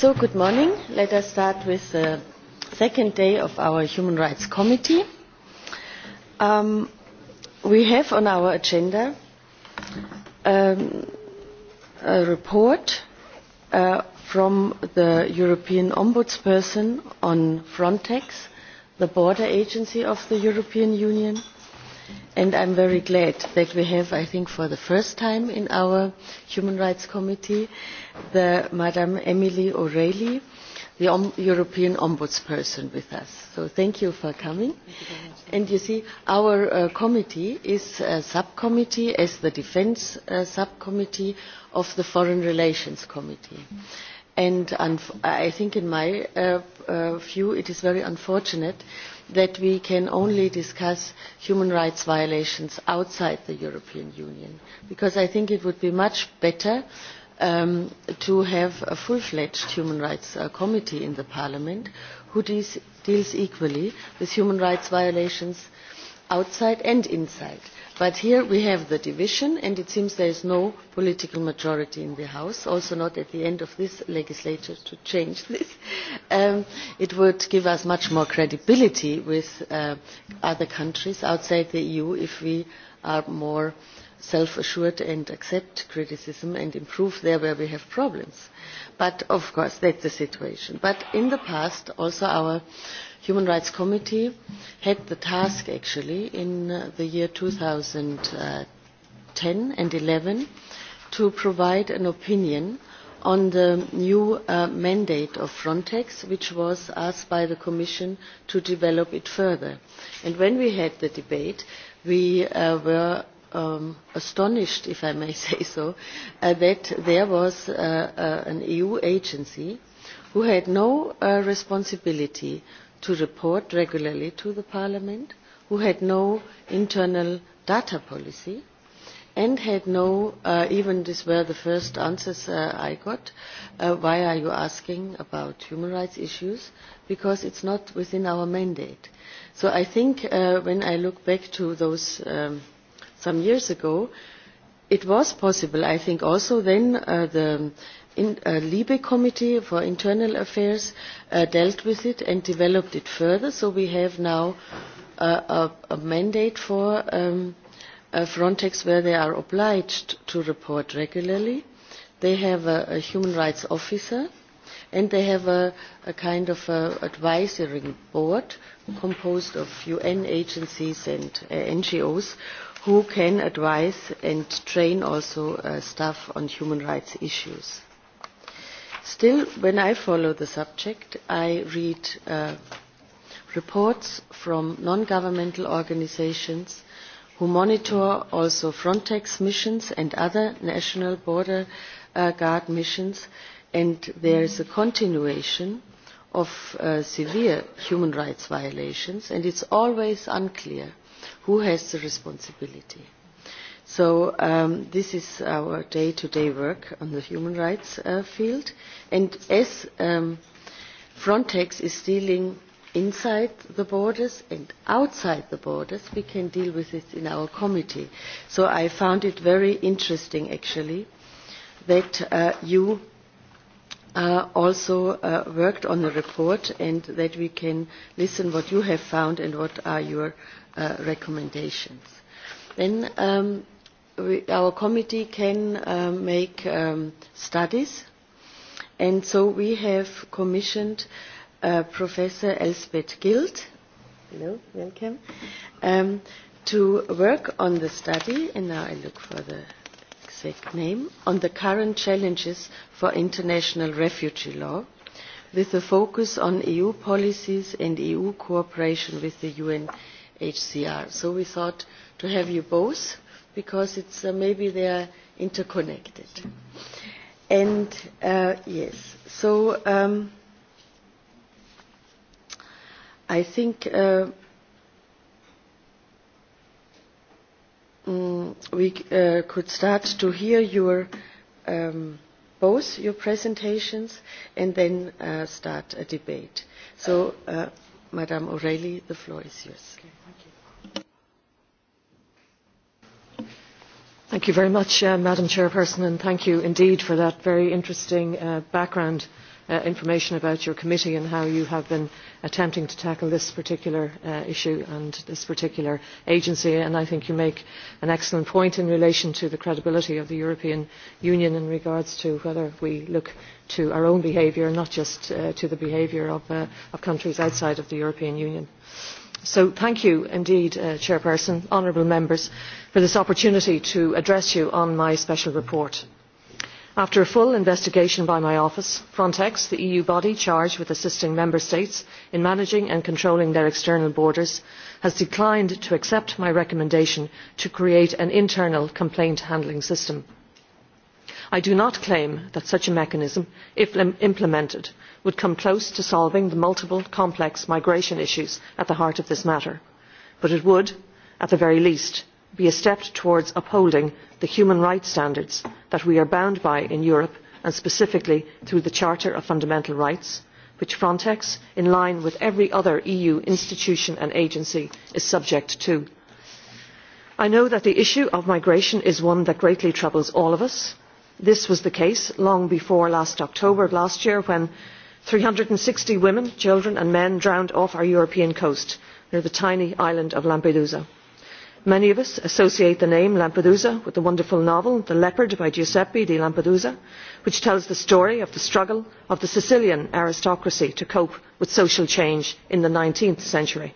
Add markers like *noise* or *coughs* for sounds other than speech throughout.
So, good morning. Let us start with the second day of our Human Rights Committee. Um, we have on our agenda um, a report uh, from the European Ombudsperson on Frontex, the border agency of the European Union, And I'm very glad that we have, I think, for the first time in our Human Rights Committee, the Madame Emily O'Reilly, the Om European Ombudsperson with us. So thank you for coming. you much. And you see, our uh, committee is a subcommittee as the Defense uh, Subcommittee of the Foreign Relations Committee. Mm -hmm. And I think in my uh, uh, view, it is very unfortunate that we can only discuss human rights violations outside the European Union, because I think it would be much better um, to have a full-fledged human rights uh, committee in the Parliament who de deals equally with human rights violations outside and inside But here we have the division, and it seems there is no political majority in the House, also not at the end of this legislature to change this. *laughs* Um, it would give us much more credibility with uh, other countries outside the EU if we are more self-assured and accept criticism and improve there where we have problems. But of course, that's the situation. But in the past, also our Human Rights Committee had the task actually in uh, the year 2010 uh, and 11 to provide an opinion on the new uh, mandate of Frontex, which was asked by the Commission to develop it further. And when we had the debate, we uh, were um, astonished, if I may *laughs* say so, uh, that there was uh, uh, an EU agency who had no uh, responsibility to report regularly to the Parliament, who had no internal data policy and had no, uh, even these were the first answers uh, I got, uh, why are you asking about human rights issues? Because it's not within our mandate. So I think uh, when I look back to those um, some years ago, it was possible, I think also then uh, the in, a Libe Committee for Internal Affairs uh, dealt with it and developed it further. So we have now a, uh, a, a mandate for um, uh, Frontex where they are obliged to report regularly. They have a, a human rights officer and they have a, a kind of a advisory board composed of UN agencies and uh, NGOs who can advise and train also uh, staff on human rights issues. Still, when I follow the subject, I read uh, reports from non-governmental organizations who monitor also Frontex missions and other national border uh, guard missions, and there is a continuation of uh, severe human rights violations, and it's always unclear who has the responsibility. So um, this is our day-to-day -day work on the human rights uh, field. And as um, Frontex is dealing inside the borders and outside the borders, we can deal with it in our committee. So I found it very interesting, actually, that uh, you uh, also uh, worked on the report and that we can listen what you have found and what are your uh, recommendations. Then um, we, our committee can um, make um, studies, and so we have commissioned uh, Professor Elspeth Gild hello, welcome, um, to work on the study, and now I look for the exact name, on the current challenges for international refugee law with a focus on EU policies and EU cooperation with the UNHCR. So we thought to have you both because it's uh, maybe they are interconnected. And uh, yes, so um, I think uh, um, we uh, could start to hear your um, both your presentations and then uh, start a debate. So, uh, Madame O'Reilly, the floor is yours. Okay, Thank you very much, uh, Madam Chairperson, and thank you indeed for that very interesting uh, background uh, information about your committee and how you have been attempting to tackle this particular uh, issue and this particular agency. And I think you make an excellent point in relation to the credibility of the European Union in regards to whether we look to our own behaviour, not just uh, to the behaviour of, uh, of countries outside of the European Union. Uh, So thank you indeed, uh, Chairperson, Honourable Members, for this opportunity to address you on my special report. After a full investigation by my office, Frontex, the EU body charged with assisting Member States in managing and controlling their external borders, has declined to accept my recommendation to create an internal complaint handling system. I do not claim that such a mechanism, if implemented, would come close to solving the multiple complex migration issues at the heart of this matter. But it would, at the very least, be a step towards upholding the human rights standards that we are bound by in Europe and specifically through the Charter of Fundamental Rights, which Frontex, in line with every other EU institution and agency, is subject to. I know that the issue of migration is one that greatly troubles all of us. This was the case long before last October last year when Three hundred and sixty women, children and men drowned off our European coast near the tiny island of Lampedusa. Many of us associate the name Lampedusa with the wonderful novel The Leopard by Giuseppe di Lampedusa, which tells the story of the struggle of the Sicilian aristocracy to cope with social change in the nineteenth century.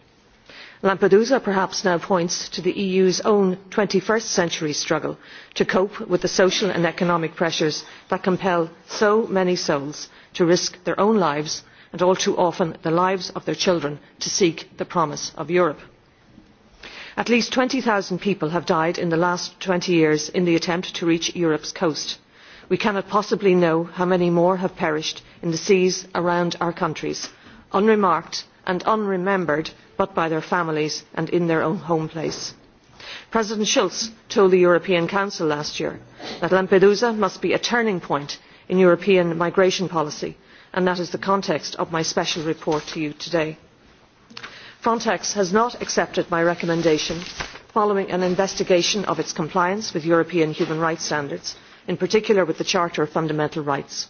Lampedusa perhaps now points to the EU's own twenty first century struggle to cope with the social and economic pressures that compel so many souls to risk their own lives and all too often the lives of their children to seek the promise of Europe. At least 20,000 people have died in the last 20 years in the attempt to reach Europe's coast. We cannot possibly know how many more have perished in the seas around our countries, unremarked and unremembered but by their families and in their own home place. President Schulz told the European Council last year that Lampedusa must be a turning point in European migration policy, and that is the context of my special report to you today. Frontex has not accepted my recommendation following an investigation of its compliance with European human rights standards, in particular with the Charter of Fundamental Rights.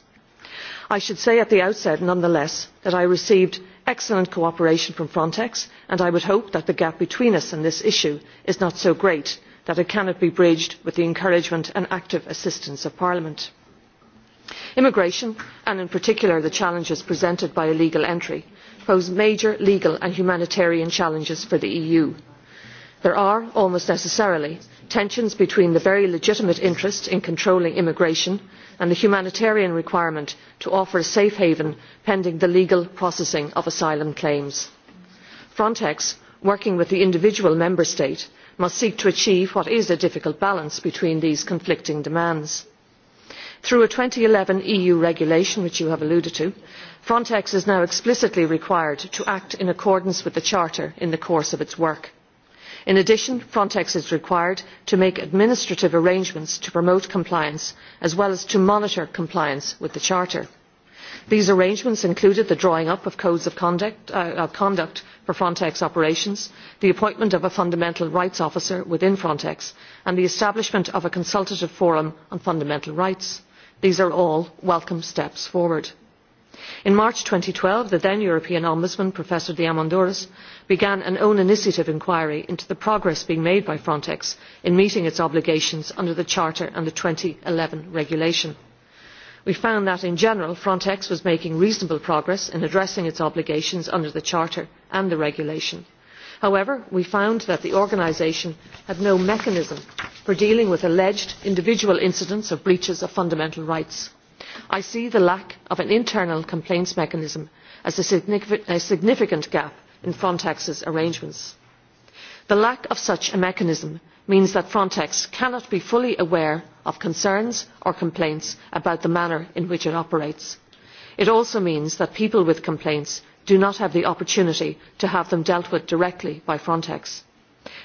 I should say at the outset, nonetheless, that I received excellent cooperation from Frontex, and I would hope that the gap between us on this issue is not so great that it cannot be bridged with the encouragement and active assistance of Parliament. Immigration, and in particular the challenges presented by illegal entry, pose major legal and humanitarian challenges for the EU. There are, almost necessarily, tensions between the very legitimate interest in controlling immigration and the humanitarian requirement to offer a safe haven pending the legal processing of asylum claims. Frontex, working with the individual member state, must seek to achieve what is a difficult balance between these conflicting demands through a two thousand and eleven eu regulation which you have alluded to frontex is now explicitly required to act in accordance with the charter in the course of its work. in addition frontex is required to make administrative arrangements to promote compliance as well as to monitor compliance with the charter. these arrangements included the drawing up of codes of conduct, uh, of conduct for frontex operations the appointment of a fundamental rights officer within frontex and the establishment of a consultative forum on fundamental rights These are all welcome steps forward. In March twelve, the then European Ombudsman, Professor Diamandouros, began an own initiative inquiry into the progress being made by Frontex in meeting its obligations under the Charter and the eleven regulation. We found that, in general, Frontex was making reasonable progress in addressing its obligations under the Charter and the regulation However, we found that the organisation had no mechanism for dealing with alleged individual incidents of breaches of fundamental rights. I see the lack of an internal complaints mechanism as a significant gap in Frontex's arrangements. The lack of such a mechanism means that Frontex cannot be fully aware of concerns or complaints about the manner in which it operates. It also means that people with complaints do not have the opportunity to have them dealt with directly by Frontex.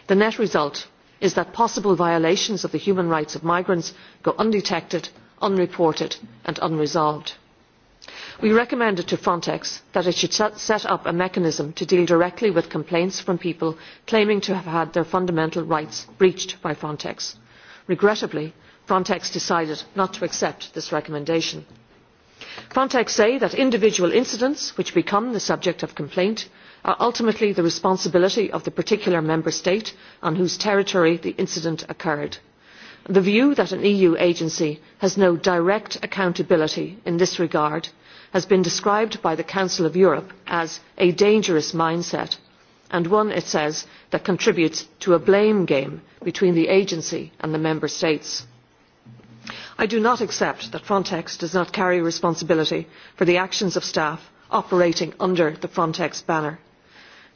The net result is that possible violations of the human rights of migrants go undetected, unreported and unresolved. We recommended to Frontex that it should set up a mechanism to deal directly with complaints from people claiming to have had their fundamental rights breached by Frontex. Regrettably, Frontex decided not to accept this recommendation. Frontex say that individual incidents which become the subject of complaint are ultimately the responsibility of the particular member state on whose territory the incident occurred. The view that an EU agency has no direct accountability in this regard has been described by the Council of Europe as a dangerous mindset and one, it says, that contributes to a blame game between the agency and the member states. I do not accept that Frontex does not carry responsibility for the actions of staff operating under the Frontex banner.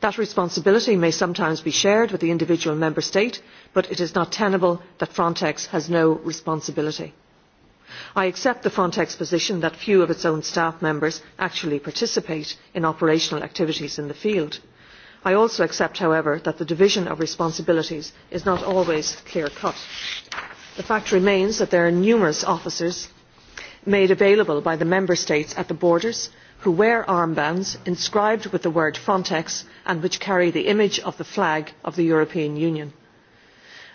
That responsibility may sometimes be shared with the individual member state, but it is not tenable that Frontex has no responsibility. I accept the Frontex position that few of its own staff members actually participate in operational activities in the field. I also accept, however, that the division of responsibilities is not always clear cut. The fact remains that there are numerous officers made available by the member states at the borders who wear armbands inscribed with the word Frontex and which carry the image of the flag of the European Union.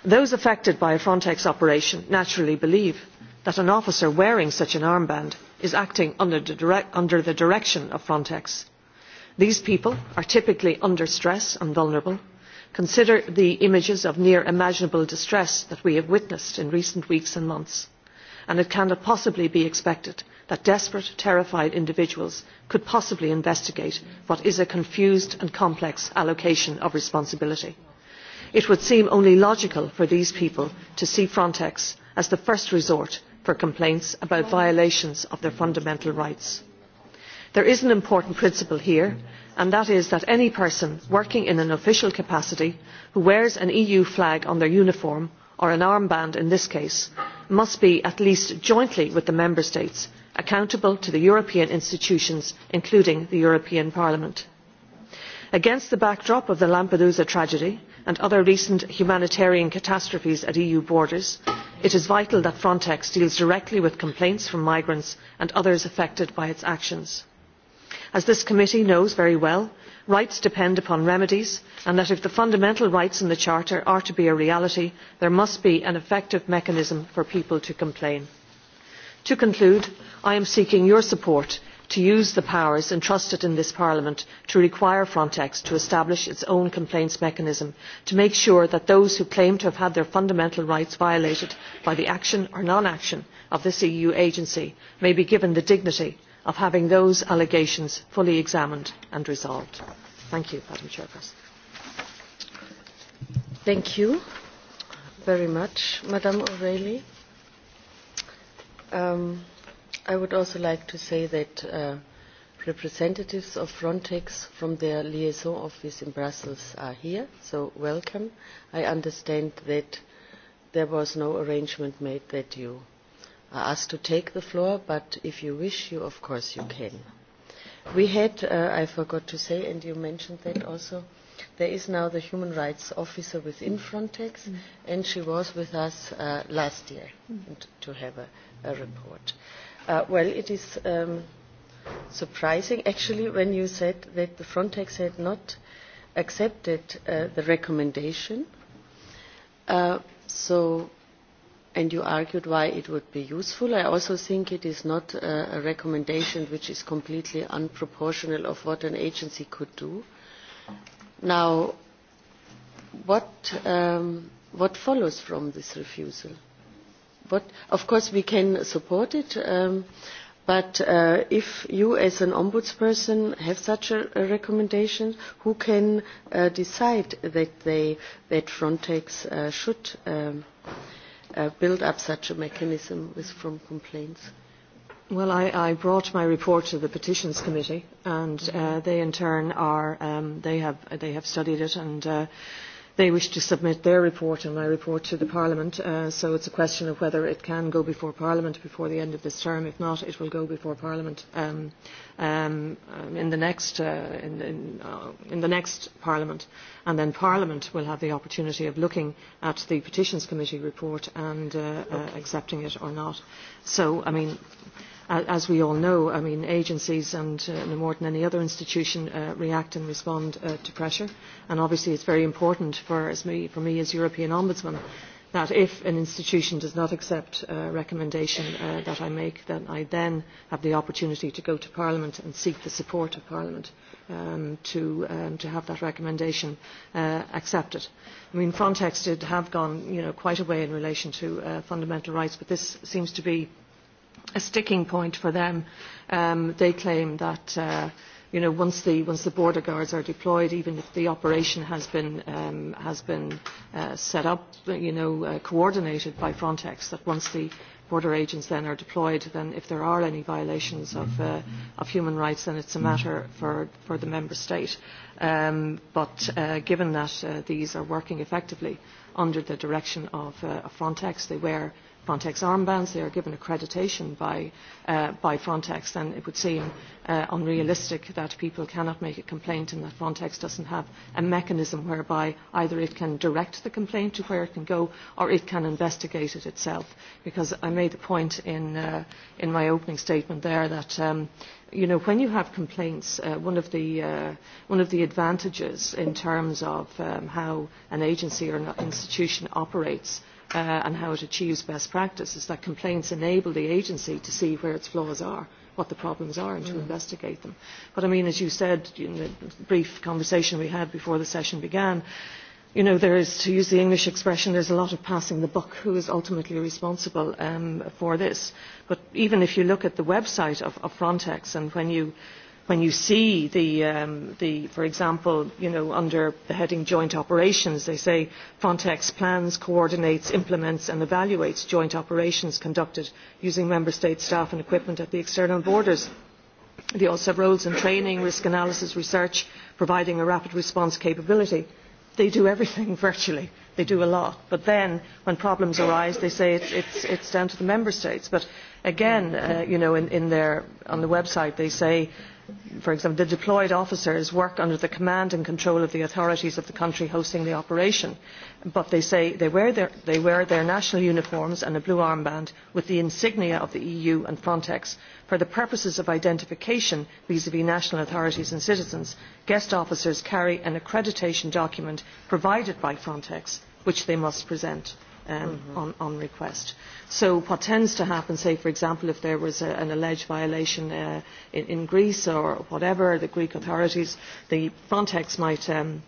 Those affected by a Frontex operation naturally believe that an officer wearing such an armband is acting under the, under the direction of Frontex. These people are typically under stress and vulnerable consider the images of near imaginable distress that we have witnessed in recent weeks and months, and it cannot possibly be expected that desperate, terrified individuals could possibly investigate what is a confused and complex allocation of responsibility. It would seem only logical for these people to see Frontex as the first resort for complaints about violations of their fundamental rights. There is an important principle here and that is that any person working in an official capacity who wears an EU flag on their uniform, or an armband in this case, must be, at least jointly with the Member States, accountable to the European institutions, including the European Parliament. Against the backdrop of the Lampedusa tragedy and other recent humanitarian catastrophes at EU borders, it is vital that Frontex deals directly with complaints from migrants and others affected by its actions. As this committee knows very well, rights depend upon remedies and that if the fundamental rights in the Charter are to be a reality, there must be an effective mechanism for people to complain. To conclude, I am seeking your support to use the powers entrusted in this Parliament to require Frontex to establish its own complaints mechanism to make sure that those who claim to have had their fundamental rights violated by the action or non-action of this EU agency may be given the dignity of having those allegations fully examined and resolved. Thank you, Madam Chairperson. Thank you very much, Madam O'Reilly. Um, I would also like to say that uh, representatives of Frontex from their liaison office in Brussels are here, so welcome. I understand that there was no arrangement made that you are asked to take the floor, but if you wish, you of course you can. We had, uh, I forgot to say, and you mentioned that also, there is now the human rights officer within Frontex, mm. and she was with us uh, last year mm. to have a, a report. Uh, well, it is um, surprising, actually, when you said that the Frontex had not accepted uh, the recommendation. Uh, so and you argued why it would be useful. I also think it is not a, a recommendation which is completely unproportional of what an agency could do. Now, what, um, what follows from this refusal? What, of course, we can support it, um, but uh, if you as an ombudsperson have such a, a recommendation, who can uh, decide that, they, that Frontex uh, should um, Uh, build up such a mechanism with, from complaints? Well, I, I brought my report to the Petitions Committee, and uh, they in turn are um, they have they have studied it and. Uh, They wish to submit their report and my report to the Parliament, uh, so it's a question of whether it can go before Parliament before the end of this term. If not, it will go before Parliament um, um, um in, the next, uh, in, in, uh, in the next Parliament. And then Parliament will have the opportunity of looking at the Petitions Committee report and uh, okay. uh, accepting it or not. So, I mean, as we all know, I mean, agencies and uh, no more than any other institution uh, react and respond uh, to pressure. And obviously it's very important for, as me, for me as European Ombudsman that if an institution does not accept a uh, recommendation uh, that I make, then I then have the opportunity to go to Parliament and seek the support of Parliament um, to, um, to have that recommendation uh, accepted. I mean, Frontex did have gone you know, quite a way in relation to uh, fundamental rights, but this seems to be a sticking point for them. Um, they claim that uh, you know, once the, once the border guards are deployed, even if the operation has been, um, has been uh, set up, you know, uh, coordinated by Frontex, that once the border agents then are deployed, then if there are any violations of, uh, of human rights, then it's a matter for, for the member state. Um, but uh, given that uh, these are working effectively under the direction of, uh, of Frontex, they were Frontex armbands. They are given accreditation by, uh, by Frontex, then it would seem uh, unrealistic that people cannot make a complaint and that Frontex doesn't have a mechanism whereby either it can direct the complaint to where it can go or it can investigate it itself. Because I made the point in, uh, in my opening statement there that um, you know, when you have complaints, uh, one, of the, uh, one of the advantages in terms of um, how an agency or an institution operates Uh, and how it achieves best practice is that complaints enable the agency to see where its flaws are what the problems are and to mm. investigate them. But I mean, as you said in the brief conversation we had before the session began, you know, there is, to use the English expression, there's a lot of passing the buck. Who is ultimately responsible um, for this? But even if you look at the website of, of Frontex and when you when you see the, um, the, for example, you know, under the heading joint operations, they say Frontex plans, coordinates, implements and evaluates joint operations conducted using member state staff and equipment at the external borders. They also have roles in training, risk analysis, research, providing a rapid response capability. They do everything *laughs* virtually. They do a lot. But then, when problems arise, they say it's, it's, it's down to the member states. But again, uh, you know, in, in their, on the website, they say for example, the deployed officers work under the command and control of the authorities of the country hosting the operation, but they say they wear their, they wear their national uniforms and a blue armband with the insignia of the EU and Frontex for the purposes of identification vis-à-vis -vis national authorities and citizens. Guest officers carry an accreditation document provided by Frontex, which they must present um, mm-hmm. on, on request. So what tends to happen, say for example if there was a, an alleged violation uh, in, in Greece or whatever, the Greek authorities, the Frontex might um,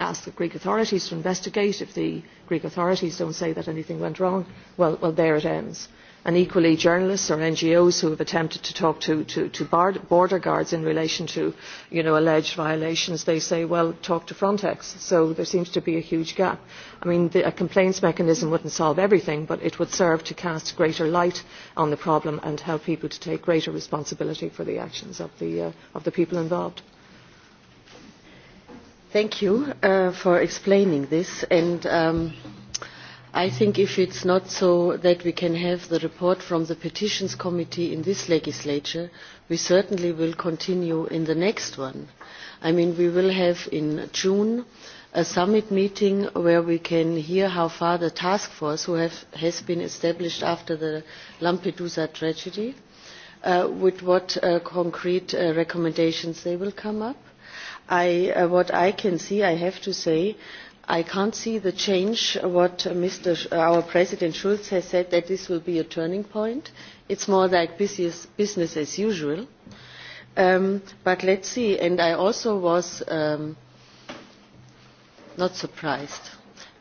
ask the Greek authorities to investigate. If the Greek authorities don't say that anything went wrong, well, well there it ends and equally journalists or NGOs who have attempted to talk to, to, to border guards in relation to you know, alleged violations, they say, well, talk to Frontex. So there seems to be a huge gap. I mean, the, a complaints mechanism wouldn't solve everything, but it would serve to cast greater light on the problem and help people to take greater responsibility for the actions of the, uh, of the people involved. Thank you uh, for explaining this. And, um, I think if it's not so that we can have the report from the Petitions Committee in this legislature, we certainly will continue in the next one. I mean, we will have in June a summit meeting where we can hear how far the task force who have, has been established after the Lampedusa tragedy, uh, with what uh, concrete uh, recommendations they will come up. I, uh, what I can see, I have to say, I can't see the change what Mr. Sh uh, our President Schulz has said that this will be a turning point. It's more like business, business as usual. Um, but let's see, and I also was um, not surprised,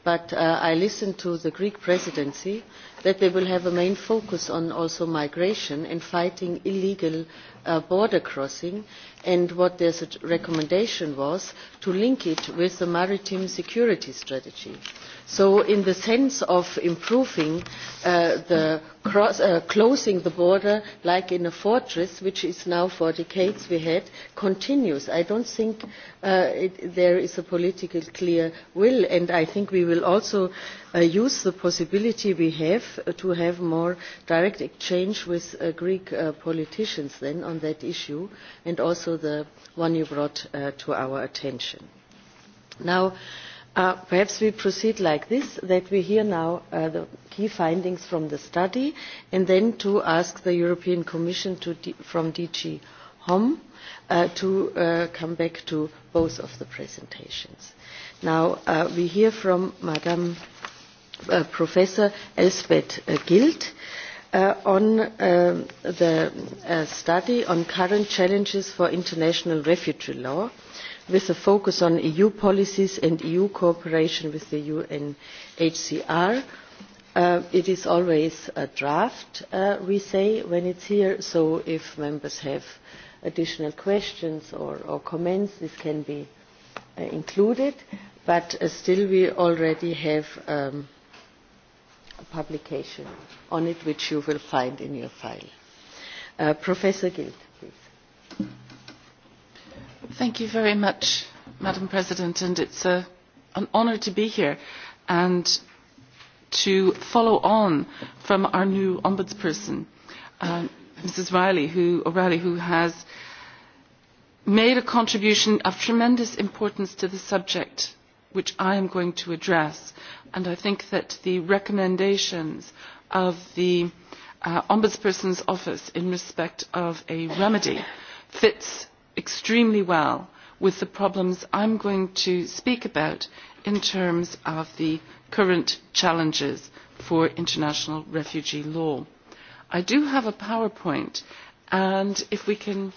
but uh, I listened to the Greek presidency that they will have a main focus on also migration and fighting illegal uh, border crossing and what their recommendation was to link it with the maritime security strategy. So in the sense of improving uh, the cross, uh, closing the border like in a fortress, which is now for decades we had, continues. I don't think uh, it, there is a political clear will, and I think we will also uh, use the possibility we have uh, to have more direct exchange with uh, Greek uh, politicians then on that issue, and also the one you brought uh, to our attention. Now, uh, Uh, perhaps we proceed like this, that we hear now uh, the key findings from the study, and then to ask the European Commission to D from DG HOM uh, to uh, come back to both of the presentations. Now, uh, we hear from Madam uh, Professor Elspeth Gild. Uh, uh, on uh, the uh, study on current challenges for international refugee law with a focus on EU policies and EU cooperation with the UNHCR. Uh, it is always a draft, uh, we say, when it's here, so if members have additional questions or, or comments, this can be uh, included, but uh, still we already have um, publication on it, which you will find in your file. Uh, Professor Gild, please. Thank you very much, Madam President, and it's a, uh, an honour to be here and to follow on from our new ombudsperson, uh, Mrs. Riley, who, O'Reilly, who has made a contribution of tremendous importance to the subject which I am going to address. And I think that the recommendations of the uh, Ombudsperson's Office in respect of a remedy fits extremely well with the problems I'm going to speak about in terms of the current challenges for international refugee law. I do have a PowerPoint, and if we can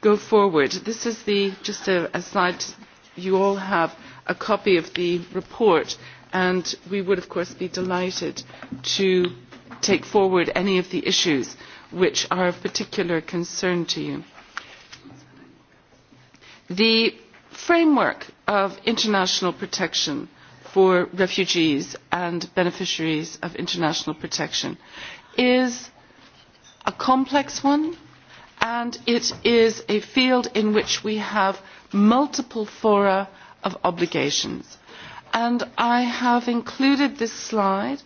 go forward, this is the, just a, a slide you all have a copy of the report and we would of course be delighted to take forward any of the issues which are of particular concern to you. The framework of international protection for refugees and beneficiaries of international protection is a complex one and it is a field in which we have multiple fora of obligations. And I have included this slide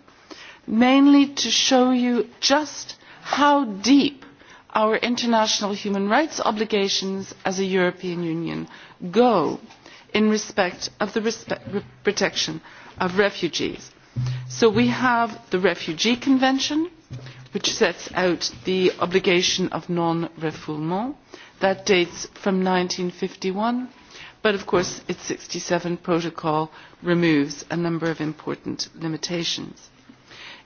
mainly to show you just how deep our international human rights obligations as a European Union go in respect of the respect, protection of refugees. So we have the Refugee Convention, which sets out the obligation of non-refoulement. That dates from 1951 But of course, its 67 protocol removes a number of important limitations.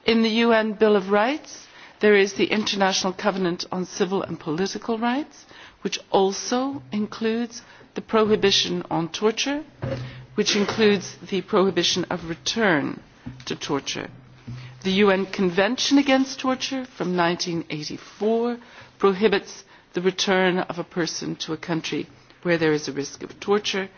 In the UN Bill of Rights, there is the International Covenant on Civil and Political Rights, which also includes the prohibition on torture, which includes the prohibition of return to torture. The UN Convention Against Torture from 1984 prohibits the return of a person to a country where there is a risk of torture,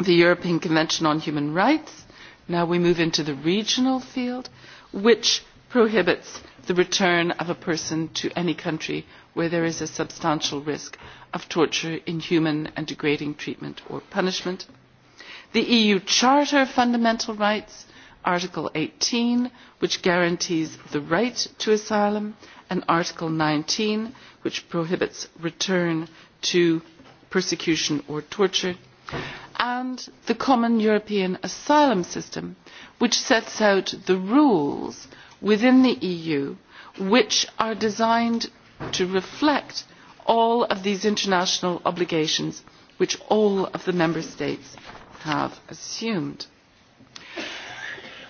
the European Convention on Human Rights. Now we move into the regional field, which prohibits the return of a person to any country where there is a substantial risk of torture, inhuman and degrading treatment or punishment. The EU Charter of Fundamental Rights, Article 18, which guarantees the right to asylum, and Article 19, which prohibits return to persecution or torture, and the common European asylum system, which sets out the rules within the EU which are designed to reflect all of these international obligations which all of the member states have assumed.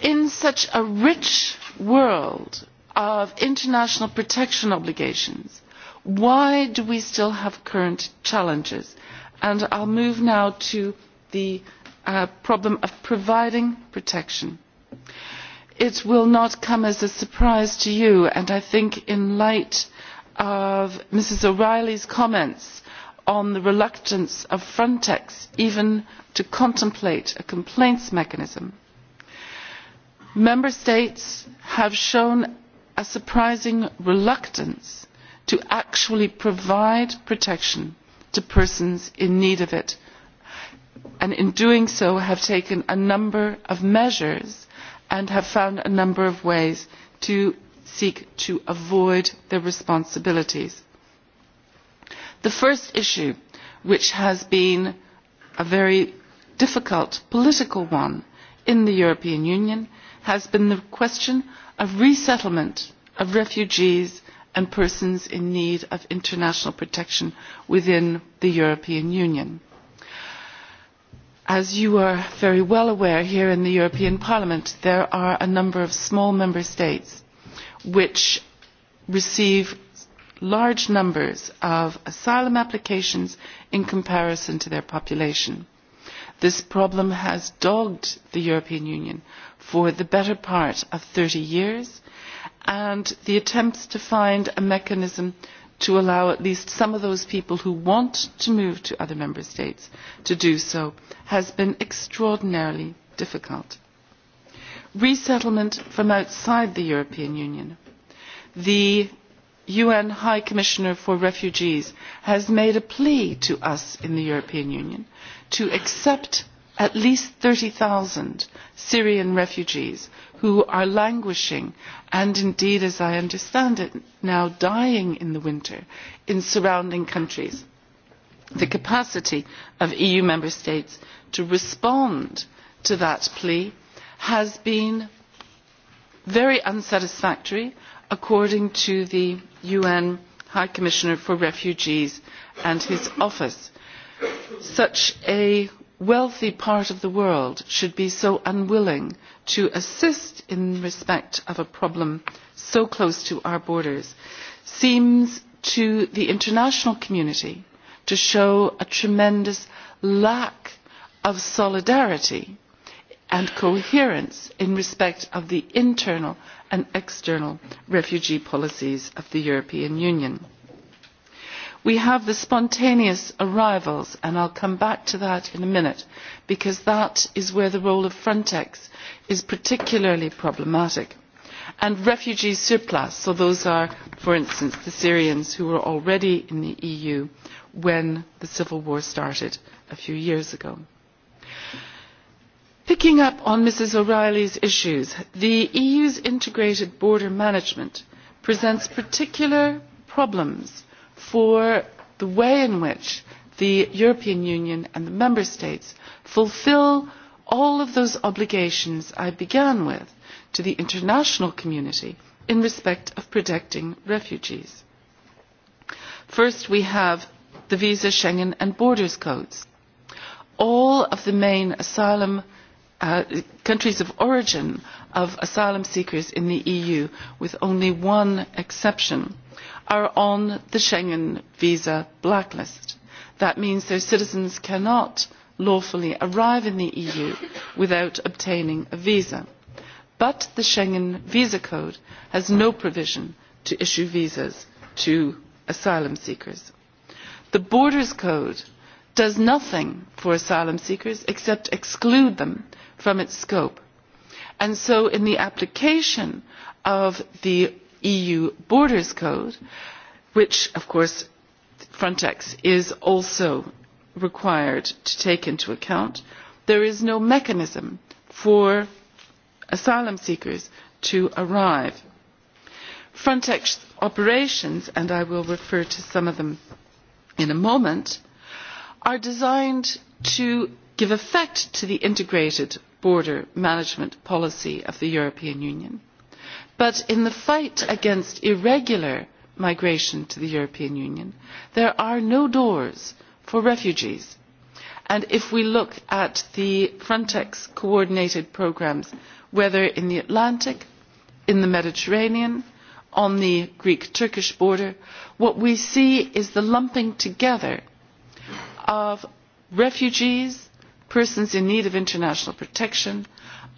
In such a rich world of international protection obligations, why do we still have current challenges? And I'll move now to the uh, problem of providing protection. It will not come as a surprise to you, and I think in light of Mrs. O'Reilly's comments on the reluctance of Frontex even to contemplate a complaints mechanism, Member States have shown a surprising reluctance to actually provide protection to persons in need of it. And in doing so have taken a number of measures and have found a number of ways to seek to avoid their responsibilities. The first issue, which has been a very difficult political one in the European Union, has been the question of resettlement of refugees and persons in need of international protection within the European Union. As you are very well aware here in the European Parliament, there are a number of small member states which receive large numbers of asylum applications in comparison to their population. This problem has dogged the European Union for the better part of 30 years and the attempts to find a mechanism to allow at least some of those people who want to move to other member states to do so has been extraordinarily difficult. Resettlement from outside the European Union. The UN High Commissioner for Refugees has made a plea to us in the European Union to accept at least 30,000 Syrian refugees who are languishing and indeed, as I understand it, now dying in the winter in surrounding countries. The capacity of EU member states to respond to that plea has been very unsatisfactory according to the UN High Commissioner for Refugees and his office. Such a wealthy part of the world should be so unwilling to assist in respect of a problem so close to our borders seems to the international community to show a tremendous lack of solidarity and coherence in respect of the internal and external refugee policies of the European Union. We have the spontaneous arrivals, and I'll come back to that in a minute, because that is where the role of Frontex is particularly problematic. And refugee surplus, so those are, for instance, the Syrians who were already in the EU when the civil war started a few years ago. Picking up on Mrs. O'Reilly's issues, the EU's integrated border management presents particular problems for the way in which the European Union and the Member States fulfill all of those obligations I began with to the international community in respect of protecting refugees. First, we have the Visa, Schengen and Borders Codes. All of the main asylum uh, countries of origin of asylum seekers in the EU, with only one exception, are on the Schengen visa blacklist. That means their citizens cannot lawfully arrive in the EU without obtaining a visa. But the Schengen Visa Code has no provision to issue visas to asylum seekers. The Borders Code does nothing for asylum seekers except exclude them from its scope. And so in the application of the EU Borders Code, which of course Frontex is also required to take into account, there is no mechanism for asylum seekers to arrive. Frontex operations, and I will refer to some of them in a moment, are designed to give effect to the integrated border management policy of the European Union. But in the fight against irregular migration to the European Union, there are no doors for refugees. And if we look at the Frontex coordinated programmes, whether in the Atlantic, in the Mediterranean, on the Greek-Turkish border, what we see is the lumping together of refugees persons in need of international protection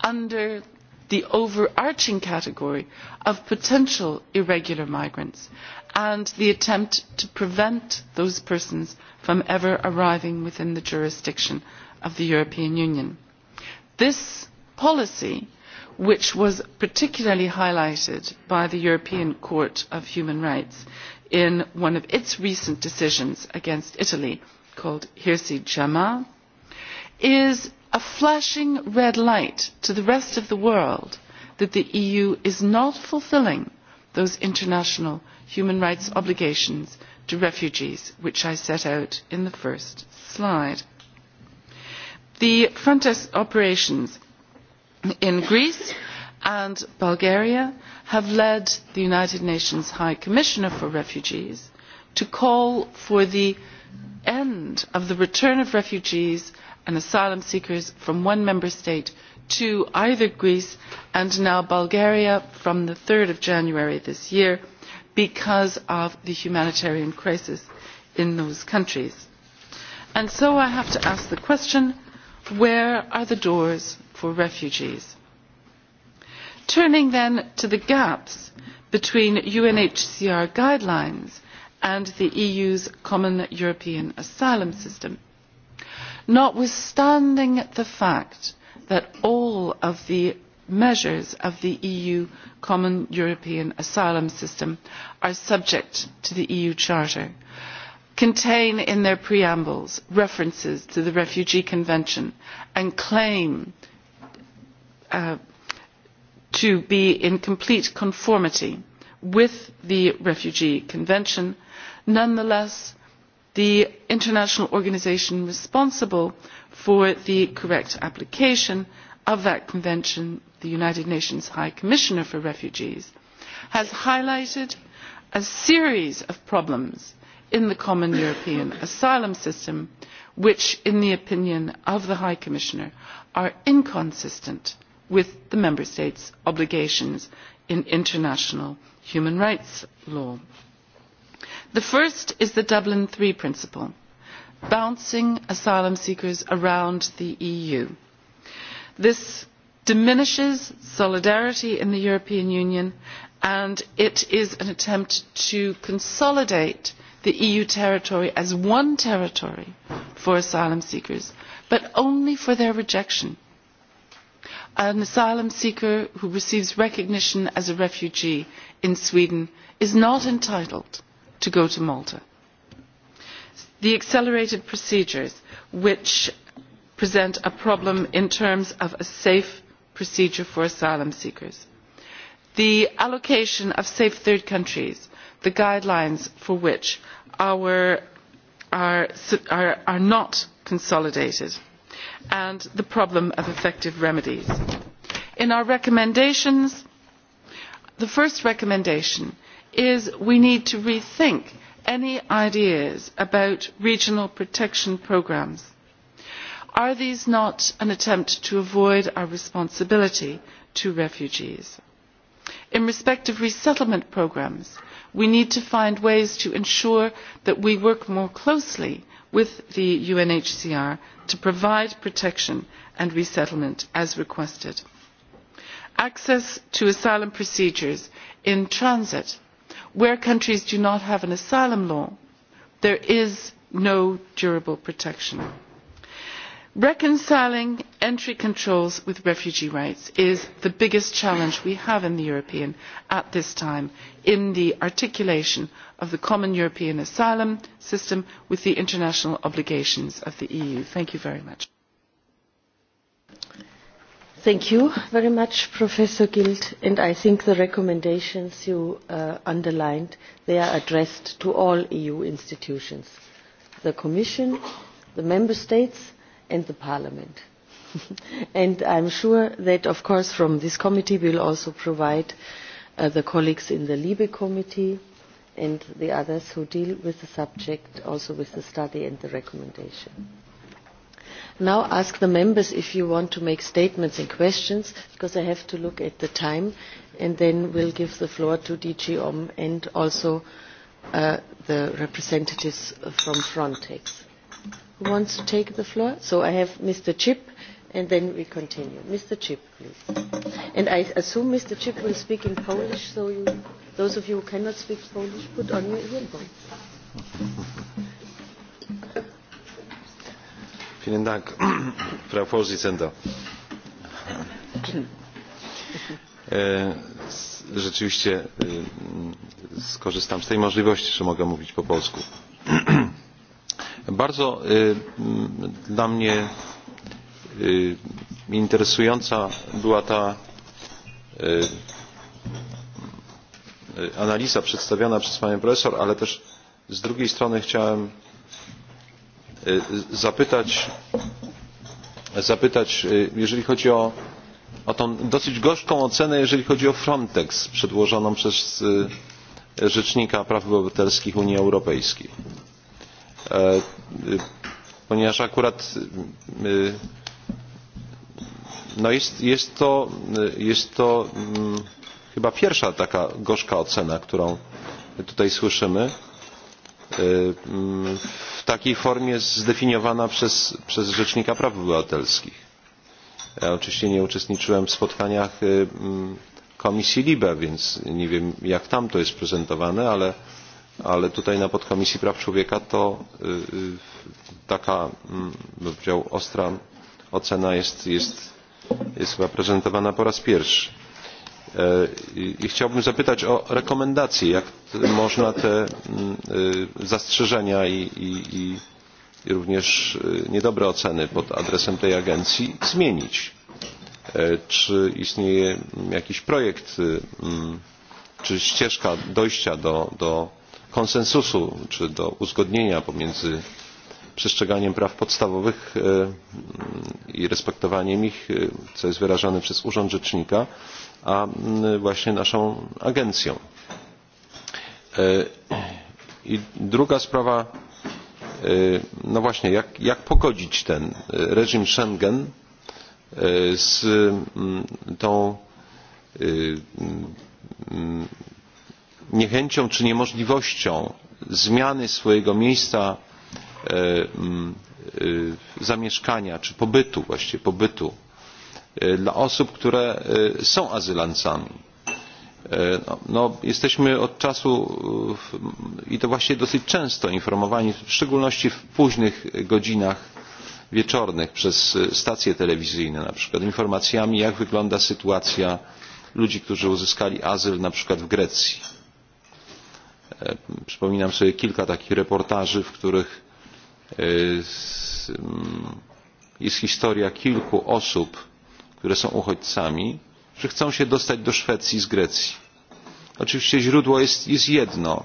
under the overarching category of potential irregular migrants and the attempt to prevent those persons from ever arriving within the jurisdiction of the European Union. This policy, which was particularly highlighted by the European Court of Human Rights in one of its recent decisions against Italy called Hirsi Jamal, is a flashing red light to the rest of the world that the EU is not fulfilling those international human rights obligations to refugees, which I set out in the first slide. The Frontex operations in Greece and Bulgaria have led the United Nations High Commissioner for Refugees to call for the end of the return of refugees and asylum seekers from one member state to either Greece and now Bulgaria from the 3rd of January this year because of the humanitarian crisis in those countries. And so I have to ask the question, where are the doors for refugees? Turning then to the gaps between UNHCR guidelines and the EU's common European asylum system notwithstanding the fact that all of the measures of the EU common European asylum system are subject to the EU Charter, contain in their preambles references to the Refugee Convention and claim uh, to be in complete conformity with the Refugee Convention, nonetheless the international organisation responsible for the correct application of that convention, the United Nations High Commissioner for Refugees, has highlighted a series of problems in the common European asylum system which, in the opinion of the High Commissioner, are inconsistent with the Member States' obligations in international human rights law. The first is the Dublin III principle, bouncing asylum seekers around the EU. This diminishes solidarity in the European Union and it is an attempt to consolidate the EU territory as one territory for asylum seekers, but only for their rejection. An asylum seeker who receives recognition as a refugee in Sweden is not entitled to go to Malta. The accelerated procedures, which present a problem in terms of a safe procedure for asylum seekers. The allocation of safe third countries, the guidelines for which our, are, are, are not consolidated, and the problem of effective remedies. In our recommendations, the first recommendation is we need to rethink any ideas about regional protection programmes. Are these not an attempt to avoid our responsibility to refugees? In respect of resettlement programmes, we need to find ways to ensure that we work more closely with the UNHCR to provide protection and resettlement as requested. Access to asylum procedures in transit where countries do not have an asylum law, there is no durable protection. Reconciling entry controls with refugee rights is the biggest challenge we have in the European at this time in the articulation of the common European asylum system with the international obligations of the EU. Thank you very much. Thank you very much, Professor Gild, and I think the recommendations you uh, underlined, they are addressed to all EU institutions, the Commission, the Member States, and the Parliament. *laughs* and I'm sure that, of course, from this committee we'll also provide uh, the colleagues in the Libe Committee and the others who deal with the subject, also with the study and the recommendation now ask the members if you want to make statements and questions, because I have to look at the time, and then we'll give the floor to DG OM and also uh, the representatives from Frontex. Who wants to take the floor? So I have Mr. Chip, and then we continue. Mr. Chip, please. And I assume Mr. Chip will speak in Polish, so you, those of you who cannot speak Polish, put on your earphones. Vielen Dank, *clears throat* Frau Vorsitzende. *laughs* E, rzeczywiście e, skorzystam z tej możliwości, że mogę mówić po polsku. *clears throat* Bardzo e, dla mnie interesująca była ta analiza przedstawiona przez panią profesor, ale też z drugiej strony chciałem zapytać, zapytać jeżeli chodzi o, o tą dosyć gorzką ocenę, jeżeli chodzi o Frontex przedłożoną przez Rzecznika Praw Obywatelskich Unii Europejskiej. Ponieważ akurat no jest, jest to, jest to mm, chyba pierwsza taka gorzka ocena, którą tutaj słyszymy. Mm, w takiej formie zdefiniowana przez, przez Rzecznika Praw Obywatelskich. Ja oczywiście nie uczestniczyłem w spotkaniach mm, Komisji LIBE, więc nie wiem jak tam to jest prezentowane, ale, ale tutaj na Podkomisji Praw Człowieka to taka, mm, bym powiedział, ostra ocena jest, jest, jest chyba prezentowana po raz pierwszy. I chciałbym zapytać o rekomendacje, jak można te mm, zastrzeżenia i, i, i, i również niedobre oceny pod adresem tej agencji zmienić. E, czy istnieje mm, jakiś projekt mm, czy ścieżka dojścia do, do konsensusu czy do uzgodnienia pomiędzy przestrzeganiem praw podstawowych e, i respektowaniem ich, co jest wyrażane przez Urząd Rzecznika, a właśnie naszą agencją. I druga sprawa, e, no właśnie, jak, jak pogodzić ten e, reżim Schengen e, z mm, tą mm, niechęcią czy niemożliwością zmiany swojego miejsca mm, zamieszkania czy pobytu, właściwie pobytu dla osób, które są azylancami E, no, jesteśmy od czasu e, i to właściwie dosyć często informowani, w szczególności w późnych godzinach wieczornych przez e, stacje telewizyjne na przykład informacjami jak wygląda sytuacja ludzi, którzy uzyskali azyl na przykład w Grecji. Przypominam sobie kilka takich reportaży, w których jest historia kilku osób, które są uchodźcami że chcą się dostać do Szwecji z Grecji. Oczywiście źródło jest, jest jedno,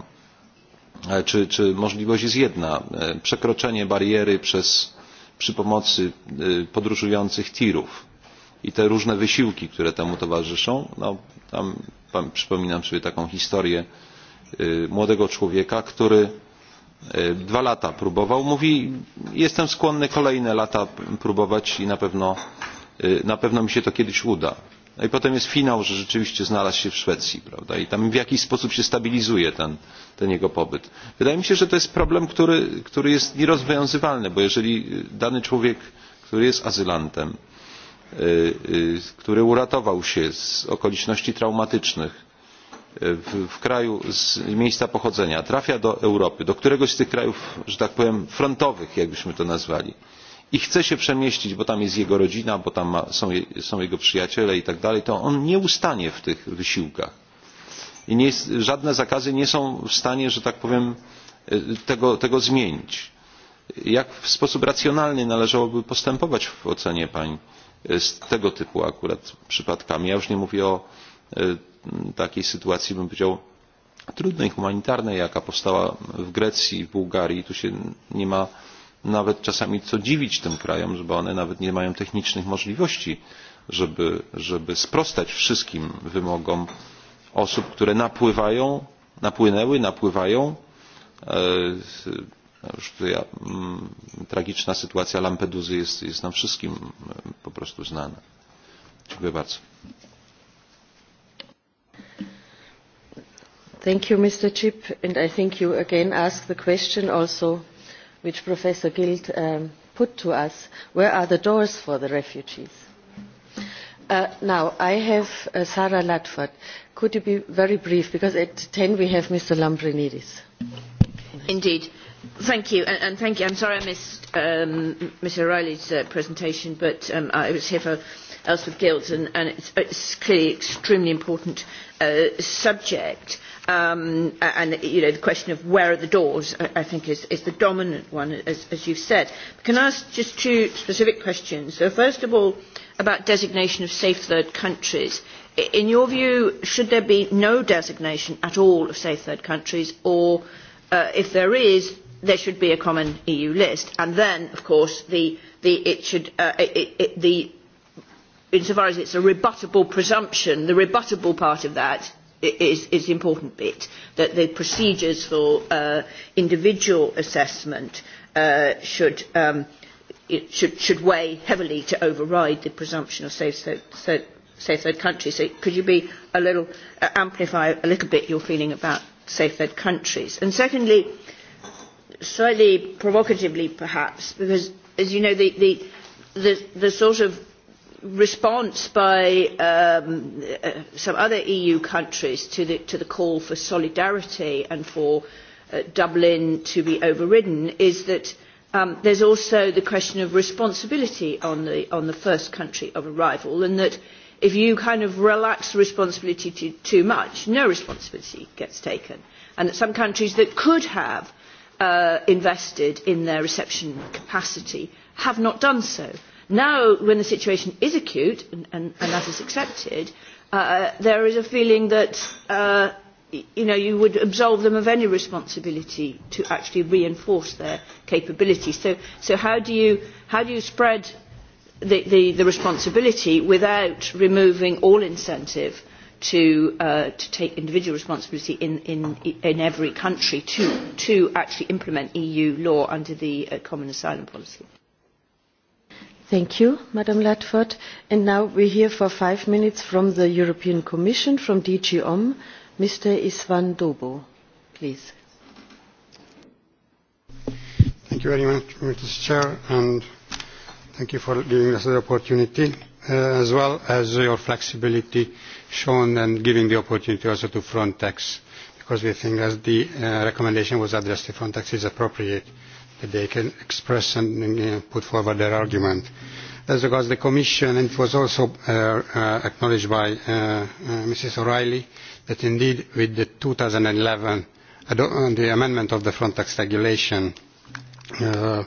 e, czy, czy możliwość jest jedna, e, przekroczenie bariery przez, przy pomocy e, podróżujących tirów i te różne wysiłki, które temu towarzyszą. No, tam, przypominam sobie taką historię młodego człowieka, który dwa lata próbował. Mówi, jestem skłonny kolejne lata próbować i na pewno, na pewno mi się to kiedyś uda. No i potem jest finał, że rzeczywiście znalazł się w Szwecji, prawda? I tam w jakiś sposób się stabilizuje ten, ten jego pobyt. Wydaje mi się, że to jest problem, który, który jest nierozwiązywalny, bo jeżeli dany człowiek, który jest azylantem, który uratował się z okoliczności traumatycznych w, w kraju z miejsca pochodzenia, trafia do Europy, do któregoś z tych krajów, że tak powiem, frontowych, jakbyśmy to nazwali, i chce się przemieścić, bo tam jest jego rodzina, bo tam ma, są, są jego przyjaciele i tak dalej, to on nie ustanie w tych wysiłkach. I nie, żadne zakazy nie są w stanie, że tak powiem, e, tego, tego zmienić. Jak w sposób racjonalny należałoby postępować w ocenie pań e, z tego typu akurat przypadkami? Ja już nie mówię o e, takiej sytuacji, bym powiedział, trudnej, humanitarnej, jaka powstała w Grecji w Bułgarii. Tu się nie ma nawet czasami co dziwić tym krajom, bo one nawet nie mają technicznych możliwości, żeby, żeby sprostać wszystkim wymogom osób, które napływają, napłynęły, napływają. E, już tutaj mm, tragiczna sytuacja Lampeduzy jest, jest nam wszystkim e, po prostu znana. Dziękuję bardzo. Thank you, Mr. Chip, and I think you again ask the question also which Professor Gild um, put to us, where are the doors for the refugees? Uh, now, I have uh, Sarah Latford. Could you be very brief, because at 10 we have Mr. Lambrinidis. Indeed. Thank you, and, and thank you. I'm sorry I missed um, Mr. O'Reilly's uh, presentation, but um, I was here for Elspeth Guild, and, and it's, it's clearly extremely important uh, subject um, and you know, the question of where are the doors, I, I think, is, is the dominant one, as, as you've said. Can I ask just two specific questions? So first of all, about designation of safe third countries. In your view, should there be no designation at all of safe third countries, or uh, if there is, there should be a common EU list? And then, of course, the, the, it should, uh, it, it, the, insofar as it's a rebuttable presumption, the rebuttable part of that is, is the important bit, that the procedures for uh, individual assessment uh, should, um, it should, should weigh heavily to override the presumption of safe, safe, safe, safe third countries. So could you be a little, uh, amplify a little bit your feeling about safe third countries? And secondly, slightly provocatively perhaps, because as you know, the, the, the, the sort of response by um, uh, some other EU countries to the, to the call for solidarity and for uh, Dublin to be overridden is that um, there's also the question of responsibility on the, on the first country of arrival and that if you kind of relax responsibility to, too much, no responsibility gets taken. And that some countries that could have uh, invested in their reception capacity have not done so Now, when the situation is acute, and, and, and that is accepted, uh, there is a feeling that uh, you know, you would absolve them of any responsibility to actually reinforce their capabilities. So, so how, do you, how do you spread the, the, the responsibility without removing all incentive to, uh, to take individual responsibility in, in, in every country to, to actually implement EU law under the uh, common asylum policy? Thank you, Madam Ladford. And now we hear for five minutes from the European Commission, from DG OM, Mr. Isvan Dobo. Please. Thank you very much, Mr Chair, and thank you for giving us the opportunity, uh, as well as your flexibility shown and giving the opportunity also to Frontex, because we think as the uh, recommendation was addressed to Frontex is appropriate. Uh, that they can express and uh, put forward their argument. As regards the Commission, and it was also uh, uh, acknowledged by uh, uh, Mrs. O'Reilly, that indeed with the 2011, uh, the amendment of the Frontex regulation, uh,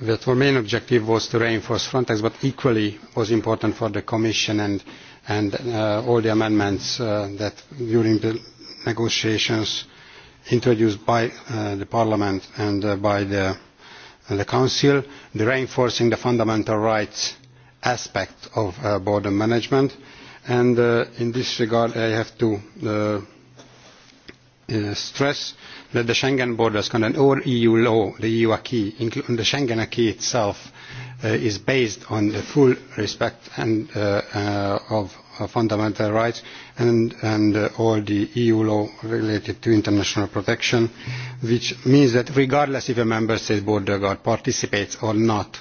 that our main objective was to reinforce Frontex, but equally was important for the Commission and, and uh, all the amendments uh, that during the negotiations introduced by uh, the Parliament and uh, by the, uh, the Council, the reinforcing the fundamental rights aspect of uh, border management. And uh, in this regard, I have to uh, uh, stress that the Schengen borders and all EU law, the EU acquis, including the Schengen acquis itself, uh, is based on the full respect and, uh, uh, of uh, fundamental rights and, and uh, all the EU law related to international protection, which means that regardless if a member state border guard participates or not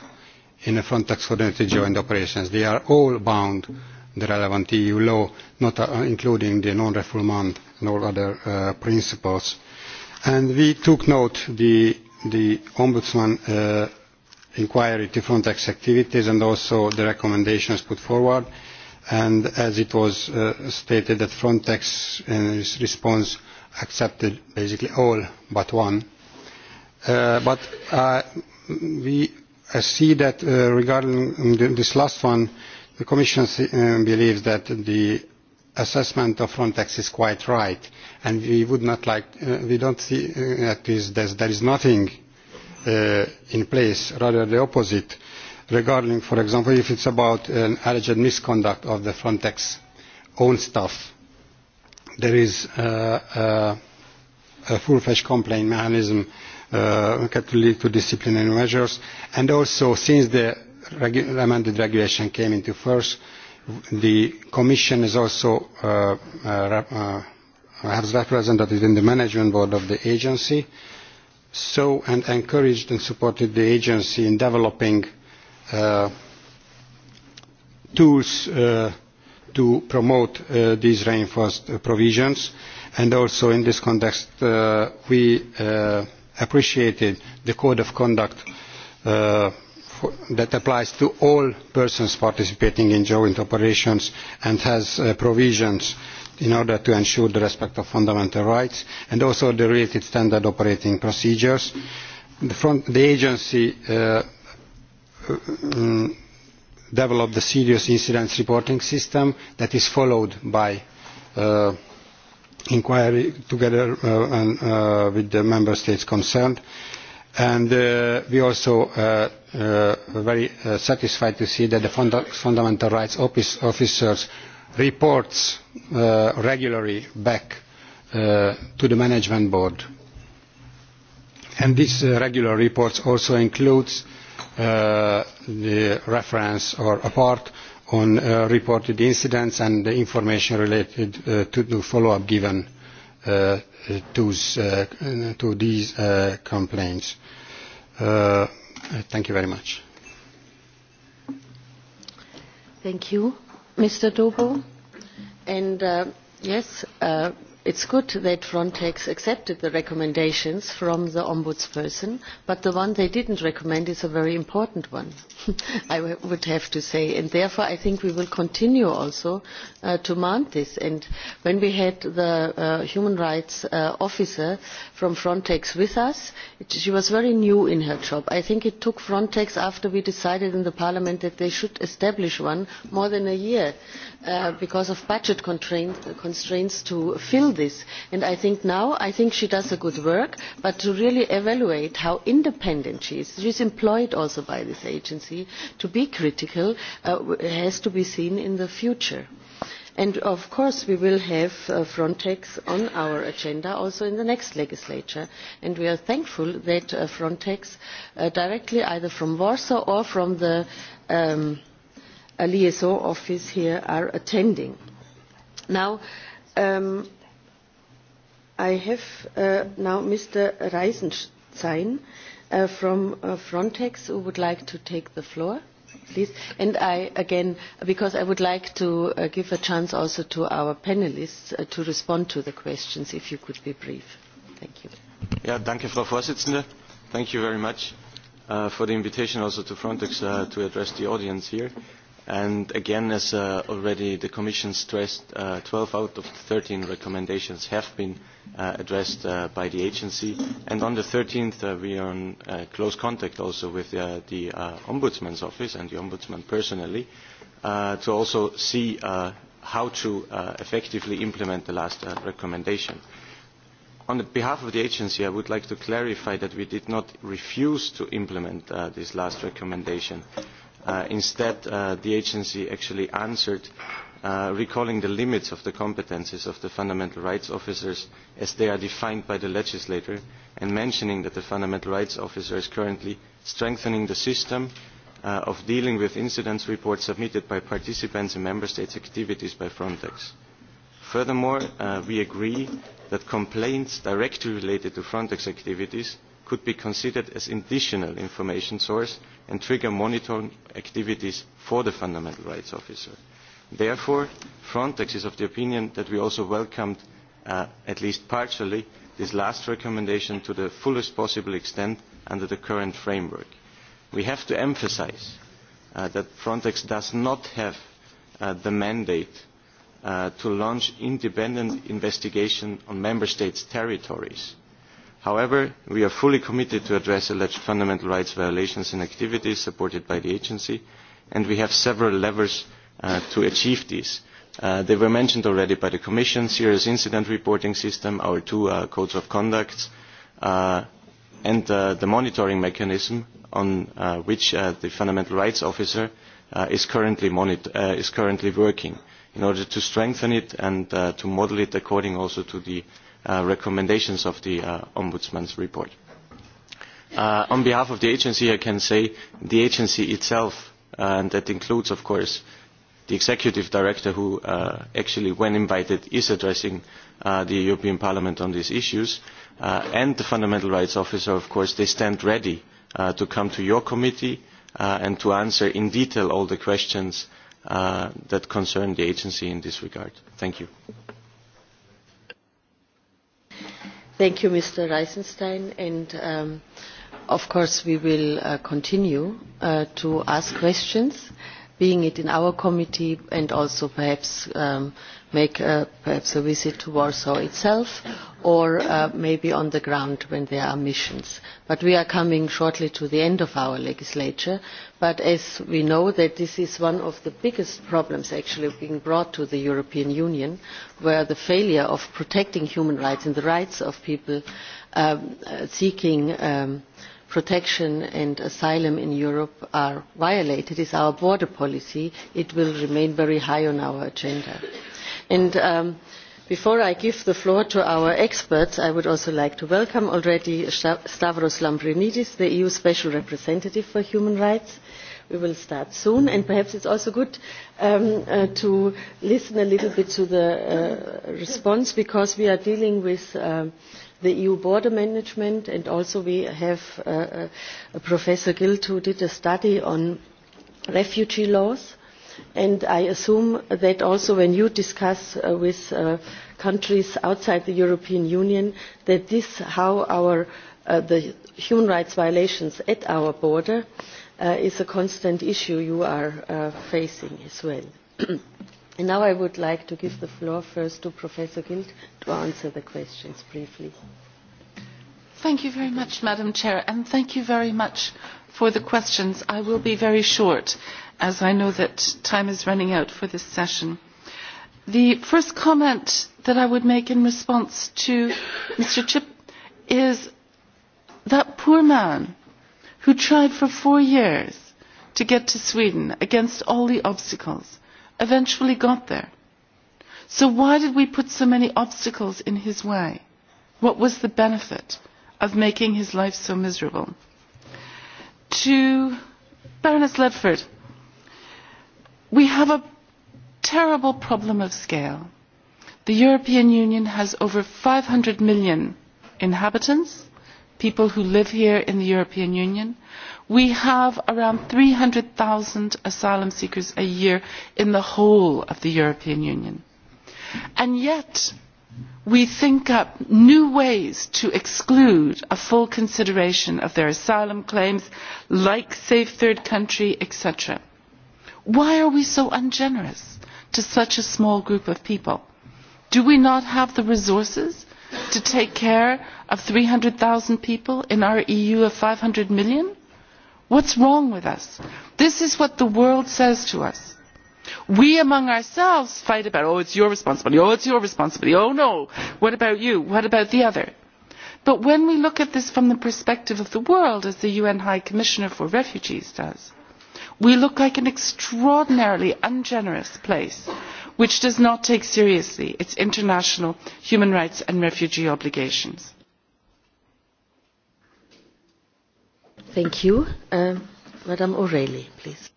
in a Frontex coordinated joint operations, they are all bound the relevant EU law, not uh, including the non-refoulement and all other uh, principles. And we took note the, the Ombudsman uh, inquiry to Frontex activities and also the recommendations put forward and as it was uh, stated that Frontex in its response accepted basically all but one. Uh, but uh, we see that uh, regarding this last one, the Commission uh, believes that the assessment of Frontex is quite right, and we would not like, uh, we don't see uh, that is, there is nothing uh, in place, rather the opposite regarding, for example, if it's about an alleged misconduct of the Frontex own staff, there is uh, uh, a full-fledged complaint mechanism uh, that lead to disciplinary measures. And also, since the regu amended regulation came into force, the Commission is also uh, uh, uh, has represented in the management board of the agency, so and encouraged and supported the agency in developing uh, tools uh, to promote uh, these reinforced uh, provisions. And also in this context, uh, we uh, appreciated the code of conduct uh, for, that applies to all persons participating in joint operations and has uh, provisions in order to ensure the respect of fundamental rights and also the related standard operating procedures. The, front, the agency uh, Uh, develop the serious incidents reporting system that is followed by uh, inquiry together uh, and, uh, with the member states concerned. And uh, we also uh, uh, very uh, satisfied to see that the funda fundamental rights office officers reports uh, regularly back uh, to the management board. And these uh, regular reports also includes uh, the reference or apart on uh, reported incidents and the information related uh, to the follow-up given uh, to, uh, to these uh, complaints. Uh, thank you very much. Thank you, Mr. Dobo. And uh, yes, uh, It's good that Frontex accepted the recommendations from the ombudsperson, but the one they didn't recommend is a very important one, *laughs* I would have to say. And therefore, I think we will continue also uh, to mount this. And when we had the uh, human rights uh, officer from Frontex with us, it, she was very new in her job. I think it took Frontex, after we decided in the parliament that they should establish one, more than a year uh, because of budget constraints to fill this. And I think now, I think she does a good work, but to really evaluate how independent she is, she's employed also by this agency, to be critical uh, has to be seen in the future. And of course we will have uh, Frontex on our agenda also in the next legislature. And we are thankful that uh, Frontex uh, directly either from Warsaw or from the um, a liaison office here are attending. Now, um, I have uh, now Mr. Reisenstein uh, from uh, Frontex who would like to take the floor, please. And I, again, because I would like to uh, give a chance also to our panelists uh, to respond to the questions, if you could be brief. Thank you. Ja, danke, Frau Vorsitzende. Thank you very much uh, for the invitation also to Frontex uh, to address the audience here. And again, as uh, already the Commission stressed, uh, 12 out of the 13 recommendations have been uh, addressed uh, by the agency. And on the 13th, uh, we are in uh, close contact also with uh, the uh, Ombudsman's office and the Ombudsman personally uh, to also see uh, how to uh, effectively implement the last uh, recommendation. On the behalf of the agency, I would like to clarify that we did not refuse to implement uh, this last recommendation. Uh, instead, uh, the agency actually answered uh, recalling the limits of the competences of the fundamental rights officers as they are defined by the legislator and mentioning that the fundamental rights officer is currently strengthening the system uh, of dealing with incidents reports submitted by participants in member states' activities by Frontex. Furthermore, uh, we agree that complaints directly related to Frontex activities – could be considered as additional information source and trigger monitoring activities for the fundamental rights officer. Therefore, Frontex is of the opinion that we also welcomed, uh, at least partially, this last recommendation to the fullest possible extent under the current framework. We have to emphasize uh, that Frontex does not have uh, the mandate uh, to launch independent investigation on member states' territories However, we are fully committed to address alleged fundamental rights violations and activities supported by the agency, and we have several levers uh, to achieve these. Uh, they were mentioned already by the Commission, serious incident reporting system, our two uh, codes of conduct, uh, and uh, the monitoring mechanism on uh, which uh, the fundamental rights officer uh, is, currently monitor uh, is currently working in order to strengthen it and uh, to model it according also to the uh, recommendations of the uh, Ombudsman's report. Uh, on behalf of the agency, I can say the agency itself, uh, and that includes, of course, the executive director who uh, actually, when invited, is addressing uh, the European Parliament on these issues, uh, and the fundamental rights officer, of course, they stand ready uh, to come to your committee uh, and to answer in detail all the questions uh, that concern the agency in this regard. Thank you. Thank you, Mr. Reisenstein. And um, of course, we will uh, continue uh, to ask questions, being it in our committee and also perhaps um, make uh, perhaps a visit to Warsaw itself or uh, maybe on the ground when there are missions. But we are coming shortly to the end of our legislature. But as we know that this is one of the biggest problems actually being brought to the European Union, where the failure of protecting human rights and the rights of people um, uh, seeking um, protection and asylum in Europe are violated is our border policy. It will remain very high on our agenda. And um, before I give the floor to our experts, I would also like to welcome already Stavros Lambrinidis, the EU Special Representative for Human Rights. We will start soon, and perhaps it's also good um, uh, to listen a little bit to the uh, response because we are dealing with uh, the EU border management and also we have uh, uh, Professor Gilt who did a study on refugee laws and I assume that also when you discuss uh, with uh, countries outside the European Union that this how our uh, the human rights violations at our border uh, is a constant issue you are uh, facing as well. *clears throat* And now I would like to give the floor first to Professor Gild to answer the questions briefly. Thank you very much, Madam Chair, and thank you very much for the questions. I will be very short, as I know that time is running out for this session. The first comment that I would make in response to Mr. Chip is that poor man who tried for four years to get to Sweden against all the obstacles eventually got there. So why did we put so many obstacles in his way? What was the benefit of making his life so miserable? To Baroness Ledford, we have a terrible problem of scale. The European Union has over 500 million inhabitants, people who live here in the European Union. We have around 300,000 asylum seekers a year in the whole of the European Union. And yet, we think up new ways to exclude a full consideration of their asylum claims, like safe third country, etc. Why are we so ungenerous to such a small group of people? Do we not have the resources to take care of 300,000 people in our EU of 500 million? What's wrong with us? This is what the world says to us. We among ourselves fight about, oh, it's your responsibility, oh, it's your responsibility, oh, no, what about you, what about the other? But when we look at this from the perspective of the world, as the UN High Commissioner for Refugees does, we look like an extraordinarily ungenerous place which does not take seriously its international human rights and refugee obligations. Thank you. Uh, um, Madam O'Reilly, please.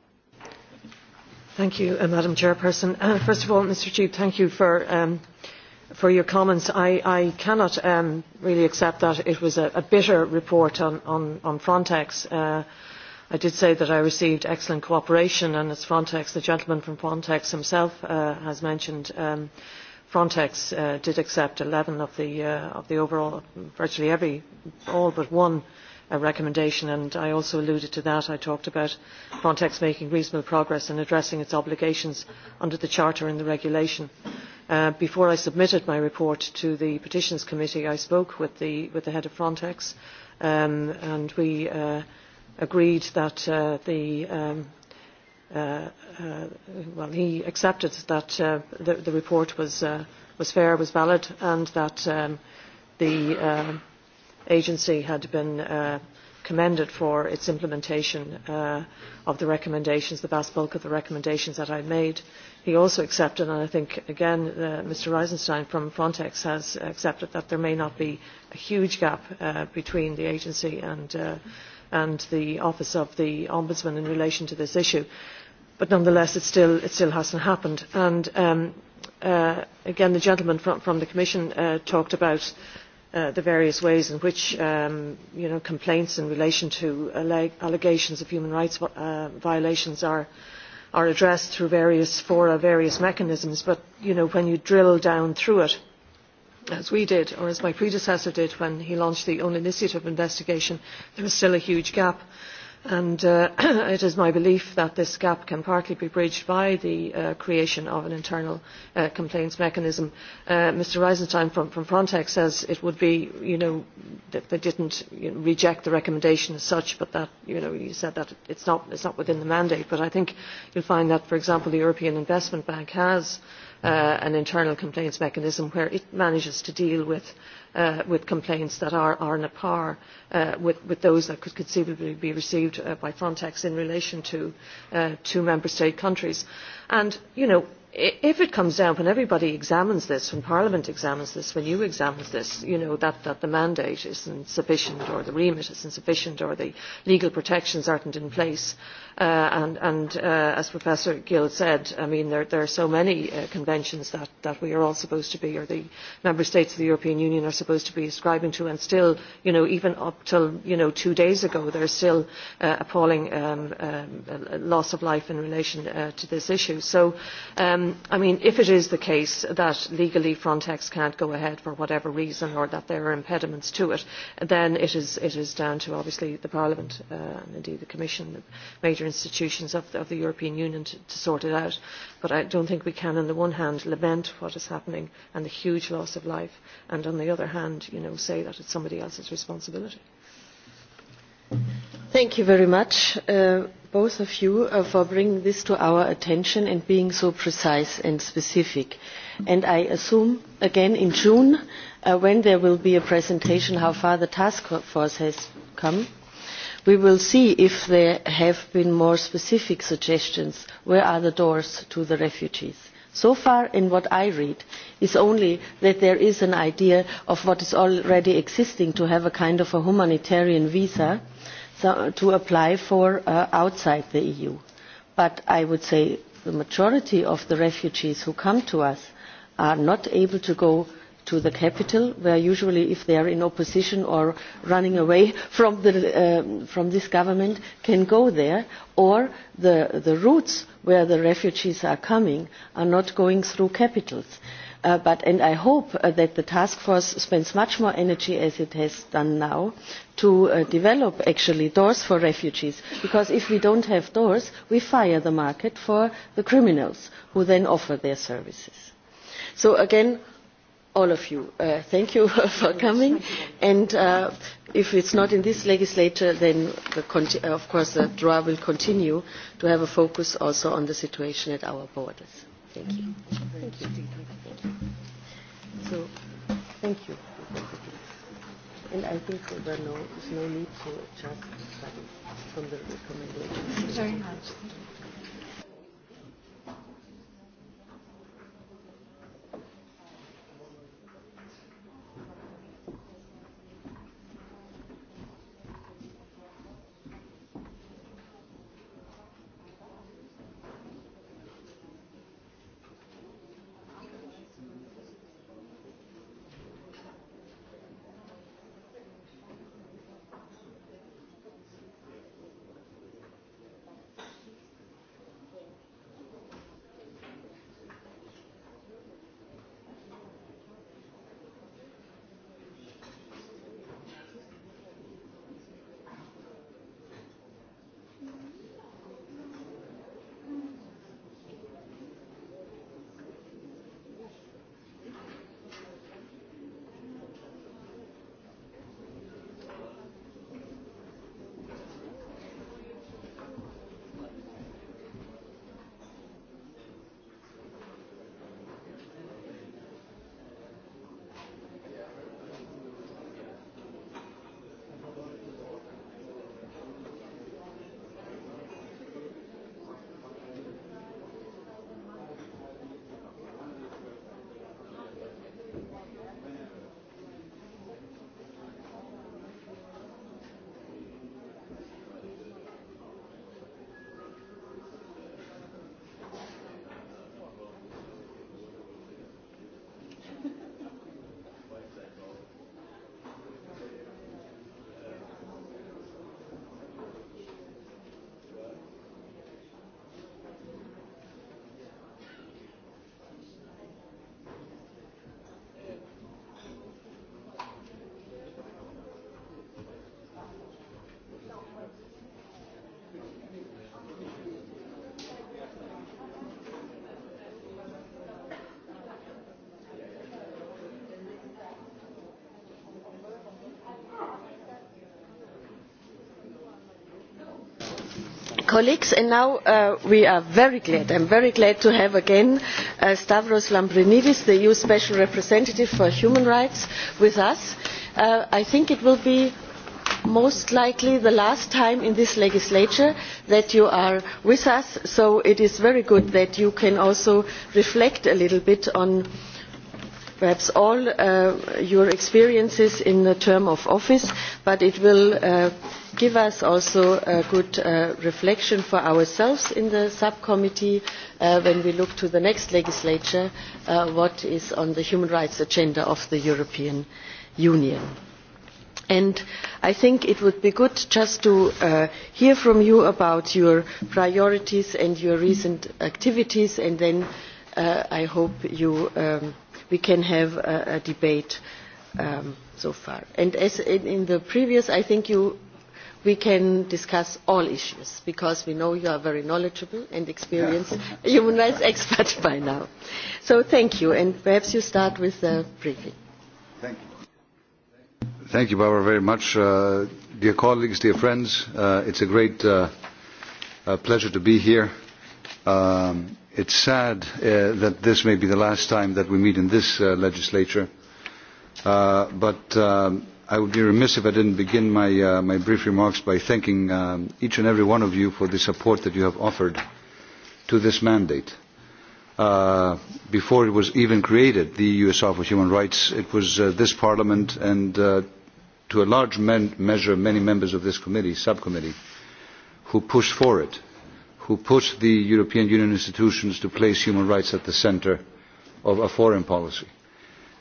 Thank you, uh, Madam Chairperson. Uh, first of all, Mr. Chief, thank you for, um, for your comments. I, I cannot um, really accept that it was a, a bitter report on, on, on Frontex. Uh, I did say that I received excellent cooperation, and it's Frontex, the gentleman from Frontex himself uh, has mentioned um, Frontex uh, did accept 11 of the, uh, of the overall, virtually every, all but one uh, recommendation and I also alluded to that. I talked about Frontex making reasonable progress in addressing its obligations under the Charter and the regulation. Uh, before I submitted my report to the Petitions Committee, I spoke with the, with the head of Frontex um, and we uh, agreed that uh, the um, uh, uh, well, he accepted that uh, the, the report was, uh, was fair, was valid, and that um, the uh, agency had been uh, commended for its implementation uh, of the recommendations, the vast bulk of the recommendations that I made. He also accepted, and I think, again, uh, Mr. Reisenstein from Frontex has accepted that there may not be a huge gap uh, between the agency and, uh, and the Office of the Ombudsman in relation to this issue. But nonetheless, it still, it still hasn't happened. And um, uh, again, the gentleman from, from the Commission uh, talked about Uh, the various ways in which um, you know, complaints in relation to allegations of human rights uh, violations are, are addressed through various fora, various mechanisms. But you know, when you drill down through it, as we did, or as my predecessor did when he launched the own initiative investigation, there is still a huge gap. And uh, *clears throat* it is my belief that this gap can partly be bridged by the uh, creation of an internal uh, complaints mechanism. Uh, Mr. Reisenstein from, from Frontex says it would be, you know, that they didn't you know, reject the recommendation as such, but that, you know, you said that it's not, it's not within the mandate. But I think you'll find that, for example, the European Investment Bank has uh, an internal complaints mechanism where it manages to deal with uh, with complaints that are, are on a par uh, with, with those that could conceivably be received uh, by Frontex in relation to, uh, to member state countries. And, you know, if it comes down, when everybody examines this, when Parliament examines this, when you examine this, you know, that, that the mandate isn't sufficient or the remit isn't sufficient or the legal protections aren't in place. Uh, and and uh, as Professor Gill said, I mean, there, there are so many uh, conventions that, that we are all supposed to be, or the member states of the European Union are supposed to be ascribing to, and still, you know, even up till, you know, two days ago, there's still uh, appalling um, um, loss of life in relation uh, to this issue. So, um, Um, I mean, if it is the case that legally Frontex can't go ahead for whatever reason or that there are impediments to it, then it is, it is down to obviously the Parliament uh, and indeed the Commission, the major institutions of the, of the European Union to, to sort it out. But I don't think we can on the one hand lament what is happening and the huge loss of life and on the other hand, you know, say that it's somebody else's responsibility. Thank you very much. Uh, both of you uh, for bringing this to our attention and being so precise and specific. And I assume, again, in June, uh, when there will be a presentation how far the task force has come, we will see if there have been more specific suggestions. Where are the doors to the refugees? So far, in what I read, is only that there is an idea of what is already existing to have a kind of a humanitarian visa. Mm -hmm so, to apply for uh, outside the EU. But I would say the majority of the refugees who come to us are not able to go to the capital, where usually if they are in opposition or running away *laughs* from, the, uh, from this government, can go there, or the, the routes where the refugees are coming are not going through capitals. Uh, but, and I hope uh, that the task force spends much more energy as it has done now to uh, develop actually doors for refugees because if we don't have doors we fire the market for the criminals who then offer their services so again all of you uh, thank you *laughs* for coming and uh, if it's not in this legislature then the of course the draw will continue to have a focus also on the situation at our borders thank you thank you, thank you. so thank you And I think there no, is no need to study from the recommendations. Thank you very much. colleagues, and now uh, we are very glad, I'm very glad to have again uh, Stavros Lambrinidis, the EU Special Representative for Human Rights, with us. Uh, I think it will be most likely the last time in this legislature that you are with us, so it is very good that you can also reflect a little bit on perhaps all uh, your experiences in the term of office, but it will uh, give us also a good uh, reflection for ourselves in the subcommittee uh, when we look to the next legislature, uh, what is on the human rights agenda of the European Union. And I think it would be good just to uh, hear from you about your priorities and your recent activities, and then uh, I hope you, um, we can have a, a debate um, so far. And as in, in the previous, I think you we can discuss all issues because we know you are very knowledgeable and experienced yeah. human rights expert by now. So thank you, and perhaps you start with the uh, briefing. Thank you. Thank you, Barbara, very much. Uh, dear colleagues, dear friends, uh, it's a great uh, uh, pleasure to be here. Um, it's sad uh, that this may be the last time that we meet in this uh, legislature, uh, but um, I would be remiss if I didn't begin my, uh, my brief remarks by thanking um, each and every one of you for the support that you have offered to this mandate. Uh, before it was even created, the e U.S. Office of Human Rights, it was uh, this Parliament and uh, to a large men measure many members of this committee, subcommittee, who pushed for it, who pushed the European Union institutions to place human rights at the center of a foreign policy.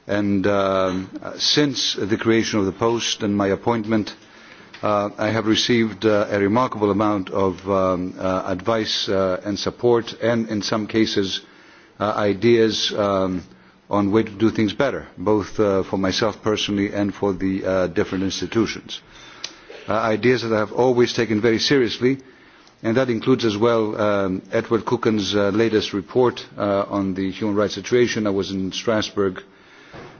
And uh, since the creation of the post and my appointment, uh, I have received uh, a remarkable amount of um, uh, advice uh, and support, and in some cases, uh, ideas um, on way to do things better, both uh, for myself personally and for the uh, different institutions. Uh, ideas that I have always taken very seriously, and that includes as well um, Edward Cookin's uh, latest report uh, on the human rights situation. I was in Strasbourg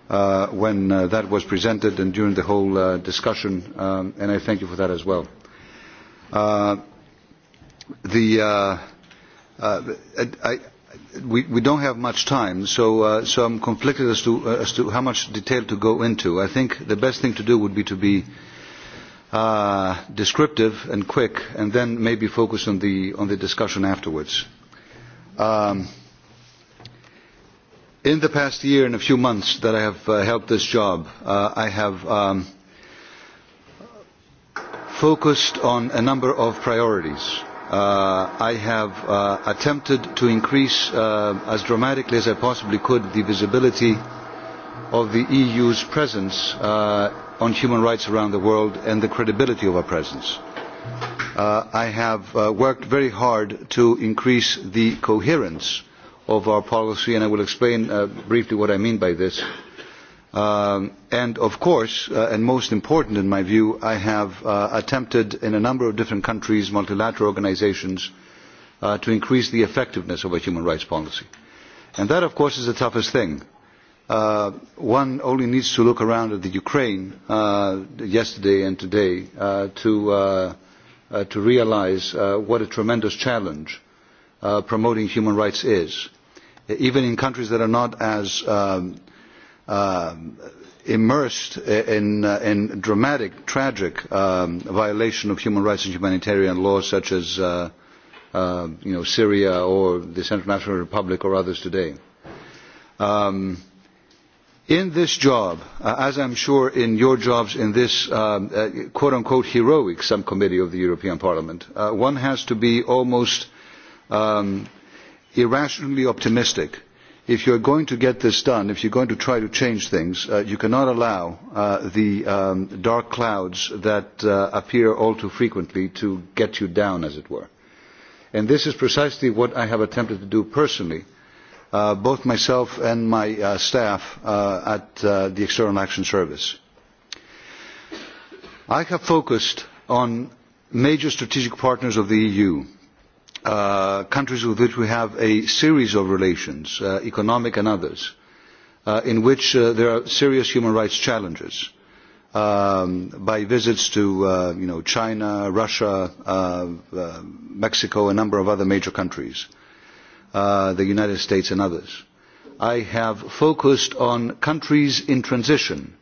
uh, when uh, that was presented and during the whole uh, discussion, um, and I thank you for that as well. Uh, the, uh, uh, I, we, we don't have much time, so, uh, so I'm conflicted as to, uh, as to how much detail to go into. I think the best thing to do would be to be uh, descriptive and quick, and then maybe focus on the, on the discussion afterwards. Um, In the past year and a few months that I have uh, helped this job, uh, I have um, focused on a number of priorities. Uh, I have uh, attempted to increase uh, as dramatically as I possibly could the visibility of the EU's presence uh, on human rights around the world and the credibility of our presence. Uh, I have uh, worked very hard to increase the coherence uh, of our policy, and I will explain uh, briefly what I mean by this. Um, and of course, uh, and most important in my view, I have uh, attempted in a number of different countries, multilateral organizations, uh, to increase the effectiveness of a human rights policy. And that, of course, is the toughest thing. Uh, one only needs to look around at the Ukraine uh, yesterday and today uh, to, uh, uh, to realize uh, what a tremendous challenge uh, promoting human rights is even in countries that are not as um, uh, immersed in, uh, in dramatic, tragic um, violation of human rights and humanitarian law, such as uh, uh, you know, Syria or the Central African Republic or others today. Um, in this job, uh, as I'm sure in your jobs in this um, uh, quote-unquote heroic subcommittee of the European Parliament, uh, one has to be almost um, irrationally optimistic. If you are going to get this done, if you are going to try to change things, uh, you cannot allow uh, the um, dark clouds that uh, appear all too frequently to get you down, as it were. And this is precisely what I have attempted to do personally, uh, both myself and my uh, staff uh, at uh, the External Action Service. I have focused on major strategic partners of the EU uh, countries with which we have a series of relations, uh, economic and others, uh, in which uh, there are serious human rights challenges. Um, by visits to uh, you know, China, Russia, uh, uh, Mexico, a number of other major countries, uh, the United States and others. I have focused on countries in transition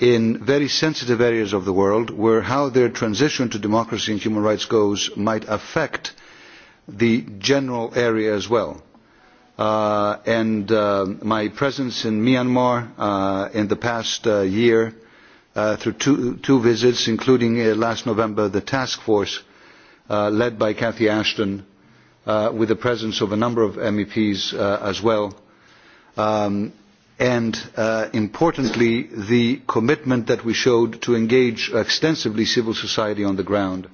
in very sensitive areas of the world where how their transition to democracy and human rights goes might affect the general area as well. Uh, and uh, my presence in Myanmar uh, in the past uh, year uh, through two, two visits, including uh, last November, the task force uh, led by Cathy Ashton, uh, with the presence of a number of MEPs uh, as well, um, and uh, importantly, the commitment that we showed to engage extensively civil society on the ground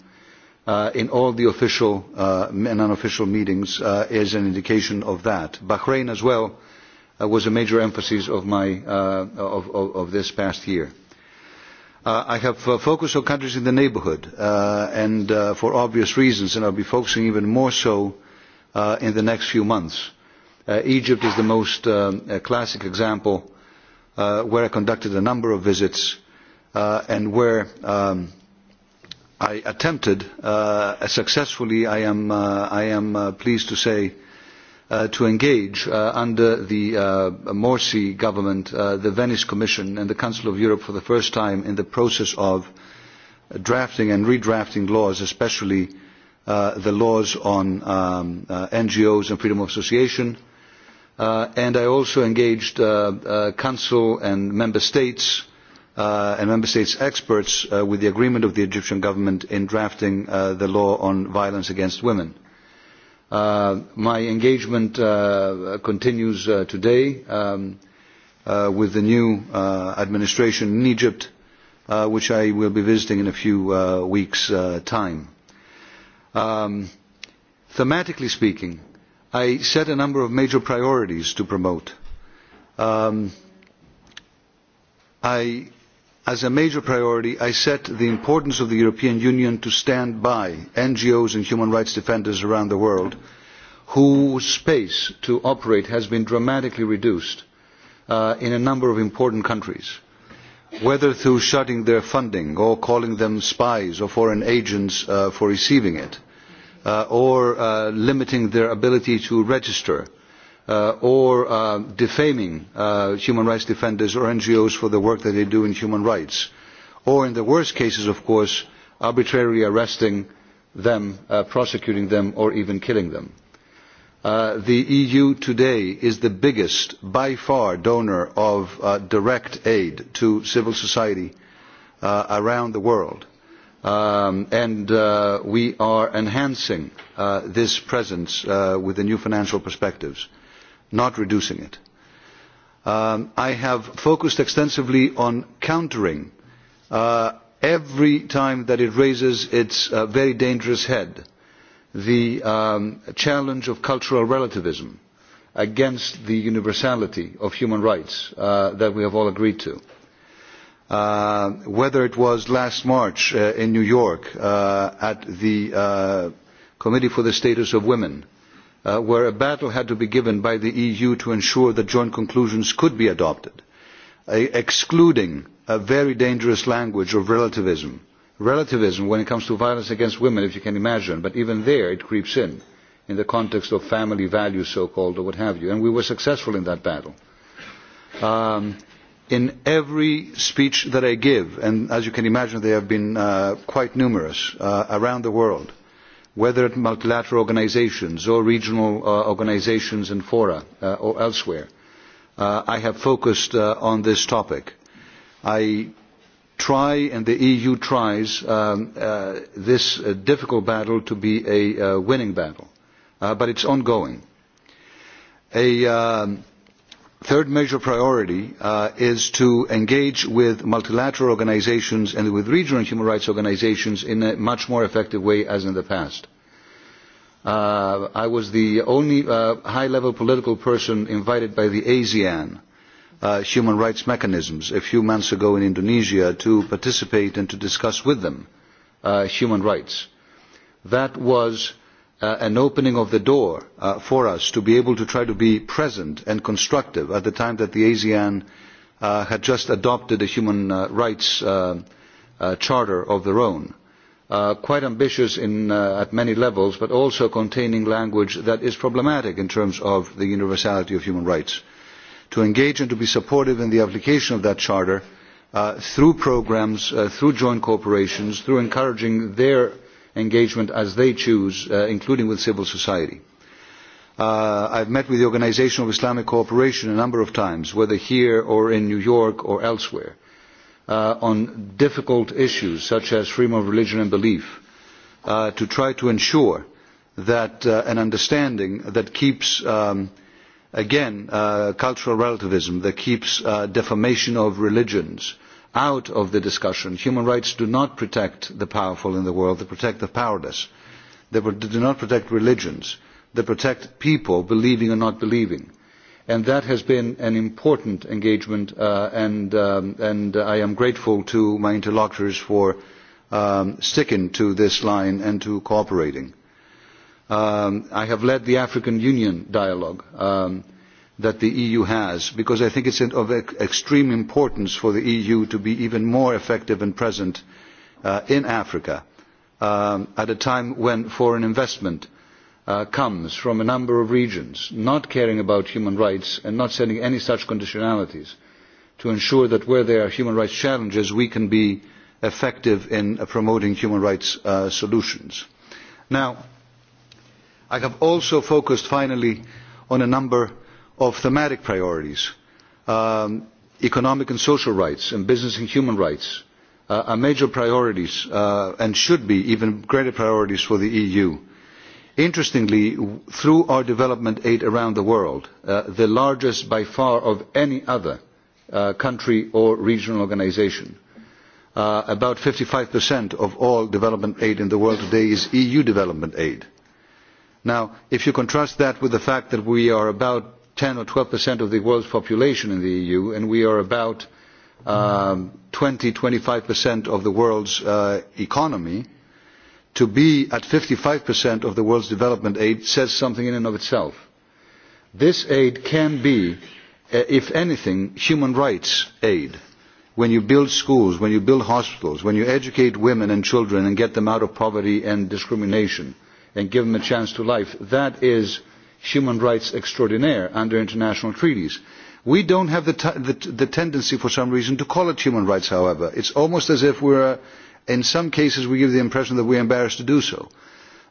uh, in all the official uh, and unofficial meetings uh, is an indication of that. Bahrain as well uh, was a major emphasis of, my, uh, of, of, of this past year. Uh, I have uh, focused on countries in the neighborhood, uh, and uh, for obvious reasons, and I'll be focusing even more so uh, in the next few months. Uh, Egypt is the most um, uh, classic example uh, where I conducted a number of visits uh, and where um, I attempted uh, successfully, I am, uh, I am uh, pleased to say, uh, to engage uh, under the uh, Morsi government, uh, the Venice Commission and the Council of Europe for the first time in the process of drafting and redrafting laws, especially uh, the laws on um, uh, NGOs and freedom of association. Uh, and I also engaged uh, uh, Council and Member States uh, and member states experts uh, with the agreement of the Egyptian government in drafting uh, the law on violence against women. Uh, my engagement uh, continues uh, today um, uh, with the new uh, administration in Egypt, uh, which I will be visiting in a few uh, weeks' uh, time. Um, thematically speaking, I set a number of major priorities to promote. Um, I As a major priority, I set the importance of the European Union to stand by NGOs and human rights defenders around the world whose space to operate has been dramatically reduced uh, in a number of important countries, whether through shutting their funding or calling them spies or foreign agents uh, for receiving it, uh, or uh, limiting their ability to register uh, uh, or uh, defaming uh, human rights defenders or NGOs for the work that they do in human rights. Or in the worst cases, of course, arbitrarily arresting them, uh, prosecuting them, or even killing them. Uh, the EU today is the biggest, by far, donor of uh, direct aid to civil society uh, around the world. Um, and uh, we are enhancing uh, this presence uh, with the new financial perspectives. Uh, not reducing it. Um, I have focused extensively on countering uh, every time that it raises its uh, very dangerous head, the um, challenge of cultural relativism against the universality of human rights uh, that we have all agreed to. Uh, whether it was last March uh, in New York uh, at the uh, Committee for the Status of Women, uh, where a battle had to be given by the EU to ensure that joint conclusions could be adopted, uh, excluding a very dangerous language of relativism. Relativism when it comes to violence against women, if you can imagine, but even there it creeps in, in the context of family values, so-called, or what have you, and we were successful in that battle. Um, in every speech that I give, and as you can imagine, they have been uh, quite numerous uh, around the world, whether at multilateral organizations or regional uh, organizations and fora uh, or elsewhere. Uh, I have focused uh, on this topic. I try and the EU tries um, uh, this uh, difficult battle to be a uh, winning battle, uh, but it's ongoing. A, um, third major priority uh, is to engage with multilateral organisations and with regional human rights organisations in a much more effective way as in the past. Uh, I was the only uh, high-level political person invited by the ASEAN uh, human rights mechanisms a few months ago in Indonesia to participate and to discuss with them uh, human rights. That was uh, an opening of the door uh, for us to be able to try to be present and constructive at the time that the ASEAN uh, had just adopted a human uh, rights uh, uh, charter of their own. Uh, quite ambitious in, uh, at many levels, but also containing language that is problematic in terms of the universality of human rights. To engage and to be supportive in the application of that charter uh, through programs, uh, through joint corporations, through encouraging their engagement as they choose, uh, including with civil society. Uh, I've met with the Organization of Islamic Cooperation a number of times, whether here or in New York or elsewhere, uh, on difficult issues such as freedom of religion and belief, uh, to try to ensure that uh, an understanding that keeps, um, again, uh, cultural relativism, that keeps uh, defamation of religions, out of the discussion. Human rights do not protect the powerful in the world, they protect the powerless. They do not protect religions, they protect people believing or not believing. And that has been an important engagement, uh, and, um, and I am grateful to my interlocutors for um, sticking to this line and to cooperating. Um, I have led the African Union dialogue. Um, that the EU has, because I think it is of extreme importance for the EU to be even more effective and present uh, in Africa um, at a time when foreign investment uh, comes from a number of regions, not caring about human rights and not setting any such conditionalities to ensure that where there are human rights challenges, we can be effective in uh, promoting human rights uh, solutions. Now, I have also focused finally on a number of thematic priorities, um, economic and social rights and business and human rights uh, are major priorities uh, and should be even greater priorities for the EU. Interestingly, through our development aid around the world, uh, the largest by far of any other uh, country or regional organization, uh, about 55% of all development aid in the world today is EU development aid. Now, if you contrast that with the fact that we are about 10 or 12 percent of the world's population in the EU, and we are about um, 20, 25 percent of the world's uh, economy, to be at 55 percent of the world's development aid says something in and of itself. This aid can be, uh, if anything, human rights aid. When you build schools, when you build hospitals, when you educate women and children and get them out of poverty and discrimination and give them a chance to life, that is – human rights extraordinaire under international treaties. We don't have the, the, the tendency for some reason to call it human rights, however. It's almost as if we're, in some cases, we give the impression that we're embarrassed to do so.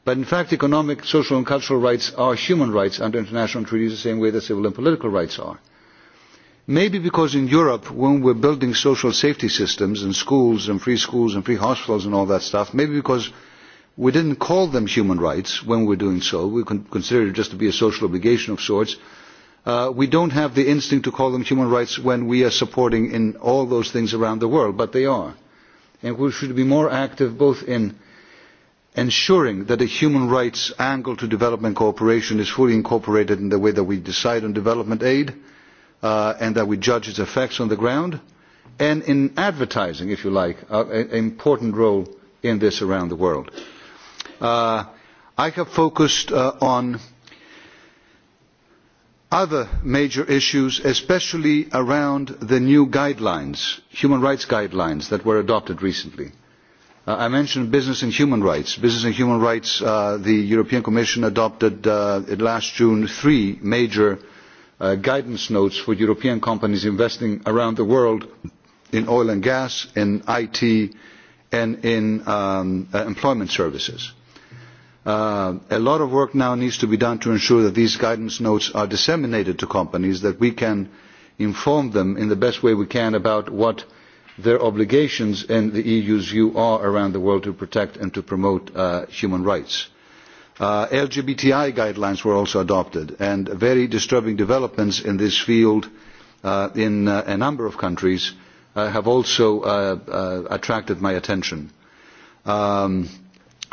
But in fact, economic, social and cultural rights are human rights under international treaties the same way that civil and political rights are. Maybe because in Europe, when we're building social safety systems and schools and free schools and free hospitals and all that stuff, maybe because We didn't call them human rights when we were doing so. We considered it just to be a social obligation of sorts. Uh, we don't have the instinct to call them human rights when we are supporting in all those things around the world, but they are. And we should be more active both in ensuring that a human rights angle to development cooperation is fully incorporated in the way that we decide on development aid uh, and that we judge its effects on the ground, and in advertising, if you like, an important role in this around the world. Uh, I have focused uh, on other major issues, especially around the new guidelines, human rights guidelines that were adopted recently. Uh, I mentioned business and human rights. Business and human rights, uh, the European Commission adopted uh, last June three major uh, guidance notes for European companies investing around the world in oil and gas, in IT, and in um, uh, employment services. Uh, a lot of work now needs to be done to ensure that these guidance notes are disseminated to companies, that we can inform them in the best way we can about what their obligations and the EU's view are around the world to protect and to promote uh, human rights. Uh, LGBTI guidelines were also adopted, and very disturbing developments in this field uh, in uh, a number of countries have also attracted my attention. Um,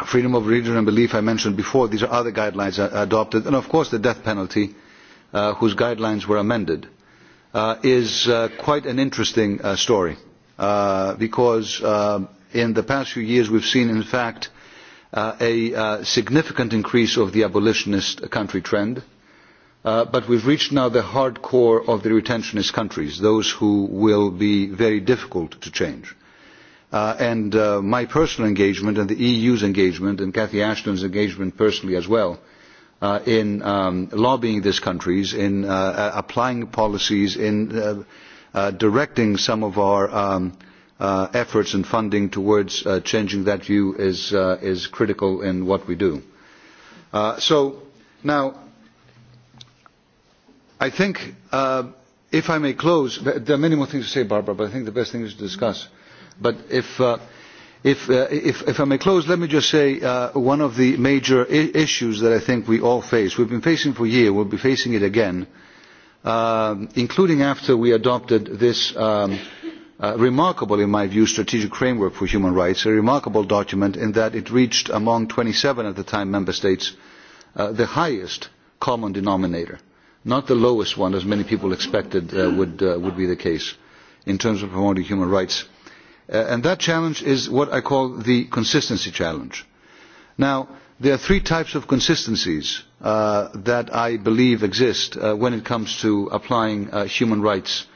freedom of religion and belief I mentioned before, these are other guidelines adopted, and of course the death penalty, uh, whose guidelines were amended, uh, is uh, quite an interesting uh, story, uh, because uh, in the past few years we've seen, in fact, uh, a uh, significant increase of the abolitionist country trend, uh, but we've reached now the hardcore of the retentionist countries, those who will be very difficult to change. Uh, and uh, my personal engagement and the EU's engagement and Cathy Ashton's engagement personally as well uh, in um, lobbying these countries, in uh, uh, applying policies, in uh, uh, directing some of our um, uh, efforts and funding towards uh, changing that view is, uh, is critical in what we do. Uh, so now, I think, uh, if I may close, there are many more things to say, Barbara, but I think the best thing is to discuss. Mm -hmm But if, uh, if, uh, if, if I may close, let me just say uh, one of the major I issues that I think we all face, we've been facing for a year, we'll be facing it again, uh, including after we adopted this um, uh, remarkable, in my view, strategic framework for human rights, a remarkable document in that it reached among 27 at the time member states uh, the highest common denominator, not the lowest one as many people expected uh, would, uh, would be the case in terms of promoting human rights. Uh, and that challenge is what I call the consistency challenge. Now, there are three types of consistencies uh, that I believe exist uh, when it comes to applying uh, human rights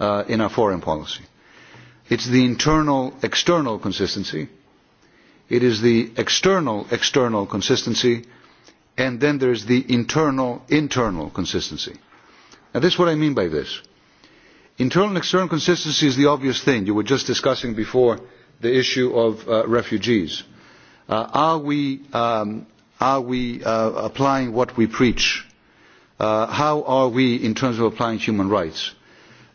uh, in our foreign policy. It's the internal external consistency, it is the external external consistency, and then there is the internal internal consistency. Now, this is what I mean by this. Internal and external consistency is the obvious thing. You were just discussing before the issue of uh, refugees. Uh, are we, um, are we uh, applying what we preach? Uh, how are we in terms of applying human rights?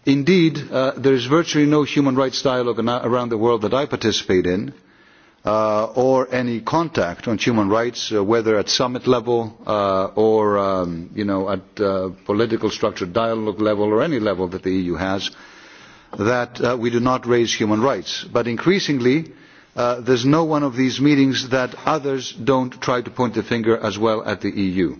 Indeed, uh, there is virtually no human rights dialogue around the world that I participate in uh, or any contact on human rights, uh, whether at summit level uh, or um, you know, at uh, political structure, dialogue level or any level that the EU has, that uh, we do not raise human rights. But increasingly, uh, there's no one of these meetings that others don't try to point the finger as well at the EU.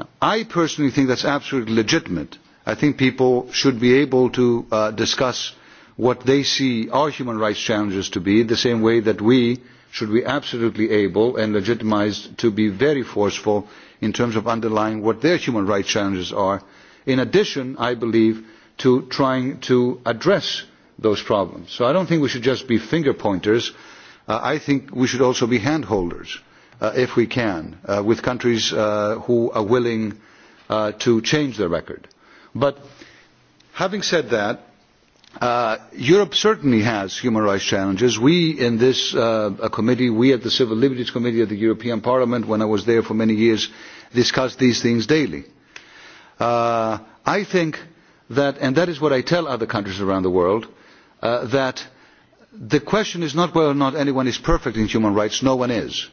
Now, I personally think that's absolutely legitimate. I think people should be able to uh, discuss what they see our human rights challenges to be, the same way that we should be absolutely able and legitimized to be very forceful in terms of underlying what their human rights challenges are, in addition, I believe, to trying to address those problems. So I don't think we should just be finger pointers. Uh, I think we should also be hand holders, uh, if we can, uh, with countries uh, who are willing uh, to change their record. But having said that, Uh, Europe certainly has human rights challenges. We in this uh, a committee, we at the Civil Liberties Committee of the European Parliament, when I was there for many years, discussed these things daily. Uh, I think that, and that is what I tell other countries around the world, uh, that the question is not whether or not anyone is perfect in human rights. No one is.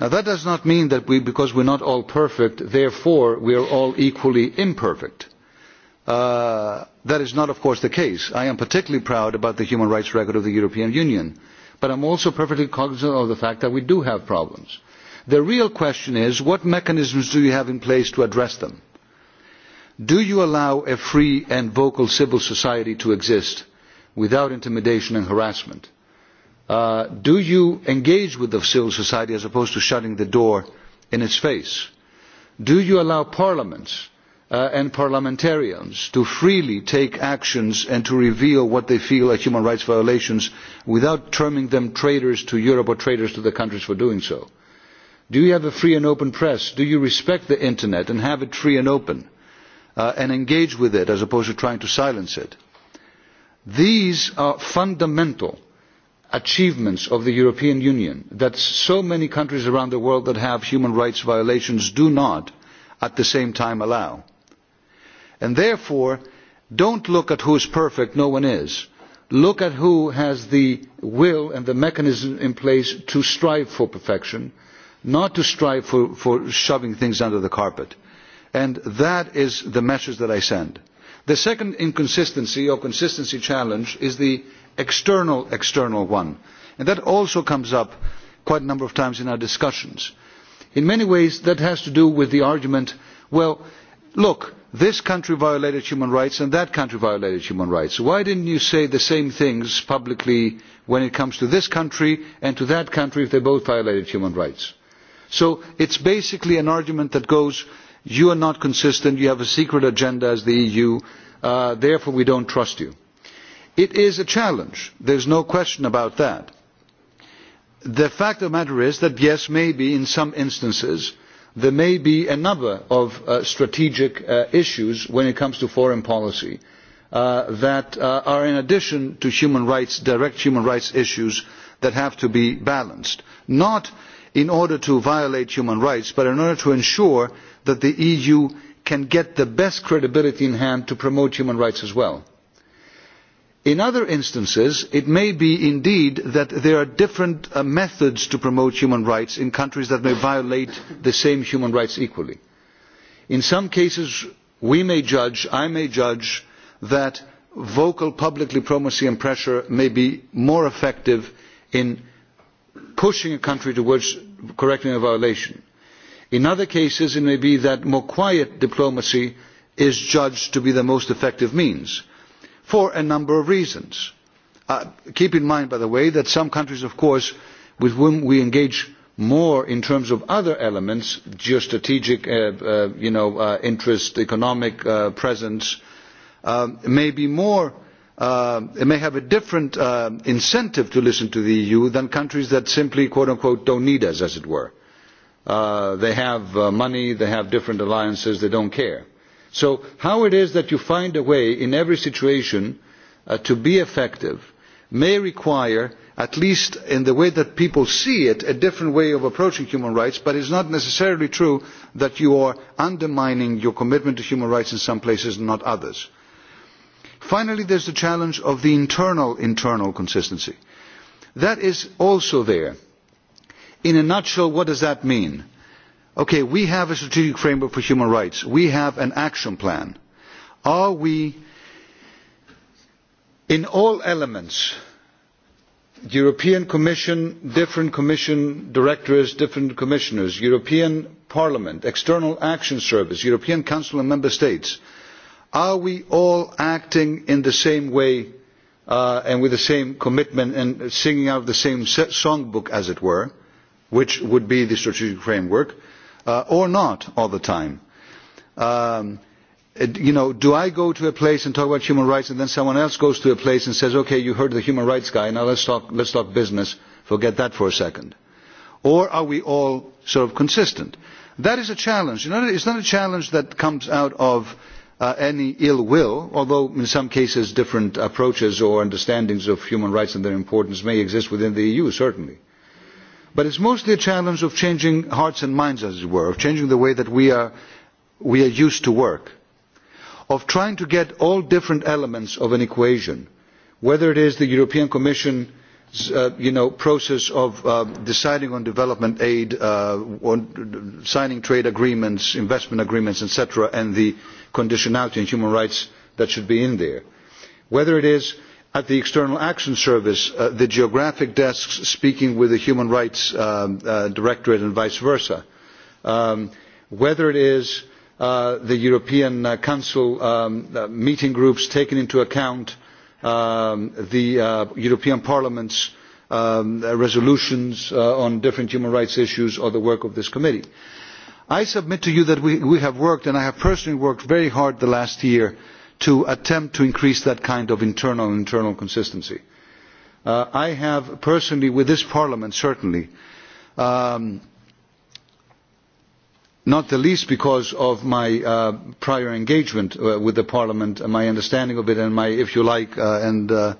Now that does not mean that we, because we're not all perfect, therefore we are all equally imperfect. Uh, That is not, of course, the case. I am particularly proud about the human rights record of the European Union, but I am also perfectly cognizant of the fact that we do have problems. The real question is, what mechanisms do you have in place to address them? Do you allow a free and vocal civil society to exist without intimidation and harassment? Uh, do you engage with the civil society as opposed to shutting the door in its face? Do you allow parliaments uh, and parliamentarians to freely take actions and to reveal what they feel are human rights violations without terming them traitors to Europe or traitors to the countries for doing so? Do you have a free and open press? Do you respect the internet and have it free and open uh, and engage with it as opposed to trying to silence it? These are fundamental achievements of the European Union that so many countries around the world that have human rights violations do not at the same time allow. And therefore, don't look at who is perfect, no one is. Look at who has the will and the mechanism in place to strive for perfection, not to strive for, for shoving things under the carpet. And that is the message that I send. The second inconsistency or consistency challenge is the external external one. And that also comes up quite a number of times in our discussions. In many ways, that has to do with the argument, well, look, this country violated human rights and that country violated human rights. Why didn't you say the same things publicly when it comes to this country and to that country if they both violated human rights? So it's basically an argument that goes, you are not consistent, you have a secret agenda as the EU, uh, therefore we don't trust you. It is a challenge, There is no question about that. The fact of the matter is that yes, maybe in some instances, there may be a number of uh, strategic uh, issues when it comes to foreign policy uh, that uh, are in addition to human rights, direct human rights issues that have to be balanced. Not in order to violate human rights, but in order to ensure that the EU can get the best credibility in hand to promote human rights as well In other instances, it may be indeed that there are different uh, methods to promote human rights in countries that may violate the same human rights equally. In some cases, we may judge, I may judge, that vocal public diplomacy and pressure may be more effective in pushing a country towards correcting a violation. In other cases, it may be that more quiet diplomacy is judged to be the most effective means for a number of reasons. Uh, keep in mind, by the way, that some countries, of course, with whom we engage more in terms of other elements, geostrategic uh, uh, you know, uh, interest, economic uh, presence, uh may be more, uh, may have a different uh, incentive to listen to the EU than countries that simply, quote unquote, don't need us, as it were. Uh, they have uh, money, they have different alliances, they don't care. So how it is that you find a way in every situation uh, to be effective may require, at least in the way that people see it, a different way of approaching human rights, but it is not necessarily true that you are undermining your commitment to human rights in some places and not others. Finally, there is the challenge of the internal internal consistency. That is also there. In a nutshell, what does that mean? okay, we have a strategic framework for human rights. We have an action plan. Are we, in all elements, the European Commission, different Commission directors, different commissioners, European Parliament, External Action Service, European Council and Member States, are we all acting in the same way uh, and with the same commitment and singing out of the same songbook, as it were, which would be the strategic framework? uh, or not all the time. Um, you know, do I go to a place and talk about human rights and then someone else goes to a place and says, okay, you heard the human rights guy, now let's talk, let's talk business, forget that for a second. Or are we all sort of consistent? That is a challenge. You know, it's not a challenge that comes out of uh, any ill will, although in some cases different approaches or understandings of human rights and their importance may exist within the EU, certainly. Uh, But it's mostly a challenge of changing hearts and minds, as it were, of changing the way that we are, we are used to work, of trying to get all different elements of an equation, whether it is the European Commission uh, you know, process of uh, deciding on development aid, uh, on signing trade agreements, investment agreements, etc., and the conditionality and human rights that should be in there. Whether it is At the External Action Service, uh, the geographic desks speaking with the Human Rights um, uh, Directorate and vice versa. Um, whether it is uh, the European uh, Council um, uh, meeting groups taking into account um, the uh, European Parliament's um, resolutions uh, on different human rights issues or the work of this committee. I submit to you that we, we have worked, and I have personally worked very hard the last year to attempt to increase that kind of internal internal consistency. Uh, I have personally, with this Parliament certainly, um, not the least because of my uh, prior engagement uh, with the Parliament and my understanding of it and my, if you like, uh, and uh,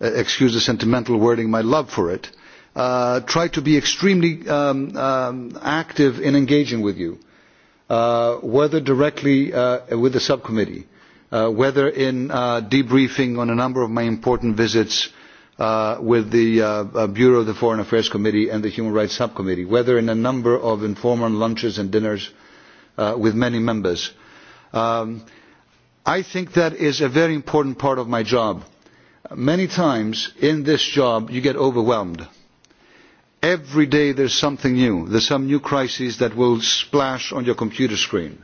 excuse the sentimental wording, my love for it, uh, try to be extremely um, um, active in engaging with you, uh, whether directly uh, with the subcommittee, uh, whether in uh, debriefing on a number of my important visits uh, with the uh, uh, Bureau of the Foreign Affairs Committee and the Human Rights Subcommittee, whether in a number of informal lunches and dinners uh, with many members. Um, I think that is a very important part of my job. Many times in this job you get overwhelmed. Every day there's something new. There's some new crisis that will splash on your computer screen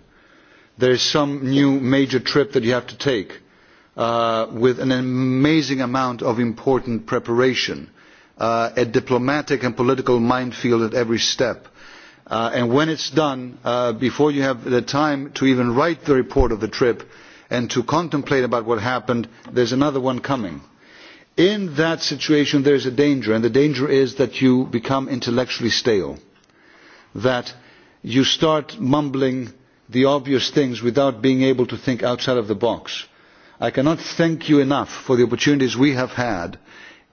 there is some new major trip that you have to take uh, with an amazing amount of important preparation, uh, a diplomatic and political minefield at every step. Uh, and when it's done, uh, before you have the time to even write the report of the trip and to contemplate about what happened, there's another one coming. In that situation, there is a danger, and the danger is that you become intellectually stale, that you start mumbling the obvious things without being able to think outside of the box. I cannot thank you enough for the opportunities we have had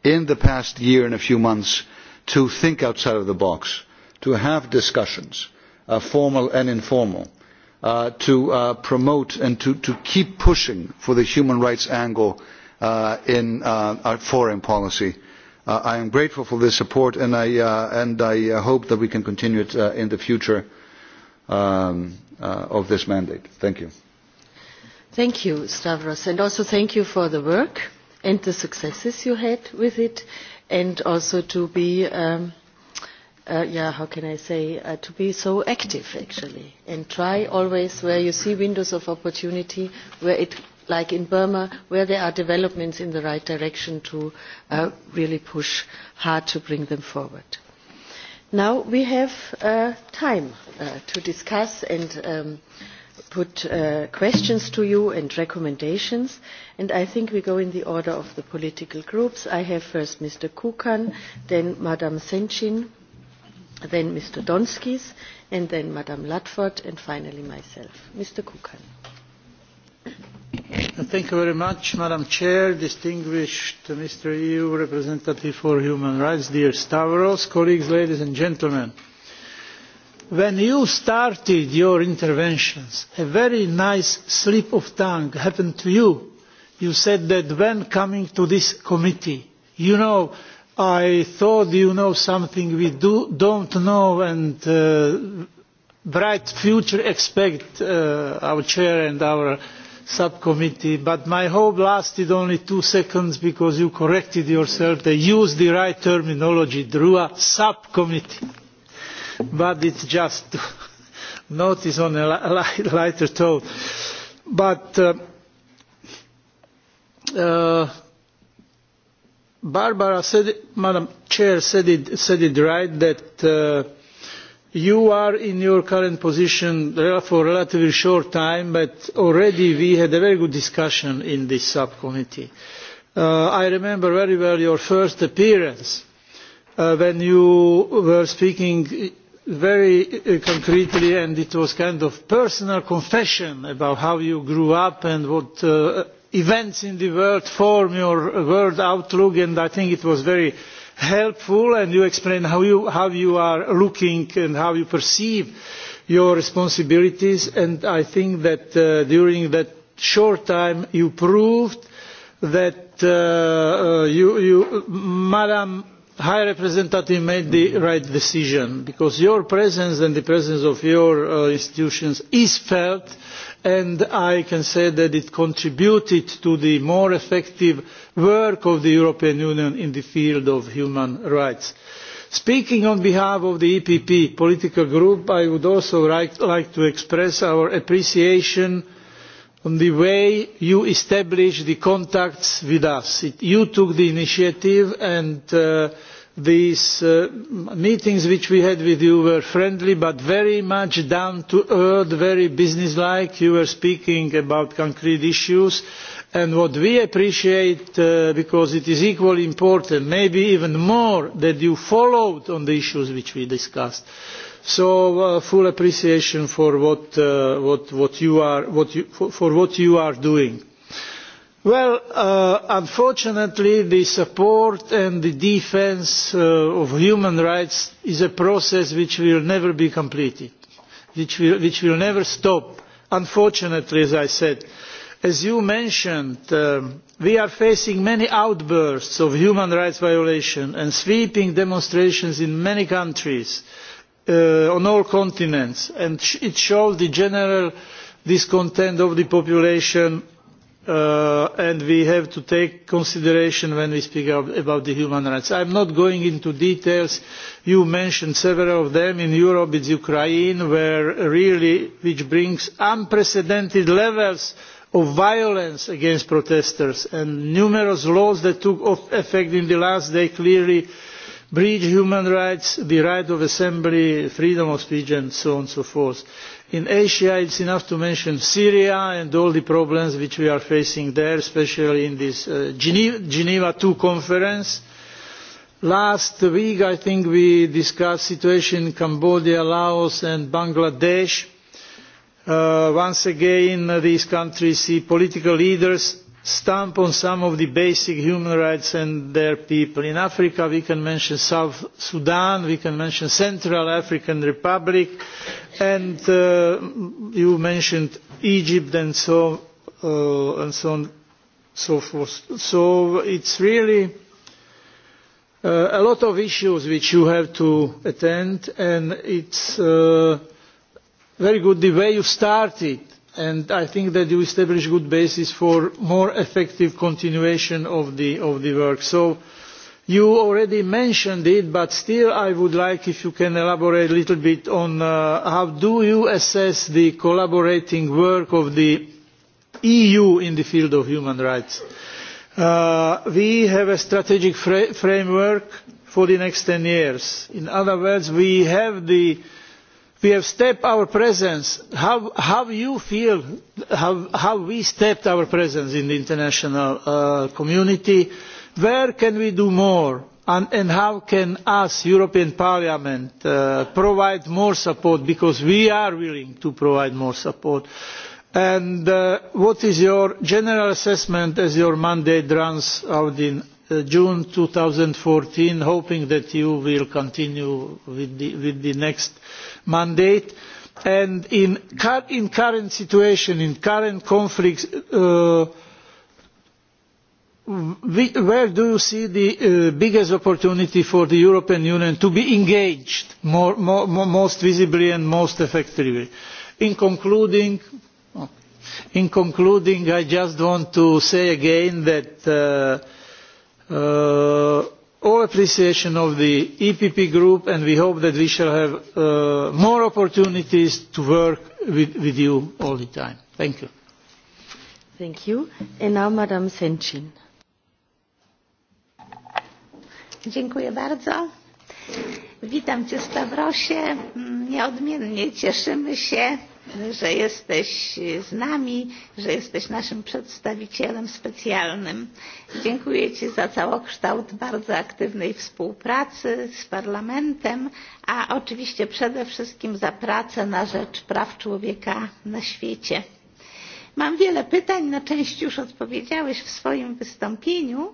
in the past year and a few months to think outside of the box, to have discussions, uh, formal and informal, uh, to uh, promote and to, to keep pushing for the human rights angle uh, in uh, our foreign policy. Uh, I am grateful for this support and I, uh, and I uh, hope that we can continue it uh, in the future. Um, uh, of this mandate. Thank you. Thank you, Stavros, and also thank you for the work and the successes you had with it, and also to be, um, uh, yeah, how can I say, uh, to be so active actually, and try always where you see windows of opportunity, where it, like in Burma, where there are developments in the right direction to uh, really push hard to bring them forward. Now we have uh, time uh, to discuss and um, put uh, questions to you and recommendations. And I think we go in the order of the political groups. I have first Mr. Kukan, then Madam Senchin, then Mr. Donskis, and then Madam Latford, and finally myself. Mr. Kukan. Thank you very much, Madam Chair, distinguished Mr. EU Representative for Human Rights, dear Stavros, colleagues, ladies and gentlemen. When you started your interventions, a very nice slip of tongue happened to you. You said that when coming to this committee, you know, I thought you know something we do, don't know and uh, bright future expect uh, our chair and our subcommittee, but my hope lasted only two seconds because you corrected yourself. They used the right terminology, DRUA subcommittee. But it's just *laughs* notice on a light, lighter tone. But uh, uh, Barbara said, Madam Chair said it, said it right that uh, you are in your current position for a relatively short time, but already we had a very good discussion in this subcommittee. Uh, I remember very well your first appearance uh, when you were speaking very uh, concretely and it was kind of personal confession about how you grew up and what uh, events in the world form your world outlook and I think it was very helpful and you explain how you, how you are looking and how you perceive your responsibilities and I think that uh, during that short time you proved that uh, uh you, you, Madam High Representative made the mm-hmm. right decision because your presence and the presence of your uh, institutions is felt and I can say that it contributed to the more effective work of the European Union in the field of human rights. Speaking on behalf of the EPP political group, I would also like, like to express our appreciation on the way you established the contacts with us. It, you took the initiative and uh, these uh, meetings which we had with you were friendly but very much down to earth, very businesslike. You were speaking about concrete issues And what we appreciate, uh, because it is equally important, maybe even more, that you followed on the issues which we discussed. So uh, full appreciation for what, uh, what, what you are, what you, for, for what you are doing. Well, uh, unfortunately, the support and the defense uh, of human rights is a process which will never be completed, which will, which will never stop, unfortunately, as I said as you mentioned, um, we are facing many outbursts of human rights violations and sweeping demonstrations in many countries uh, on all continents, and it shows the general discontent of the population, uh, and we have to take consideration when we speak about the human rights. I am not going into details. You mentioned several of them. In Europe, it's Ukraine, where really, which brings unprecedented levels of violence against protesters and numerous laws that took effect in the last day clearly breach human rights, the right of assembly, freedom of speech and so on and so forth. In Asia it's enough to mention Syria and all the problems which we are facing there, especially in this uh, Geneva, Geneva II conference. Last week I think we discussed situation in Cambodia, Laos and Bangladesh Uh, once again, uh, these countries see political leaders stamp on some of the basic human rights and their people. In Africa, we can mention South Sudan, we can mention Central African Republic, and uh, you mentioned Egypt and so, uh, and so on so forth. So it's really uh, a lot of issues which you have to attend, and it's uh, very good the way you started and I think that you establish good basis for more effective continuation of the, of the work. So you already mentioned it, but still I would like if you can elaborate a little bit on uh, how do you assess the collaborating work of the EU in the field of human rights. Uh, we have a strategic fra framework for the next 10 years. In other words, we have the uh, we have stepped our presence. How, how you feel, how, how we stepped our presence in the international uh, community? Where can we do more? And, and how can us, European Parliament, uh, provide more support? Because we are willing to provide more support. And uh, what is your general assessment as your mandate runs out in uh, June 2014, hoping that you will continue with the, with the next uh, mandate and in, cur in current situation, in current conflicts, uh, we, where do you see the uh, biggest opportunity for the European Union to be engaged more, more, more, most visibly and most effectively? In concluding, in concluding, I just want to say again that uh, uh, all appreciation of the EPP group and we hope that we shall have uh, more opportunities to work with, with you all the time. Thank you. Thank you. And now Madam Senchin. Dziękuję bardzo. Witam Cię Stawrosie. Mm, nieodmiennie cieszymy się że jesteś z nami, że jesteś naszym przedstawicielem specjalnym. Dziękuję Ci za całokształt bardzo aktywnej współpracy z Parlamentem, a oczywiście przede wszystkim za pracę na rzecz praw człowieka na świecie. Mam wiele pytań, na część już odpowiedziałeś w swoim wystąpieniu,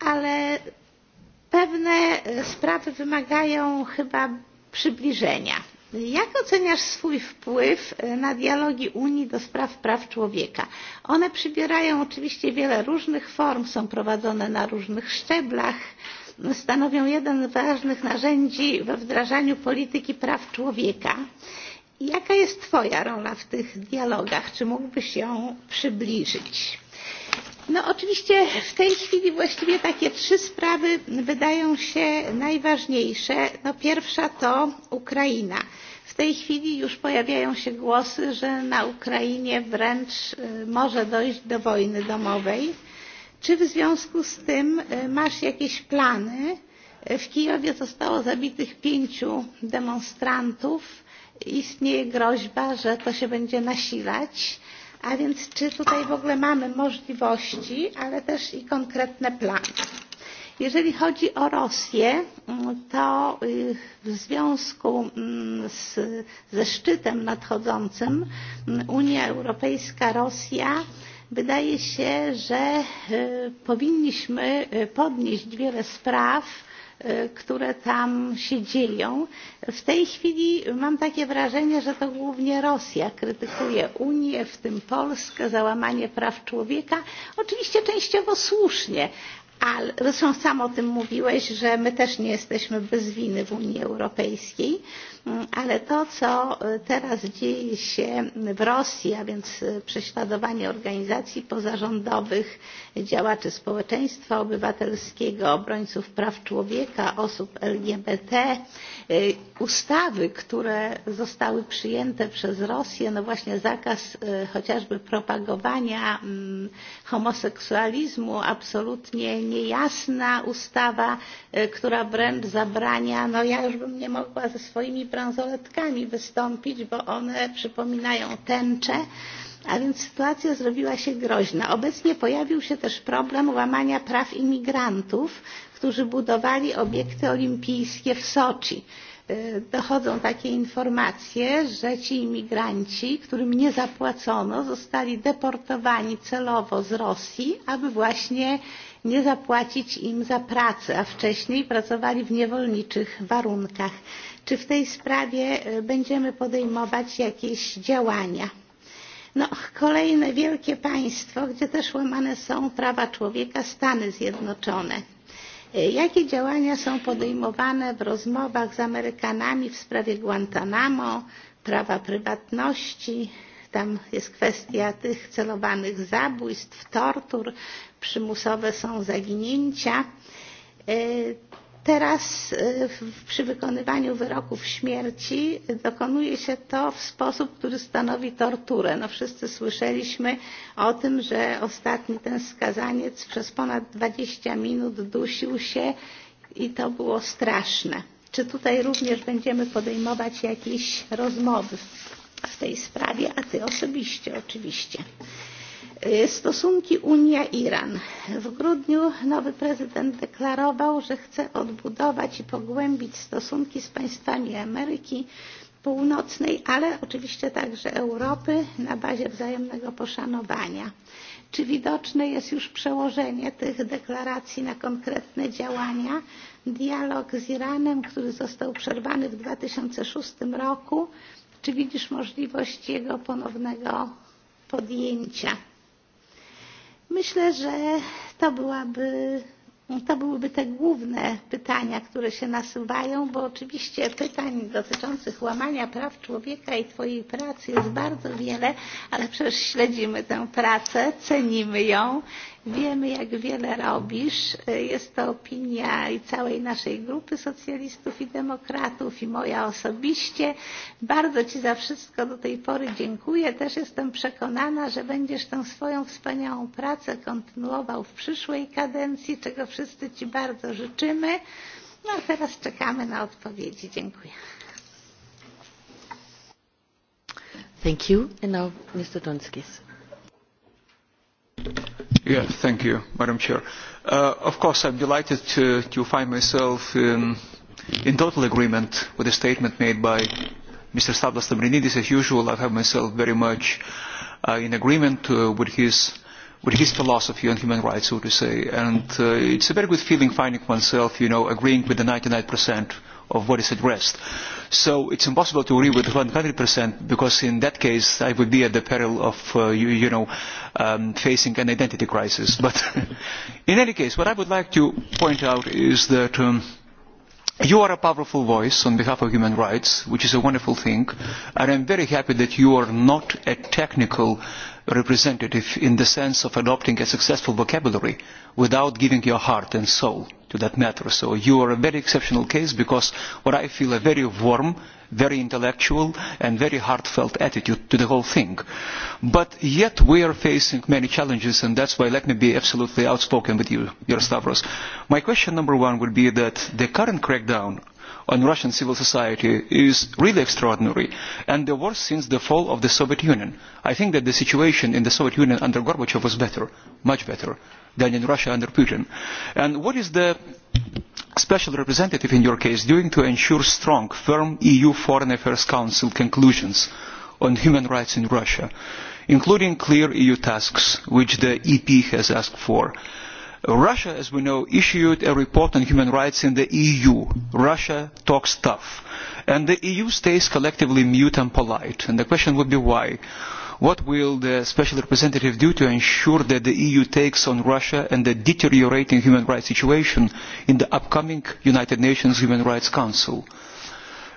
ale pewne sprawy wymagają chyba przybliżenia. Jak oceniasz swój wpływ e, na dialogi Unii do spraw praw człowieka? One przybierają oczywiście wiele różnych form, są prowadzone na różnych szczeblach, stanowią jeden z ważnych narzędzi we wdrażaniu polityki praw człowieka. Jaka jest Twoja rola w tych dialogach? Czy mógłbyś ją przybliżyć? No oczywiście w tej chwili właściwie takie trzy sprawy wydają się najważniejsze. No pierwsza to Ukraina. W tej chwili już pojawiają się głosy, że na Ukrainie wręcz może dojść do wojny domowej. Czy w związku z tym masz jakieś plany? W Kijowie zostało zabitych pięciu demonstrantów. Istnieje groźba, że to się będzie nasilać. A więc czy tutaj w ogóle mamy możliwości, ale też i konkretne plany? Jeżeli chodzi o Rosję, mm, to w związku mm, z, ze szczytem nadchodzącym mm, Unia Europejska-Rosja wydaje się, że powinniśmy podnieść wiele spraw, które tam się dzieją. W tej chwili mam takie wrażenie, że to głównie Rosja krytykuje Unię, w tym Polskę, załamanie praw człowieka. Oczywiście częściowo słusznie, Ale zresztą sam o tym mówiłeś, że my też nie jesteśmy bez winy w Unii Europejskiej, mm, ale to, co e, teraz dzieje się w Rosji, a więc e, prześladowanie organizacji pozarządowych, działaczy społeczeństwa obywatelskiego, obrońców praw człowieka, osób LGBT, e, ustawy, które zostały przyjęte przez Rosję, no właśnie zakaz chociażby propagowania mm, homoseksualizmu absolutnie niejasna ustawa, e, która wręcz zabrania, no ja już bym nie mogła ze swoimi bransoletkami wystąpić, bo one przypominają tęcze. A więc sytuacja zrobiła się groźna. Obecnie pojawił się też problem łamania praw imigrantów, którzy budowali obiekty olimpijskie w Soczi e, dochodzą takie informacje, że ci imigranci, którym nie zapłacono, zostali deportowani celowo z Rosji, aby właśnie nie zapłacić im za pracę, a wcześniej pracowali w niewolniczych warunkach. Czy w tej sprawie e, będziemy podejmować jakieś działania? No, kolejne wielkie państwo, gdzie też łamane są prawa człowieka, Stany Zjednoczone. E, jakie działania są podejmowane w rozmowach z Amerykanami w sprawie Guantanamo, prawa prywatności? Tam jest kwestia tych celowanych zabójstw, tortur przymusowe są zaginięcia. E, teraz e, przy wykonywaniu wyroków śmierci dokonuje się to w sposób, który stanowi torturę. No wszyscy słyszeliśmy o tym, że ostatni ten skazaniec przez ponad 20 minut dusił się i to było straszne. Czy tutaj również będziemy podejmować jakieś rozmowy w tej sprawie, a ty osobiście oczywiście? Stosunki Unia-Iran. W grudniu nowy prezydent deklarował, że chce odbudować i pogłębić stosunki z państwami Ameryki Północnej, ale oczywiście także Europy na bazie wzajemnego poszanowania. Czy widoczne jest już przełożenie tych deklaracji na konkretne działania? Dialog z Iranem, który został przerwany w 2006 roku, czy widzisz możliwość jego ponownego podjęcia? Myślę, że to byłaby to byłyby te główne pytania, które się nasuwają, bo oczywiście pytań dotyczących łamania praw człowieka i Twojej pracy jest bardzo wiele, ale przecież śledzimy tę pracę, cenimy ją Wiemy, jak wiele robisz. E, jest to opinia i całej naszej grupy socjalistów i demokratów i moja osobiście. Bardzo Ci za wszystko do tej pory dziękuję. Też jestem przekonana, że będziesz tę swoją wspaniałą pracę kontynuował w przyszłej kadencji, czego wszyscy Ci bardzo życzymy. No a teraz czekamy na odpowiedzi. Dziękuję. Thank you. And now Mr. Donskis. Yeah, thank you, Madam Chair. Uh, of course, I'm delighted to, to find myself in, in total agreement with the statement made by Mr. Stavlas Lambrinidis. As usual, I have myself very much uh, in agreement uh, with his with his philosophy on human rights, so to say. And uh, it's a very good feeling finding oneself, you know, agreeing with the 99% of what is at rest. So it's impossible to agree with 100% because in that case I would be at the peril of, uh, you, you know, um, facing an identity crisis. But *laughs* in any case, what I would like to point out is that um, You are a powerful voice on behalf of human rights, which is a wonderful thing, and I'm very happy that you are not a technical representative in the sense of adopting a successful vocabulary without giving your heart and soul to that matter. So you are a very exceptional case because what I feel a very warm, very intellectual and very heartfelt attitude to the whole thing. But yet we are facing many challenges and that's why let me be absolutely outspoken with you, Yaroslavros. My question number one would be that the current crackdown on Russian civil society is really extraordinary and the worst since the fall of the Soviet Union. I think that the situation in the Soviet Union under Gorbachev was better, much better than in Russia under Putin. And what is the special representative in your case doing to ensure strong, firm EU Foreign Affairs Council conclusions on human rights in Russia, including clear EU tasks, which the EP has asked for? Russia, as we know, issued a report on human rights in the EU. Russia talks tough. And the EU stays collectively mute and polite. And the question would be why? What will the special representative do to ensure that the EU takes on Russia and the deteriorating human rights situation in the upcoming United Nations Human Rights Council?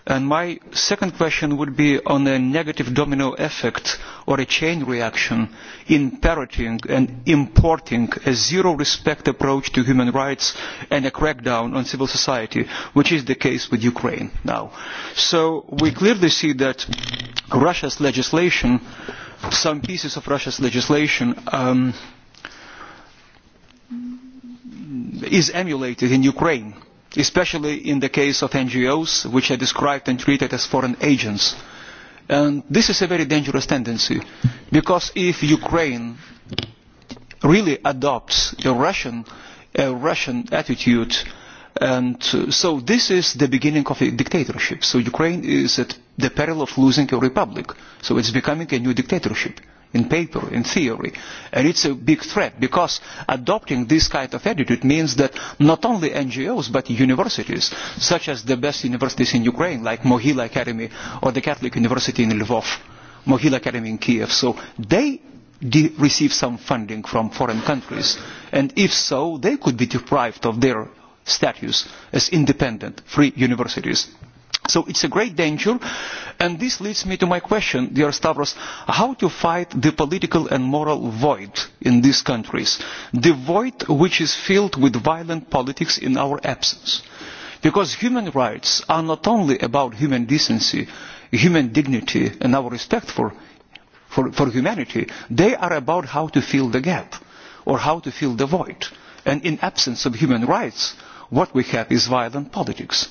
And my second question would be on a negative domino effect or a chain reaction in parroting and importing a zero respect approach to human rights and a crackdown on civil society, which is the case with Ukraine now. So we clearly see that Russia's legislation, some pieces of Russia's legislation, um, is emulated in Ukraine especially in the case of NGOs, which are described and treated as foreign agents. And this is a very dangerous tendency, because if Ukraine really adopts a Russian, a Russian attitude, and so this is the beginning of a dictatorship. So Ukraine is at the peril of losing a republic, so it's becoming a new dictatorship in paper, in theory. And it's a big threat because adopting this kind of attitude means that not only NGOs but universities, such as the best universities in Ukraine, like Mohila Academy or the Catholic University in Lvov, Mohila Academy in Kiev, so they receive some funding from foreign countries. And if so, they could be deprived of their status as independent, free universities. So it's a great danger, and this leads me to my question, dear Stavros, how to fight the political and moral void in these countries, the void which is filled with violent politics in our absence. Because human rights are not only about human decency, human dignity, and our respect for, for, for humanity, they are about how to fill the gap, or how to fill the void. And in absence of human rights, what we have is violent politics.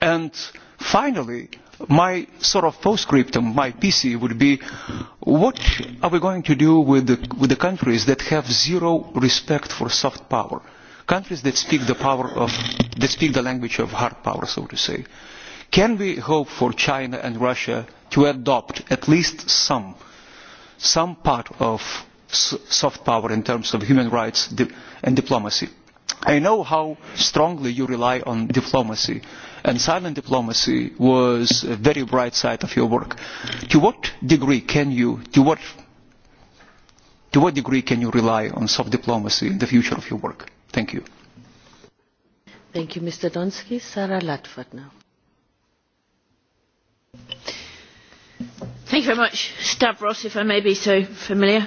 And Finally, my sort of postscriptum, my PC would be, what are we going to do with the, with the countries that have zero respect for soft power? Countries that speak the power of, that speak the language of hard power, so to say. Can we hope for China and Russia to adopt at least some, some part of soft power in terms of human rights and diplomacy? I know how strongly you rely on diplomacy and silent diplomacy was a very bright side of your work. To what degree can you, to what, to what degree can you rely on soft diplomacy in the future of your work? Thank you. Thank you, Mr. Donsky. Sarah Latford now. Thank you very much, Stavros, if I may be so familiar.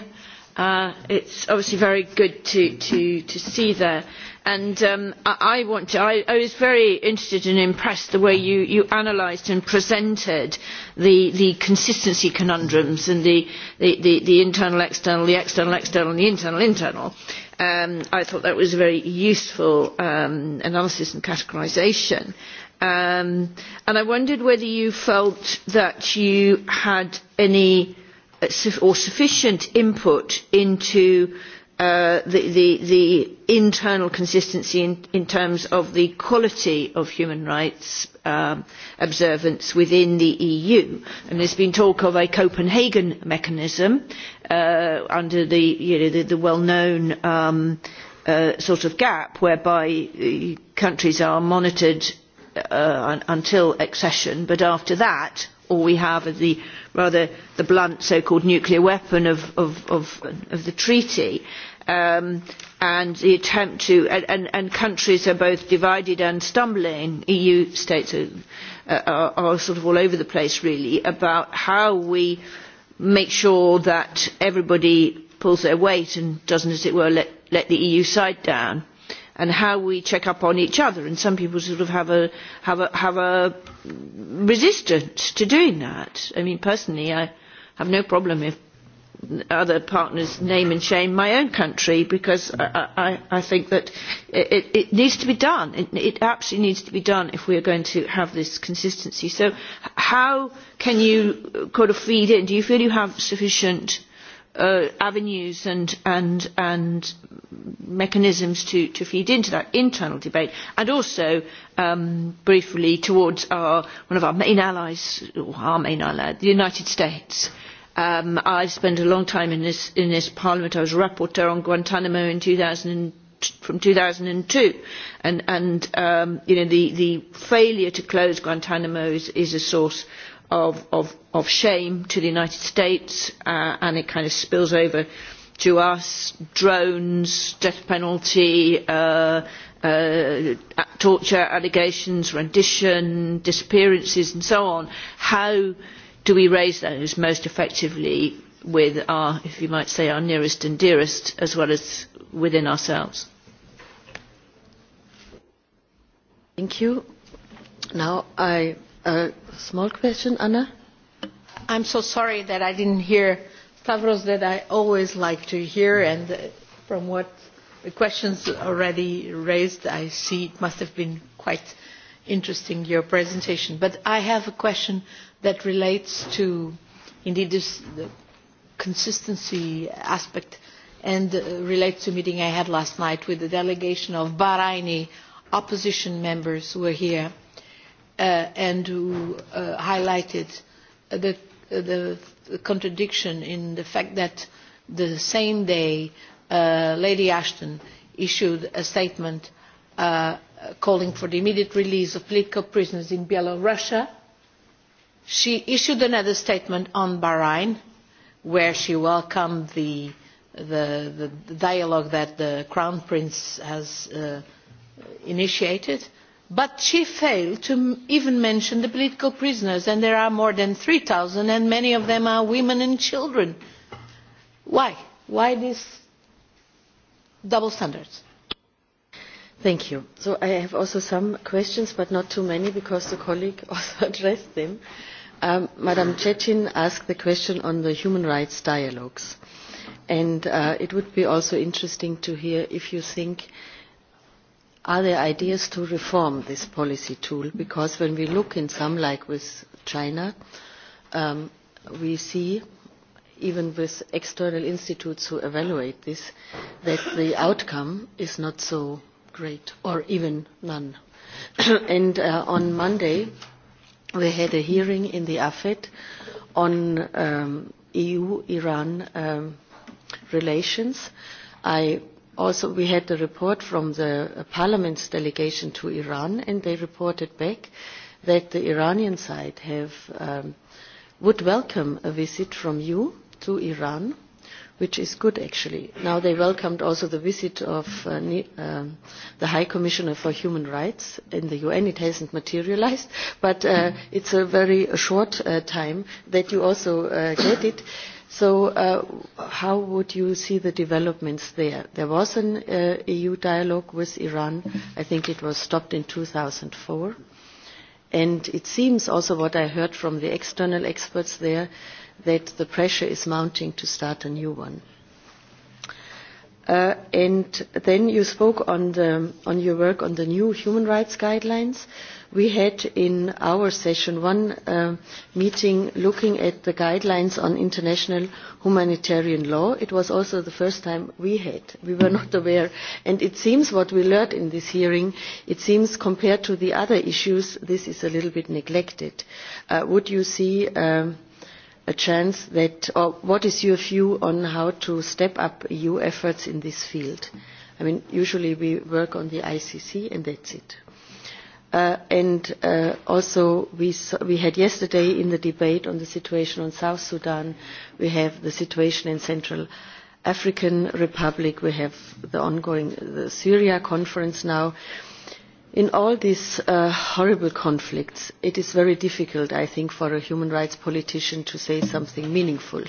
Uh, it's obviously very good to, to, to see there. And um, I, I, want to, I, I was very interested and impressed the way you, you analysed and presented the, the consistency conundrums and the, the, the, the internal, external, the external, external, and the internal, internal. Um, I thought that was a very useful um, analysis and categorisation. Um, and I wondered whether you felt that you had any or sufficient input into uh, the, the, the internal consistency in, in terms of the quality of human rights um, observance within the EU. And there's been talk of a Copenhagen mechanism uh, under the, you know, the, the well-known um, uh, sort of gap whereby uh, countries are monitored uh, until accession, but after that, all we have are the rather the blunt so-called nuclear weapon of, of, of, of the treaty um, and the attempt to, and, and countries are both divided and stumbling, EU states are, are, are sort of all over the place really, about how we make sure that everybody pulls their weight and doesn't, as it were, let, let the EU side down and how we check up on each other. And some people sort of have a, have a, have a resistance to doing that. I mean, personally, I have no problem if other partners name and shame my own country because I, I, I think that it, it needs to be done. It, it absolutely needs to be done if we are going to have this consistency. So how can you kind of feed in? Do you feel you have sufficient uh, avenues and, and, and mechanisms to, to feed into that internal debate and also um, briefly towards our, one of our main allies, or our main ally, the United States. Um, I spent a long time in this, in this parliament. I was rapporteur on Guantanamo in 2000, from 2002 and, and um, you know, the, the failure to close Guantanamo is, is a source of, of, of shame to the United States uh, and it kind of spills over to us, drones, death penalty, uh, uh, torture allegations, rendition, disappearances and so on. How do we raise those most effectively with our, if you might say, our nearest and dearest as well as within ourselves? Thank you. Now I A small question, Anna? I'm so sorry that I didn't hear Stavros that I always like to hear, and uh, from what the questions already raised, I see it must have been quite interesting, your presentation. But I have a question that relates to, indeed, this, the consistency aspect and uh, relates to a meeting I had last night with the delegation of Bahraini opposition members who were here uh, and who uh, highlighted the, the, the contradiction in the fact that the same day uh, Lady Ashton issued a statement uh, calling for the immediate release of political prisoners in Belorussia. She issued another statement on Bahrain where she welcomed the, the, the dialogue that the Crown Prince has uh, initiated but she failed to even mention the political prisoners and there are more than three thousand and many of them are women and children. why? why these double standards? Thank you. So I have also some questions, but not too many because the colleague *laughs* also addressed them. Um, Madam Chechin asked the question on the human rights dialogues. And uh, it would be also interesting to hear if you think Are there ideas to reform this policy tool because when we look in some like with China, um, we see even with external institutes who evaluate this, that the outcome is not so great or even none. *coughs* and uh, on Monday, we had a hearing in the AFET on um, EU-Iran um, relations. I Also, we had the report from the parliament's delegation to Iran, and they reported back that the Iranian side have, um, would welcome a visit from you to Iran, which is good, actually. Now, they welcomed also the visit of uh, um, the High Commissioner for Human Rights in the UN. It hasn't materialized, *laughs* but uh, it's a very short uh, time that you also uh, get it. So uh, how would you see the developments there? There was an uh, EU dialogue with Iran. I think it was stopped in 2004. And it seems also what I heard from the external experts there that the pressure is mounting to start a new one. Uh, and then you spoke on, the, on your work on the new human rights guidelines. We had in our session one uh, meeting looking at the guidelines on international humanitarian law. It was also the first time we had. We were not aware. And it seems what we learned in this hearing, it seems compared to the other issues, this is a little bit neglected. Uh, would you see... Um, a chance that, or what is your view on how to step up EU efforts in this field? I mean, usually we work on the ICC and that's it. Uh, and uh, also we, saw, we had yesterday in the debate on the situation on South Sudan, we have the situation in Central African Republic, we have the ongoing the Syria conference now. Uh, In all these uh, horrible conflicts, it is very difficult, I think, for a human rights politician to say something meaningful.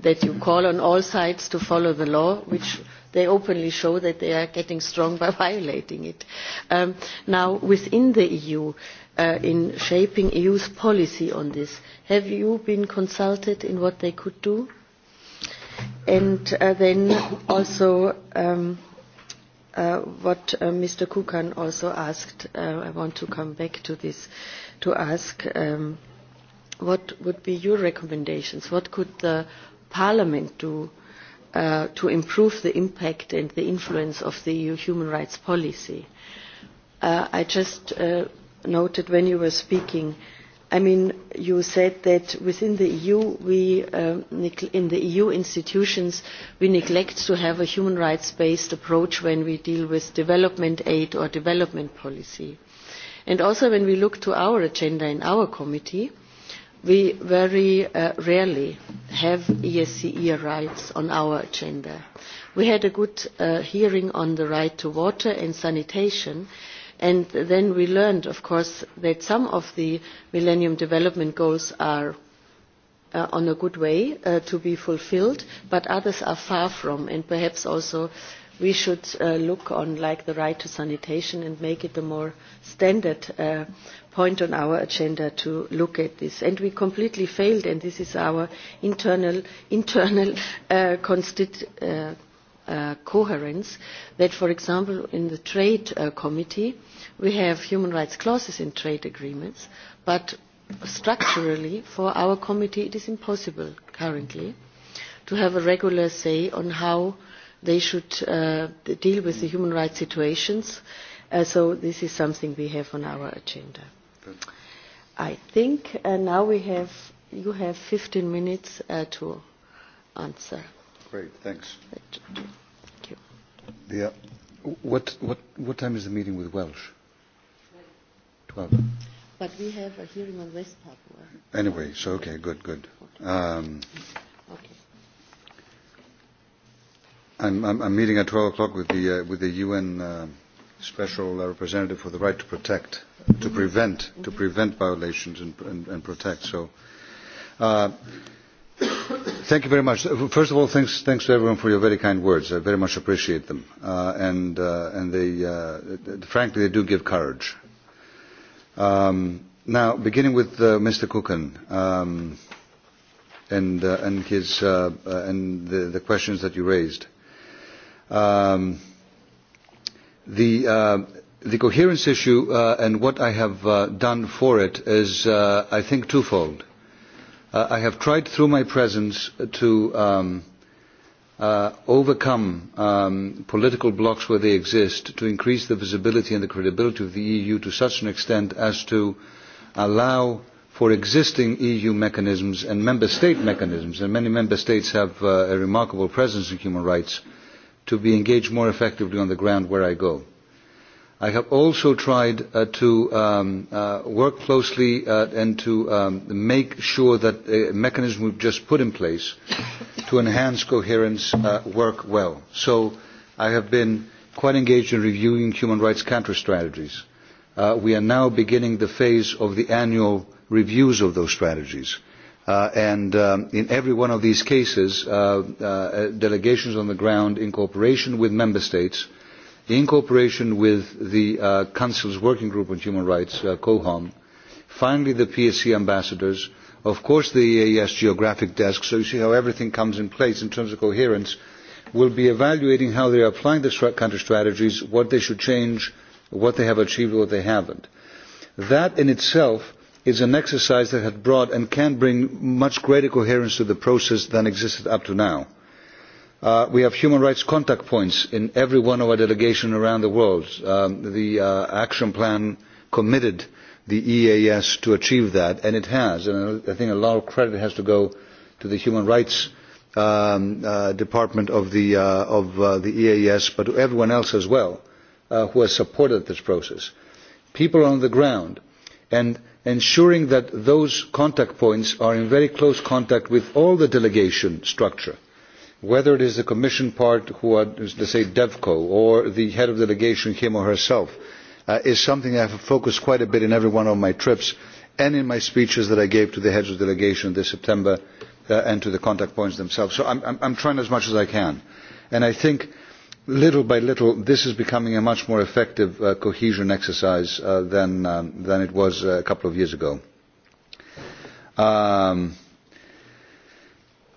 That you call on all sides to follow the law, which they openly show that they are getting strong by *laughs* violating it. Um, now, within the EU, uh, in shaping EU's policy on this, have you been consulted in what they could do? And uh, then also... Um, uh, what uh, Mr. Kukan also asked, uh, I want to come back to this, to ask um, what would be your recommendations? What could the Parliament do uh, to improve the impact and the influence of the EU human rights policy? Uh, I just uh, noted when you were speaking I mean, you said that within the EU, we, uh, in the EU institutions, we neglect to have a human rights-based approach when we deal with development aid or development policy. And also when we look to our agenda in our committee, we very uh, rarely have ESCE e rights on our agenda. We had a good uh, hearing on the right to water and sanitation, And then we learned, of course, that some of the Millennium Development Goals are uh, on a good way uh, to be fulfilled, but others are far from, and perhaps also we should uh, look on like the right to sanitation and make it a more standard uh, point on our agenda to look at this. And we completely failed, and this is our internal, *laughs* internal uh, Uh, uh, coherence that, for example, in the Trade uh, Committee, we have human rights clauses in trade agreements, but structurally for our committee it is impossible currently to have a regular say on how they should uh, deal with the human rights situations. Uh, so this is something we have on our agenda. I think uh, now we have, you have 15 minutes uh, to answer. Great, thanks. Thank Yeah. What, what, what time is the meeting with Welsh? 12. But we have a hearing on West Papua. Anyway, so okay, good, good. Um, okay. I'm, I'm, I'm meeting at 12 o'clock with the, uh, with the UN uh, Special uh, Representative for the Right to Protect, to mm -hmm. prevent, mm -hmm. to prevent violations and, and, and protect. So. Uh, Thank you very much. First of all, thanks, thanks to everyone for your very kind words. I very much appreciate them. Uh, and uh, and they, uh, frankly, they do give courage. Um, now, beginning with uh, Mr. Kukan um, and, uh, and, his, uh, uh, and the, the questions that you raised. Um, the, uh, the coherence issue uh, and what I have uh, done for it is, uh, I think, twofold. Uh, I have tried through my presence to um, uh, overcome um, political blocks where they exist, to increase the visibility and the credibility of the EU to such an extent as to allow for existing EU mechanisms and member state mechanisms, and many member states have uh, a remarkable presence in human rights, to be engaged more effectively on the ground where I go. I have also tried uh, to um, uh, work closely uh, and to um, make sure that the mechanism we've just put in place to enhance coherence uh, work well. So I have been quite engaged in reviewing human rights counter strategies. Uh, we are now beginning the phase of the annual reviews of those strategies. Uh, and um, in every one of these cases, uh, uh, delegations on the ground in cooperation with member states uh, in cooperation with the uh, Council's Working Group on Human Rights, uh, COHOM, finally the PSC ambassadors, of course the EAS geographic desk, so you see how everything comes in place in terms of coherence, will be evaluating how they are applying the country strategies, what they should change, what they have achieved, what they haven't. That in itself is an exercise that has brought and can bring much greater coherence to the process than existed up to now. Uh, we have human rights contact points in every one of our delegations around the world. Um, the uh, action plan committed the EAS to achieve that, and it has. And I think a lot of credit has to go to the human rights um, uh, department of the, uh, of, uh, the EAS, but to everyone else as well uh, who has supported this process. People on the ground and ensuring that those contact points are in very close contact with all the delegation structure whether it is the commission part who are, let's say, DevCo or the head of delegation, him or herself, uh, is something I have focused quite a bit in every one of my trips and in my speeches that I gave to the heads of delegation this September uh, and to the contact points themselves. So I'm, I'm, I'm trying as much as I can. And I think little by little this is becoming a much more effective uh, cohesion exercise uh, than, um, than it was uh, a couple of years ago. Um,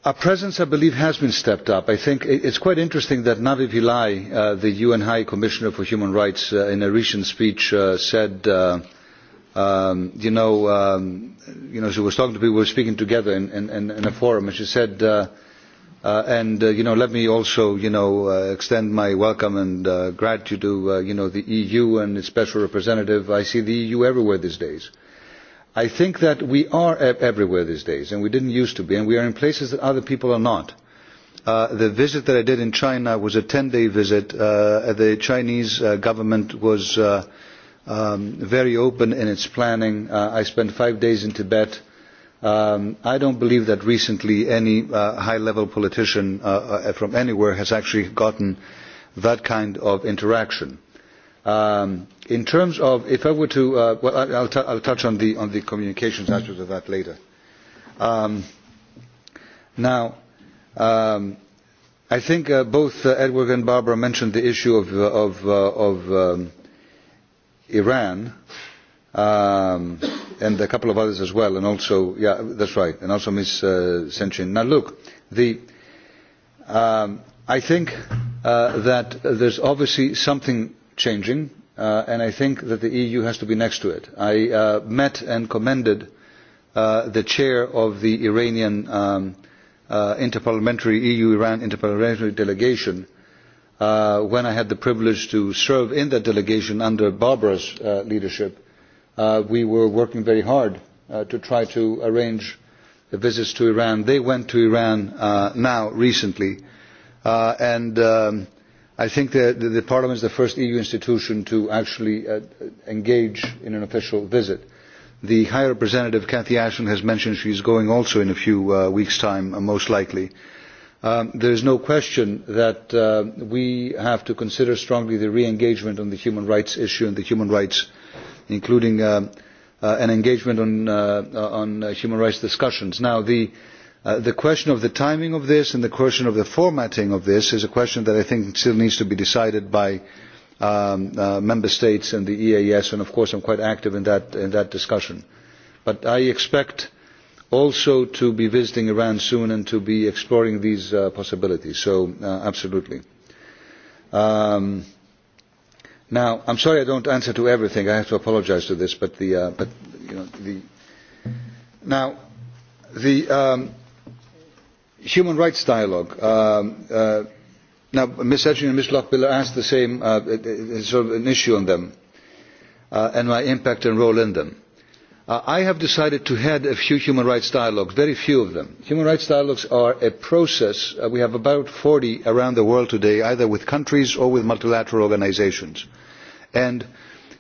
Our presence, I believe, has been stepped up. I think it's quite interesting that Navi Pillai, uh, the UN High Commissioner for Human Rights, uh, in a recent speech uh, said, uh, um, you, know, um, you know, she was talking to people, we were speaking together in, in, in a forum, and she said, uh, uh, and, uh, you know, let me also, you know, uh, extend my welcome and uh, gratitude to, uh, you know, the EU and its special representative. I see the EU everywhere these days. Uh, I think that we are e- everywhere these days, and we didn't used to be, and we are in places that other people are not. Uh, the visit that I did in China was a 10-day visit. Uh, the Chinese uh, government was uh, um, very open in its planning. Uh, I spent five days in Tibet. Um, I don't believe that recently any uh, high-level politician uh, uh, from anywhere has actually gotten that kind of interaction. Um, in terms of, if I were to, uh, well, I'll, t I'll touch on the, on the communications mm-hmm. aspect of that later. Um, now, um, I think uh, both uh, Edward and Barbara mentioned the issue of, uh, of, uh, of um, Iran um, and a couple of others as well, and also, yeah, that's right, and also Ms. Uh, Senchin. Now, look, the, um, I think uh, that there's obviously something changing, uh, and I think that the EU has to be next to it. I uh, met and commended uh, the chair of the Iranian um, uh, interparliamentary EU-Iran interparliamentary delegation uh, when I had the privilege to serve in that delegation under Barbara's uh, leadership. Uh, we were working very hard uh, to try to arrange the visits to Iran. They went to Iran uh, now recently, uh, and um, I think that the, the Parliament is the first EU institution to actually uh, uh, engage in an official visit. The High Representative Cathy Ashton has mentioned she is going also in a few uh, weeks' time, uh, most likely. Um, there is no question that uh, we have to consider strongly the re-engagement on the human rights issue and the human rights, including uh, uh, an engagement on, uh, uh, on uh, human rights discussions. Now, the, uh, Uh, the question of the timing of this and the question of the formatting of this is a question that I think still needs to be decided by um, uh, member states and the EAS, and of course I'm quite active in that, in that discussion. But I expect also to be visiting Iran soon and to be exploring these uh, possibilities, so uh, absolutely. Um, now, I'm sorry I don't answer to everything. I have to apologize to this, but the, uh, but, you know, the, now, the, um, human rights dialogue. Um, uh, now, Ms. Edgin and Ms. Lockbiller asked the same uh, uh, uh, sort of an issue on them uh, and my impact and role in them. Uh, I have decided to head a few human rights dialogues, very few of them. Human rights dialogues are a process. Uh, we have about 40 around the world today, either with countries or with multilateral organizations. And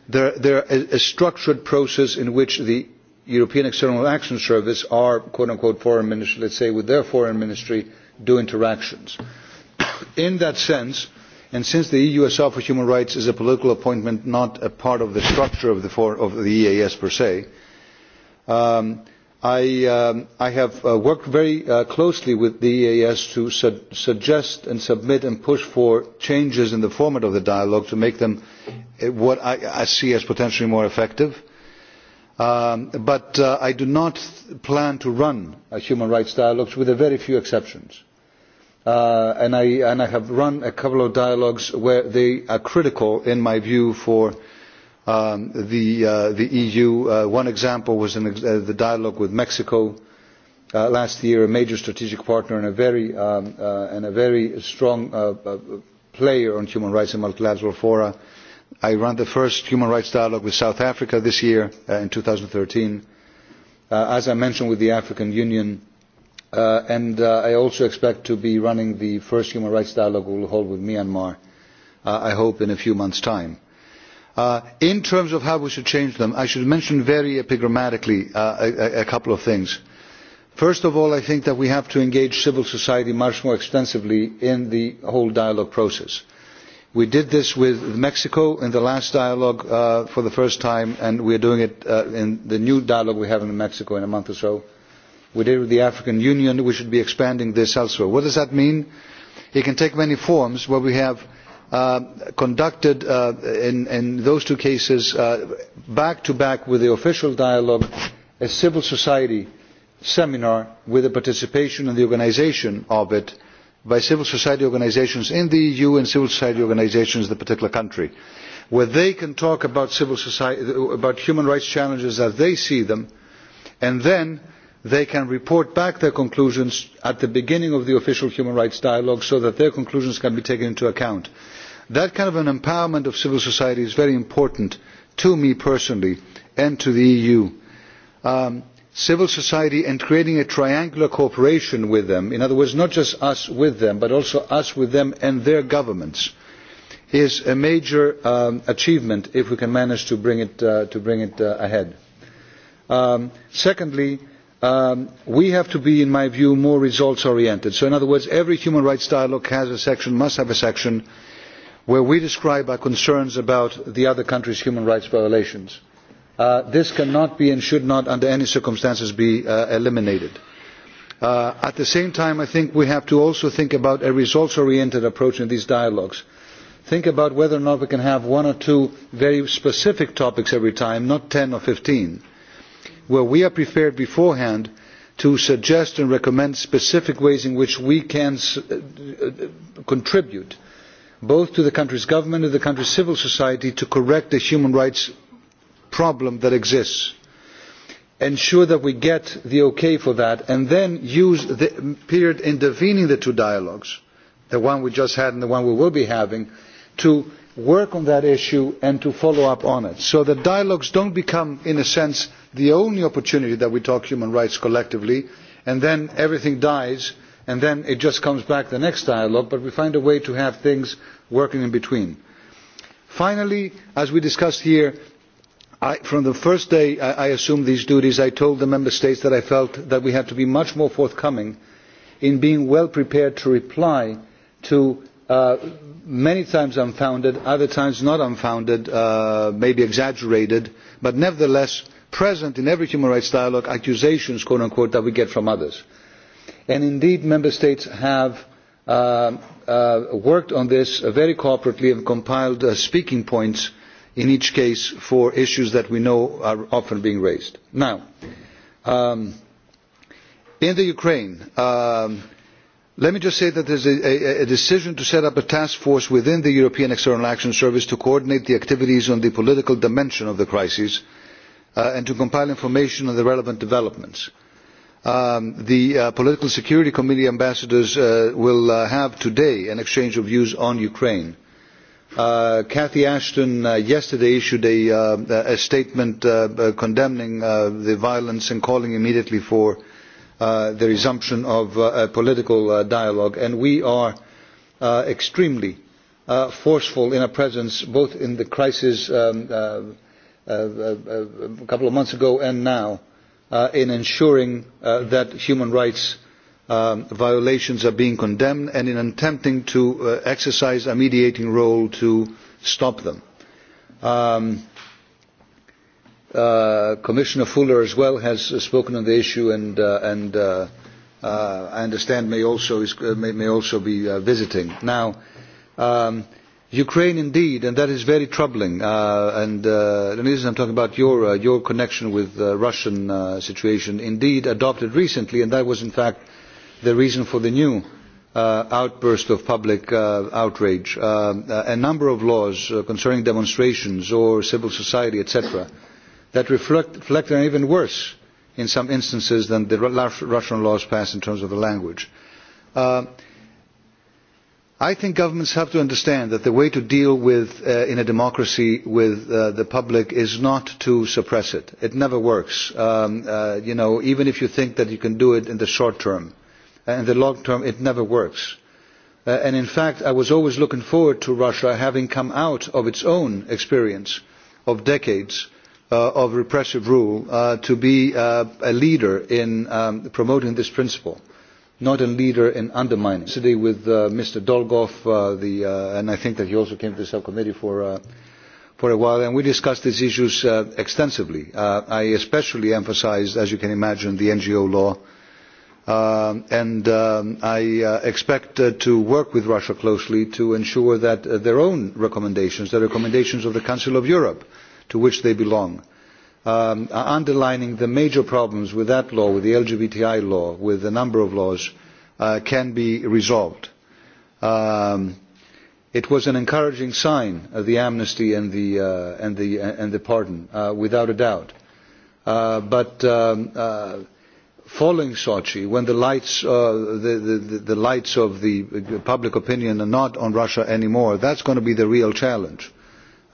they're, they're a, a structured process in which the European External Action Service, our quote unquote foreign ministry, let's say, with their foreign ministry, do interactions. *coughs* In that sense, and since the EU SR for Human Rights is a political appointment, not a part of the structure of the, for, of the EAS per se, um, I, um, I have uh, worked very uh, closely with the EAS to su suggest and submit and push for changes in the format of the dialogue to make them uh, what I, I see as potentially more effective Um, but uh, I do not plan to run a human rights dialogues with a very few exceptions. Uh, and, I, and I have run a couple of dialogues where they are critical, in my view, for um, the, uh, the EU. Uh, one example was in ex uh, the dialogue with Mexico uh, last year, a major strategic partner and a very, um, uh, and a very strong uh, uh, player on human rights in multilateral fora I ran the first human rights dialogue with South Africa this year uh, in 2013, uh, as I mentioned with the African Union, uh, and uh, I also expect to be running the first human rights dialogue we'll hold with Myanmar, uh, I hope in a few months' time. Uh, in terms of how we should change them, I should mention very epigrammatically uh, a, a couple of things. First of all, I think that we have to engage civil society much more extensively in the whole dialogue process. We did this with Mexico in the last dialogue uh, for the first time, and we are doing it uh, in the new dialogue we have in Mexico in a month or so. We did it with the African Union. We should be expanding this elsewhere. What does that mean? It can take many forms where we have uh, conducted, uh, in, in those two cases, uh, back to back with the official dialogue, a civil society seminar with the participation and the organization of it by civil society organisations in the EU and civil society organisations in the particular country, where they can talk about, civil society, about human rights challenges as they see them, and then they can report back their conclusions at the beginning of the official human rights dialogue so that their conclusions can be taken into account. That kind of an empowerment of civil society is very important to me personally and to the EU. Um, civil society and creating a triangular cooperation with them, in other words, not just us with them, but also us with them and their governments, is a major um, achievement if we can manage to bring it, uh, to bring it uh, ahead. Um, secondly, um, we have to be, in my view, more results oriented. So, in other words, every human rights dialogue has a section, must have a section, where we describe our concerns about the other country's human rights violations. Uh, Uh, this cannot be and should not under any circumstances be uh, eliminated. Uh, at the same time, I think we have to also think about a results-oriented approach in these dialogues. Think about whether or not we can have one or two very specific topics every time, not 10 or 15, where we are prepared beforehand to suggest and recommend specific ways in which we can s uh, uh, contribute both to the country's government and the country's civil society to correct the human rights problem that exists. Ensure that we get the okay for that and then use the period intervening the two dialogues, the one we just had and the one we will be having, to work on that issue and to follow up on it so that dialogues don't become, in a sense, the only opportunity that we talk human rights collectively and then everything dies and then it just comes back the next dialogue, but we find a way to have things working in between. Finally, as we discussed here, I, from the first day I, I assumed these duties, I told the Member States that I felt that we had to be much more forthcoming in being well prepared to reply to uh, many times unfounded, other times not unfounded, uh, maybe exaggerated, but nevertheless present in every human rights dialogue accusations, quote unquote, that we get from others. And indeed, Member States have uh, uh, worked on this very cooperatively and compiled uh, speaking points in each case for issues that we know are often being raised. Now, um, in the Ukraine, um, let me just say that there is a, a, a decision to set up a task force within the European External Action Service to coordinate the activities on the political dimension of the crisis uh, and to compile information on the relevant developments. Um, the uh, Political Security Committee ambassadors uh, will uh, have today an exchange of views on Ukraine. Uh, Cathy Ashton uh, yesterday issued a, uh, a statement uh, uh, condemning uh, the violence and calling immediately for uh, the resumption of uh, a political uh, dialogue. And we are uh, extremely uh, forceful in our presence, both in the crisis um, uh, uh, uh, a couple of months ago and now, uh, in ensuring uh, that human rights um, violations are being condemned and in attempting to uh, exercise a mediating role to stop them. Um, uh, Commissioner Fuller as well has uh, spoken on the issue and, uh, and uh, uh, I understand may also, is, uh, may, may also be uh, visiting. Now, um, Ukraine indeed, and that is very troubling. Uh, and uh, Denise, I'm talking about your, uh, your connection with the uh, Russian uh, situation, indeed adopted recently, and that was in fact the reason for the new uh, outburst of public uh, outrage. Uh, uh a number of laws uh, concerning demonstrations or civil society, etc., that reflect, reflect an even worse in some instances than the Russian laws passed in terms of the language. Uh, I think governments have to understand that the way to deal with, uh, in a democracy with uh, the public is not to suppress it. It never works. Um, uh, you know, even if you think that you can do it in the short term uh, in the long term it never works. Uh, and in fact, I was always looking forward to Russia having come out of its own experience of decades uh, of repressive rule uh, to be uh, a leader in um, promoting this principle, not a leader in undermining. Today with uh, Mr. Dolgov, uh, the, uh, and I think that he also came to the subcommittee for, uh, for a while, and we discussed these issues uh, extensively. Uh, I especially emphasized, as you can imagine, the NGO law Uh, and um, I uh, expect uh, to work with Russia closely to ensure that uh, their own recommendations, the recommendations of the Council of Europe, to which they belong, um, are uh, underlining the major problems with that law, with the LGBTI law, with a number of laws, uh, can be resolved. Um, it was an encouraging sign of uh, the amnesty and the, uh, and the, uh, and the pardon, uh, without a doubt. Uh, but um, uh, following Sochi, when the lights, uh, the, the, the lights of the public opinion are not on Russia anymore, that's going to be the real challenge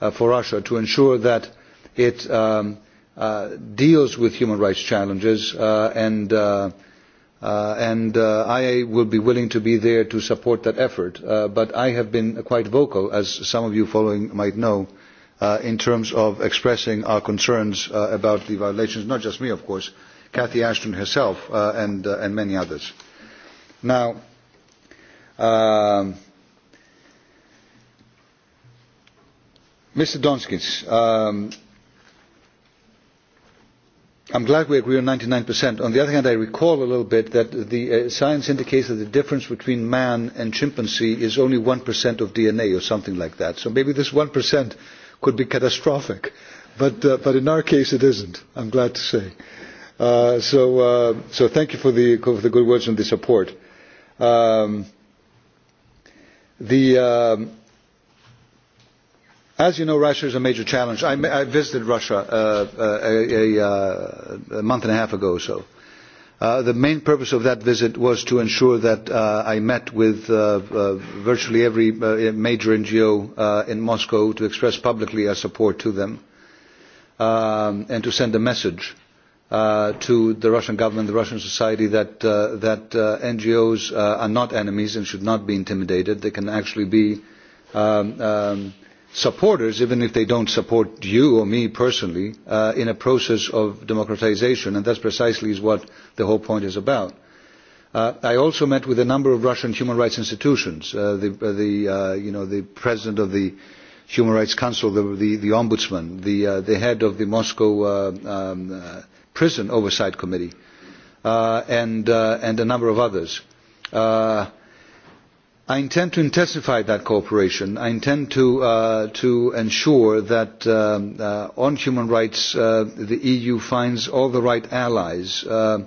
uh, for Russia to ensure that it um, uh, deals with human rights challenges uh, and. Uh, uh, and uh, I will be willing to be there to support that effort. Uh, but I have been quite vocal, as some of you following might know, uh, in terms of expressing our concerns uh, about the violations, not just me, of course, Kathy Ashton herself uh, and, uh, and many others. Now, um, Mr. Donskis, um, I'm glad we agree on 99%. On the other hand, I recall a little bit that the uh, science indicates that the difference between man and chimpanzee is only 1% of DNA or something like that. So maybe this 1% could be catastrophic. But, uh, but in our case, it isn't, I'm glad to say. Uh, so, uh, so thank you for the, for the good words and the support. Um, the, um, as you know, Russia is a major challenge. I, I visited Russia uh, uh a, a, uh, a month and a half ago or so. Uh, the main purpose of that visit was to ensure that uh, I met with uh, uh, virtually every uh, major NGO uh, in Moscow to express publicly our support to them um, and to send a message uh, uh, to the Russian government, the Russian society, that, uh, that uh, NGOs uh, are not enemies and should not be intimidated. They can actually be um, um, supporters, even if they don't support you or me personally, uh, in a process of democratization, and that's precisely is what the whole point is about. Uh, I also met with a number of Russian human rights institutions, uh, the, uh, the, uh, you know, the president of the Human Rights Council, the, the, the ombudsman, the, uh, the head of the Moscow uh, um, uh, Prison Oversight Committee, uh, and, uh, and a number of others. Uh, I intend to intensify that cooperation. I intend to, uh, to ensure that um, uh, on human rights uh, the EU finds all the right allies, uh,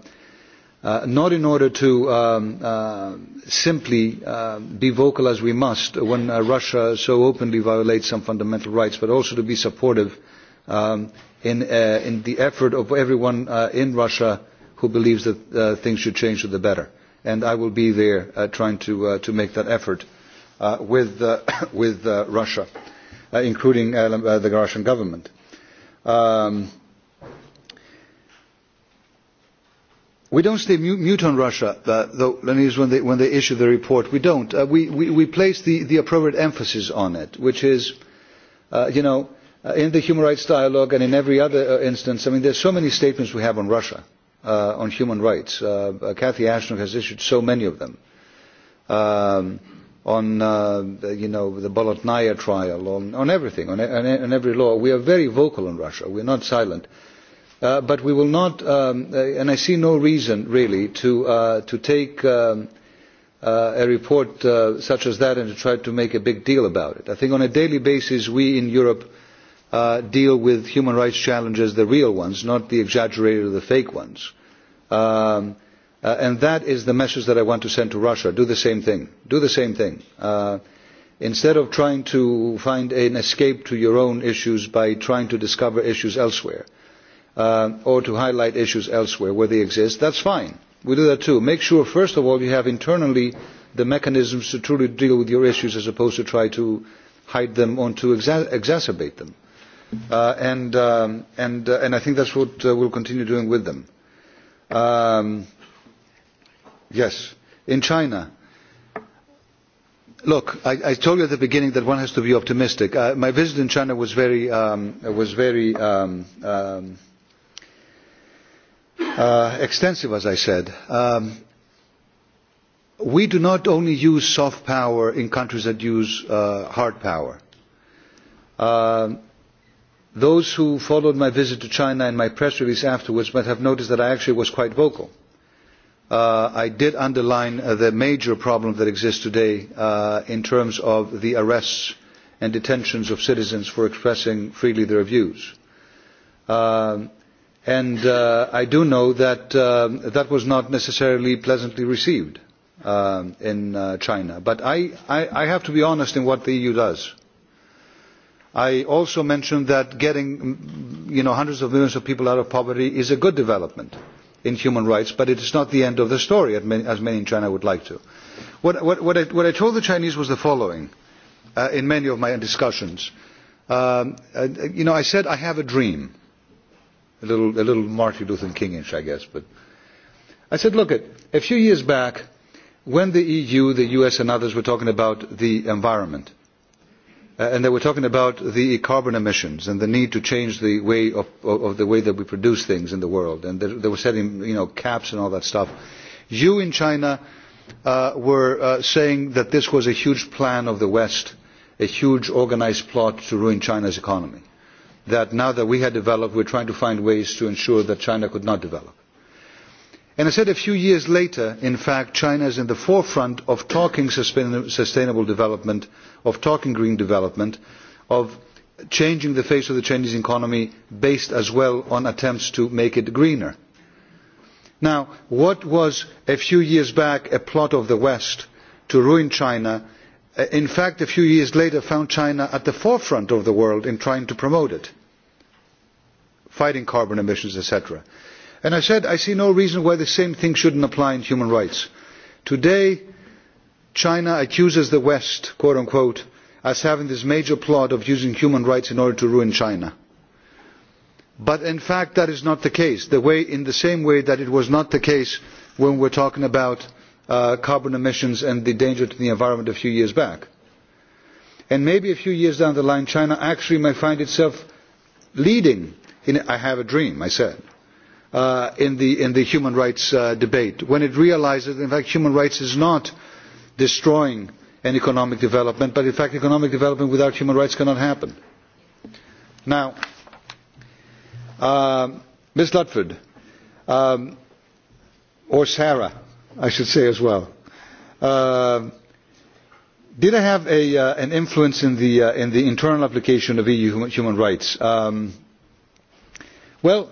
uh, not in order to um, uh, simply uh, be vocal as we must when uh, Russia so openly violates some fundamental rights, but also to be supportive uh, um, in, uh, in the effort of everyone uh, in Russia who believes that uh, things should change for the better. And I will be there uh, trying to, uh, to make that effort uh, with, uh, *coughs* with uh, Russia, uh, including uh, uh, the Russian government. Um, We don't stay mute on Russia, uh, though, when they, when they issue the report. We don't. Uh, we, we, we place the, the appropriate emphasis on it, which is, uh, you know, uh, in the human rights dialogue and in every other uh, instance, I mean, there's so many statements we have on Russia, uh, on human rights. Uh, uh, Kathy Ashton has issued so many of them. Um, on, uh, you know, the Bolotnaya trial, on, on everything, on, e, on, e, on every law. We are very vocal in Russia. We're not silent. Uh, but we will not, um, uh, and I see no reason really to, uh, to take um, uh, a report uh, such as that and to try to make a big deal about it. I think on a daily basis we in Europe – uh, deal with human rights challenges, the real ones, not the exaggerated or the fake ones. Um, uh, and that is the message that I want to send to Russia. Do the same thing. Do the same thing. Uh, instead of trying to find an escape to your own issues by trying to discover issues elsewhere uh, or to highlight issues elsewhere where they exist, that's fine. We do that too. Make sure, first of all, you have internally the mechanisms to truly deal with your issues as opposed to try to hide them or to exa exacerbate them uh, and, um, and, uh, and I think that's what uh, we'll continue doing with them. Um, yes, in China, look, I, I told you at the beginning that one has to be optimistic. Uh, my visit in China was very, um, was very um, um, uh, extensive, as I said. Um, we do not only use soft power in countries that use uh, hard power. Um, uh, Those who followed my visit to China and my press release afterwards might have noticed that I actually was quite vocal. Uh, I did underline uh, the major problem that exists today uh, in terms of the arrests and detentions of citizens for expressing freely their views. Uh, and uh, I do know that um, that was not necessarily pleasantly received uh, in uh, China. But I, I, I have to be honest in what the EU does I also mentioned that getting you know, hundreds of millions of people out of poverty is a good development in human rights, but it is not the end of the story, as many in China would like to. What, what, what, I, what I told the Chinese was the following uh, in many of my discussions. Um, uh, you know, I said, I have a dream. A little, a little Martin Luther Kingish, I guess. But I said, look, at, a few years back, when the EU, the US, and others were talking about the environment, Uh, and they were talking about the carbon emissions and the need to change the way of, of, of the way that we produce things in the world. And they, they were setting you know, caps and all that stuff. You in China uh, were uh, saying that this was a huge plan of the West, a huge organized plot to ruin China's economy. That now that we had developed, we're trying to find ways to ensure that China could not develop. And I said a few years later, in fact, China is in the forefront of talking sustainable development, of talking green development, of changing the face of the Chinese economy based as well on attempts to make it greener. Now, what was a few years back a plot of the West to ruin China, uh, in fact, a few years later found China at the forefront of the world in trying to promote it, fighting carbon emissions, etc. And I said, I see no reason why the same thing shouldn't apply in human rights. Today, China accuses the West, quote unquote, as having this major plot of using human rights in order to ruin China. But in fact, that is not the case. The way, in the same way that it was not the case when we're talking about uh, carbon emissions and the danger to the environment a few years back. And maybe a few years down the line, China actually may find itself leading in I have a dream, I said uh, in, the, in the human rights uh, debate, when it realizes that in fact human rights is not destroying an economic development, but in fact economic development without human rights cannot happen. Now, uh, Ms. Lutford, um, or Sarah, I should say as well, uh, did I have a, uh, an influence in the, uh, in the internal application of EU human rights? Um, well,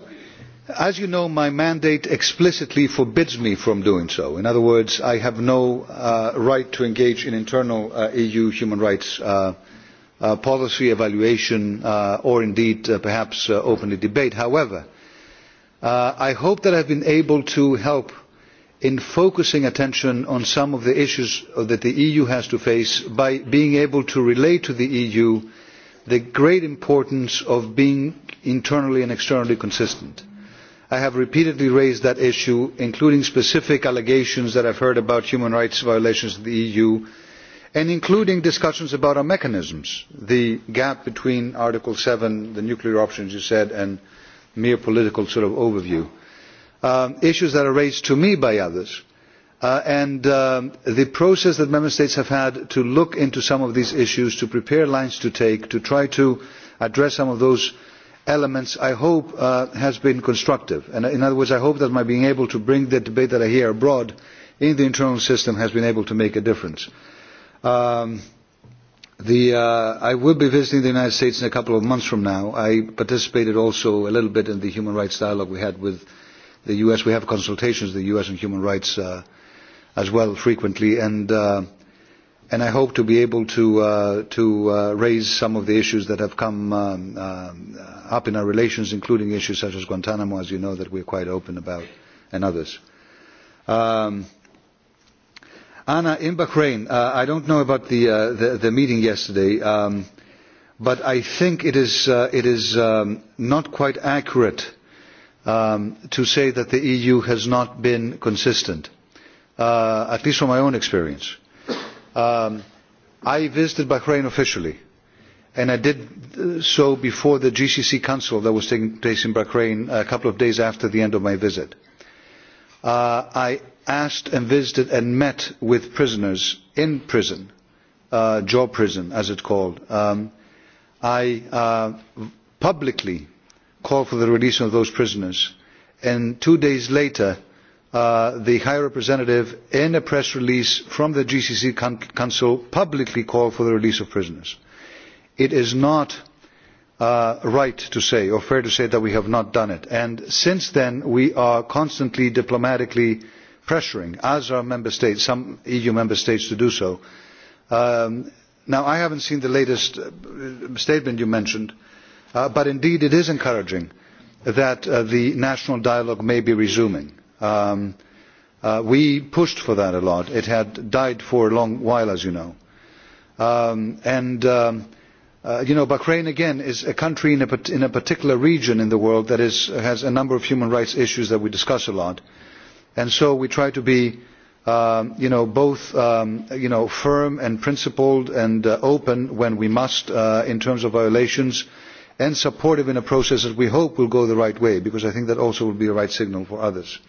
As you know, my mandate explicitly forbids me from doing so. In other words, I have no uh, right to engage in internal uh, EU human rights uh, uh, policy evaluation uh, or indeed uh, perhaps uh, openly debate. However, uh, I hope that I've been able to help in focusing attention on some of the issues uh, that the EU has to face by being able to relate to the EU the great importance of being internally and externally consistent I have repeatedly raised that issue, including specific allegations that I have heard about human rights violations in the EU, and including discussions about our mechanisms, the gap between Article seven, the nuclear options you said, and mere political sort of overview. Um, issues that are raised to me by others. Uh, and um, the process that member states have had to look into some of these issues, to prepare lines to take, to try to address some of those elements I hope uh, has been constructive. And uh, in other words, I hope that my being able to bring the debate that I hear abroad in the internal system has been able to make a difference. Um, the, uh, I will be visiting the United States in a couple of months from now. I participated also a little bit in the human rights dialogue we had with the U.S. We have consultations with the U.S. on human rights uh, as well frequently. And uh, and I hope to be able to, uh, to uh, raise some of the issues that have come um, uh, up in our relations, including issues such as Guantanamo, as you know, that we're quite open about, and others. Um, Anna, in Bahrain, uh, I don't know about the, uh, the, the meeting yesterday, um, but I think it is, uh, it is um, not quite accurate um, to say that the EU has not been consistent, uh, at least from my own experience. Um, I visited Bahrain officially, and I did uh, so before the GCC Council that was taking place in Bahrain a couple of days after the end of my visit. Uh, I asked and visited and met with prisoners in prison, uh, jaw prison as it's called. Um, I uh, publicly called for the release of those prisoners, and two days later, Uh, the High Representative in a press release from the GCC Council publicly called for the release of prisoners. It is not uh, right to say or fair to say that we have not done it. And since then, we are constantly diplomatically pressuring, as are member states, some EU member states to do so. Um, now, I haven't seen the latest uh, statement you mentioned, uh, but indeed it is encouraging that uh, the national dialogue may be resuming Um, uh, we pushed for that a lot. It had died for a long while, as you know. Um, and, um, uh, you know, Bahrain, again, is a country in a, in a particular region in the world that is, has a number of human rights issues that we discuss a lot. And so we try to be um, you know, both um, you know, firm and principled and uh, open when we must uh, in terms of violations and supportive in a process that we hope will go the right way because I think that also will be a right signal for others.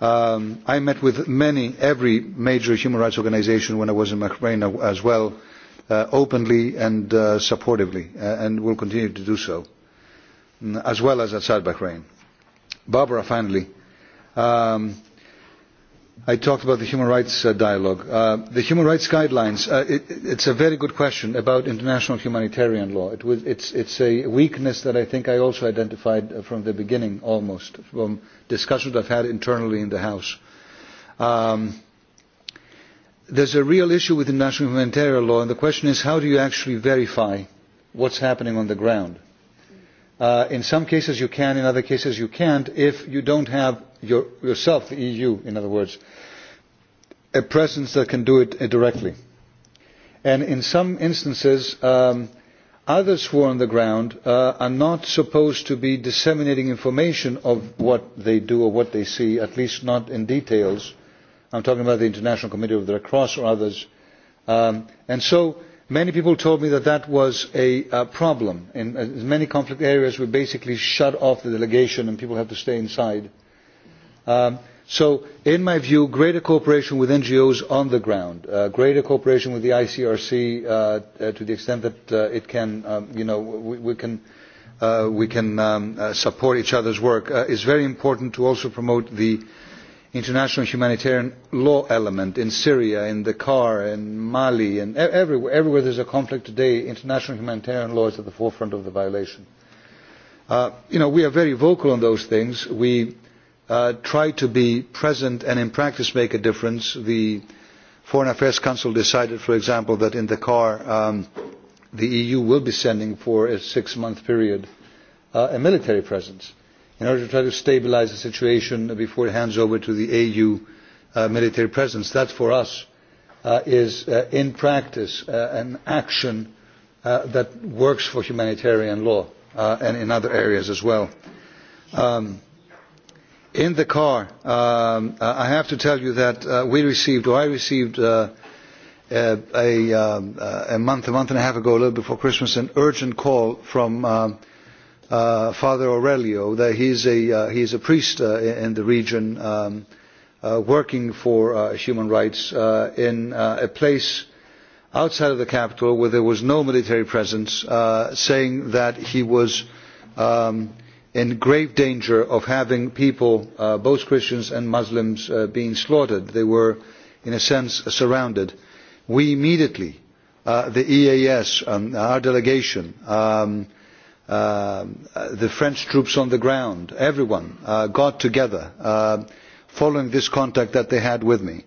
Um, I met with many, every major human rights organization when I was in Bahrain as well, uh, openly and uh, supportively, uh, and will continue to do so, mm, as well as outside Bahrain. Barbara, finally. Um, I talked about the human rights uh, dialogue. Uh, the human rights guidelines, uh, it, it's a very good question about international humanitarian law. It was, it's, it's a weakness that I think I also identified uh, from the beginning almost, from discussions I've had internally in the House. Um, there's a real issue with international humanitarian law, and the question is how do you actually verify what's happening on the ground? Uh, in some cases you can, in other cases you can't, if you don't have your, yourself, the EU, in other words, a presence that can do it uh, directly. And in some instances, um, others who are on the ground uh, are not supposed to be disseminating information of what they do or what they see, at least not in details. I'm talking about the International Committee of the Red Cross or others. Um, and so many people told me that that was a, a problem. In, uh, in many conflict areas, we basically shut off the delegation and people have to stay inside Um, so, in my view, greater cooperation with NGOs on the ground, uh, greater cooperation with the ICRC uh, uh, to the extent that uh, it can, um, you know, we, we can, uh, we can um, uh, support each other's work uh, is very important to also promote the international humanitarian law element in Syria, in the car, in Mali, and e-, everywhere, everywhere there's a conflict today, international humanitarian law is at the forefront of the violation. Uh, you know, we are very vocal on those things. We uh, try to be present and in practice make a difference. The Foreign Affairs Council decided, for example, that in the car um, the EU will be sending for a six-month period uh, a military presence in order to try to stabilize the situation before it hands over to the AU uh, military presence. That for us uh, is uh, in practice uh, an action uh, that works for humanitarian law uh, and in other areas as well. Um, In the car, um, I have to tell you that uh, we received, or I received, uh, a, a, um, uh, a month, a month and a half ago, a little before Christmas, an urgent call from uh uh, Father Aurelio that he's a, uh, he's a priest uh, in the region um, uh, working for uh, human rights uh, in uh, a place outside of the capital where there was no military presence, uh, saying that he was. Um, in grave danger of having people, uh, both Christians and Muslims, uh, being slaughtered. They were, in a sense, uh, surrounded. We immediately, uh, the EAS, um, our delegation, um, uh, the French troops on the ground, everyone uh, got together uh, following this contact that they had with me.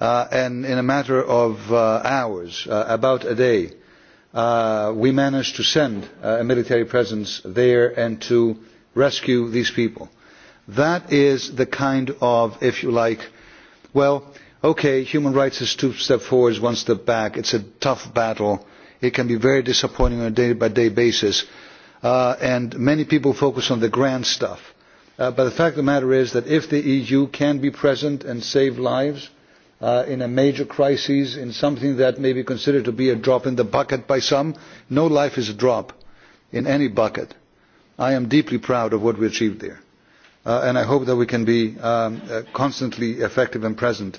Uh, and in a matter of uh, hours, uh, about a day, uh, we managed to send uh, a military presence there and to rescue these people. That is the kind of, if you like, well, okay, human rights is two steps forward, one step back. It's a tough battle. It can be very disappointing on a day-by-day -day basis. Uh, and many people focus on the grand stuff. Uh, but the fact of the matter is that if the EU can be present and save lives uh, in a major crisis, in something that may be considered to be a drop in the bucket by some, no life is a drop in any bucket. I am deeply proud of what we achieved there. Uh, and I hope that we can be um, uh, constantly effective and present.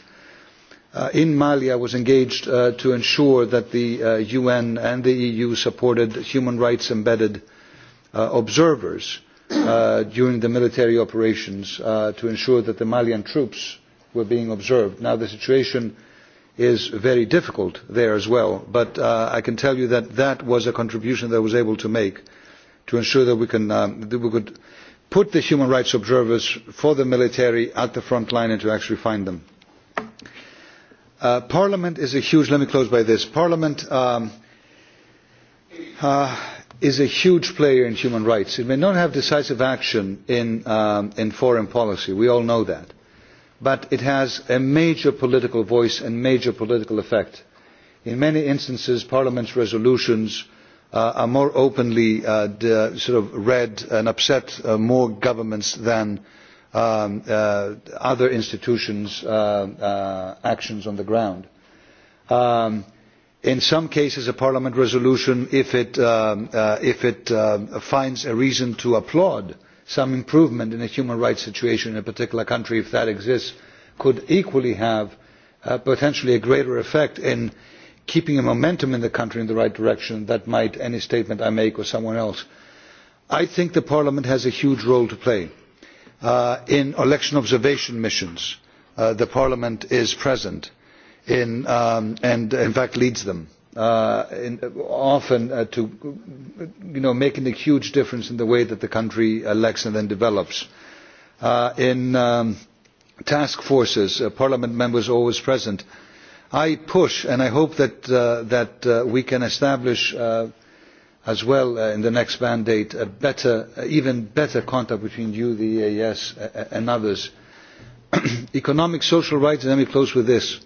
Uh, in Mali, I was engaged uh, to ensure that the uh, UN and the EU supported human rights embedded uh, observers uh, during the military operations uh, to ensure that the Malian troops were being observed. Now, the situation is very difficult there as well, but uh, I can tell you that that was a contribution that I was able to make to ensure that we can um, that we could put the human rights observers for the military at the front line and to actually find them. Uh, Parliament is a huge, let me close by this, Parliament um, uh, is a huge player in human rights. It may not have decisive action in, um, in foreign policy, we all know that, but it has a major political voice and major political effect. In many instances, Parliament's resolutions uh, uh, are more openly uh, uh, sort of read and upset uh, more governments than um, uh, other institutions' uh, uh, actions on the ground. Um, in some cases, a parliament resolution, if it, um, uh, if it uh, finds a reason to applaud some improvement in the human rights situation in a particular country, if that exists, could equally have uh, potentially a greater effect in keeping a momentum in the country in the right direction that might any statement I make or someone else. I think the Parliament has a huge role to play. Uh, in election observation missions, uh, the Parliament is present in, um, and uh, in fact leads them. Uh, in, uh, often uh, to you know making a huge difference in the way that the country elects and then develops uh, in um, task forces uh, parliament members always present uh, I push, and I hope that, uh, that uh, we can establish uh, as well uh, in the next mandate a better, uh, even better contact between you, the EAS, uh, and others. *clears throat* Economic, social rights, and let me close with this.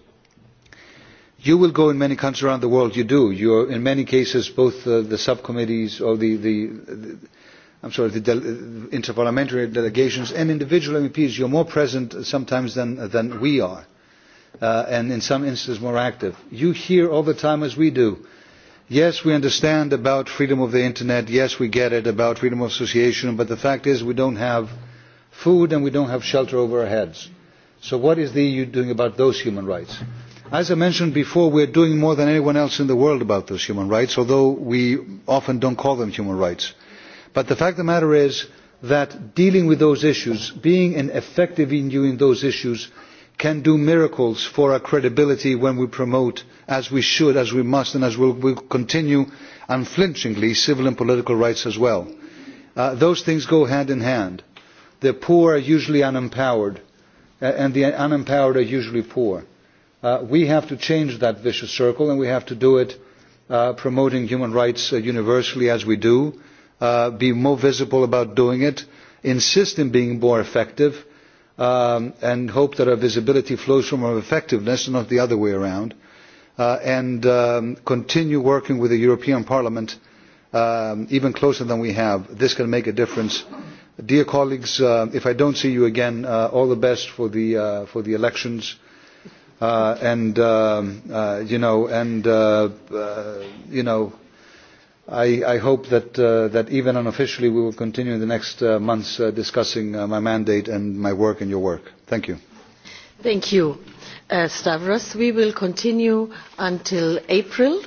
You will go in many countries around the world, you do. You are in many cases both uh, the subcommittees or the, the, the I'm sorry, the del uh, interparliamentary delegations and individual MEPs, you're more present sometimes than, than we are uh, and in some instances more active. You hear all the time as we do, yes, we understand about freedom of the internet, yes, we get it about freedom of association, but the fact is we don't have food and we don't have shelter over our heads. So what is the EU doing about those human rights? As I mentioned before, we're doing more than anyone else in the world about those human rights, although we often don't call them human rights. But the fact of the matter is that dealing with those issues, being an effective EU in those issues, can do miracles for our credibility when we promote, as we should, as we must, and as we will continue unflinchingly, civil and political rights as well. Uh, those things go hand in hand. The poor are usually unempowered, uh, and the unempowered are usually poor. Uh, we have to change that vicious circle, and we have to do it uh, promoting human rights uh, universally as we do, uh, be more visible about doing it, insist in being more effective, um, and hope that our visibility flows from our effectiveness and not the other way around, uh, and um, continue working with the European Parliament um, even closer than we have. This can make a difference. Dear colleagues, uh, if I don't see you again, uh, all the best for the, uh, for the elections. Uh, and, um, uh, you know, and, uh, uh, you know, I, I hope that, uh, that even unofficially we will continue in the next uh, months uh, discussing uh, my mandate and my work and your work. Thank you. Thank you, uh, Stavros. We will continue until April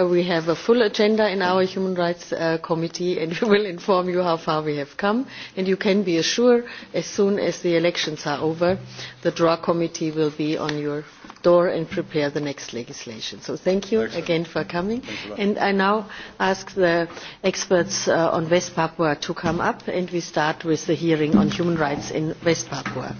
Uh, we have a full agenda in our Human Rights uh, Committee and we will inform you how far we have come. And you can be assured as soon as the elections are over, the DRA Committee will be on your door and prepare the next legislation. So thank you Excellent. again for coming. And I now ask the experts uh, on West Papua to come up and we start with the hearing on human rights in West Papua.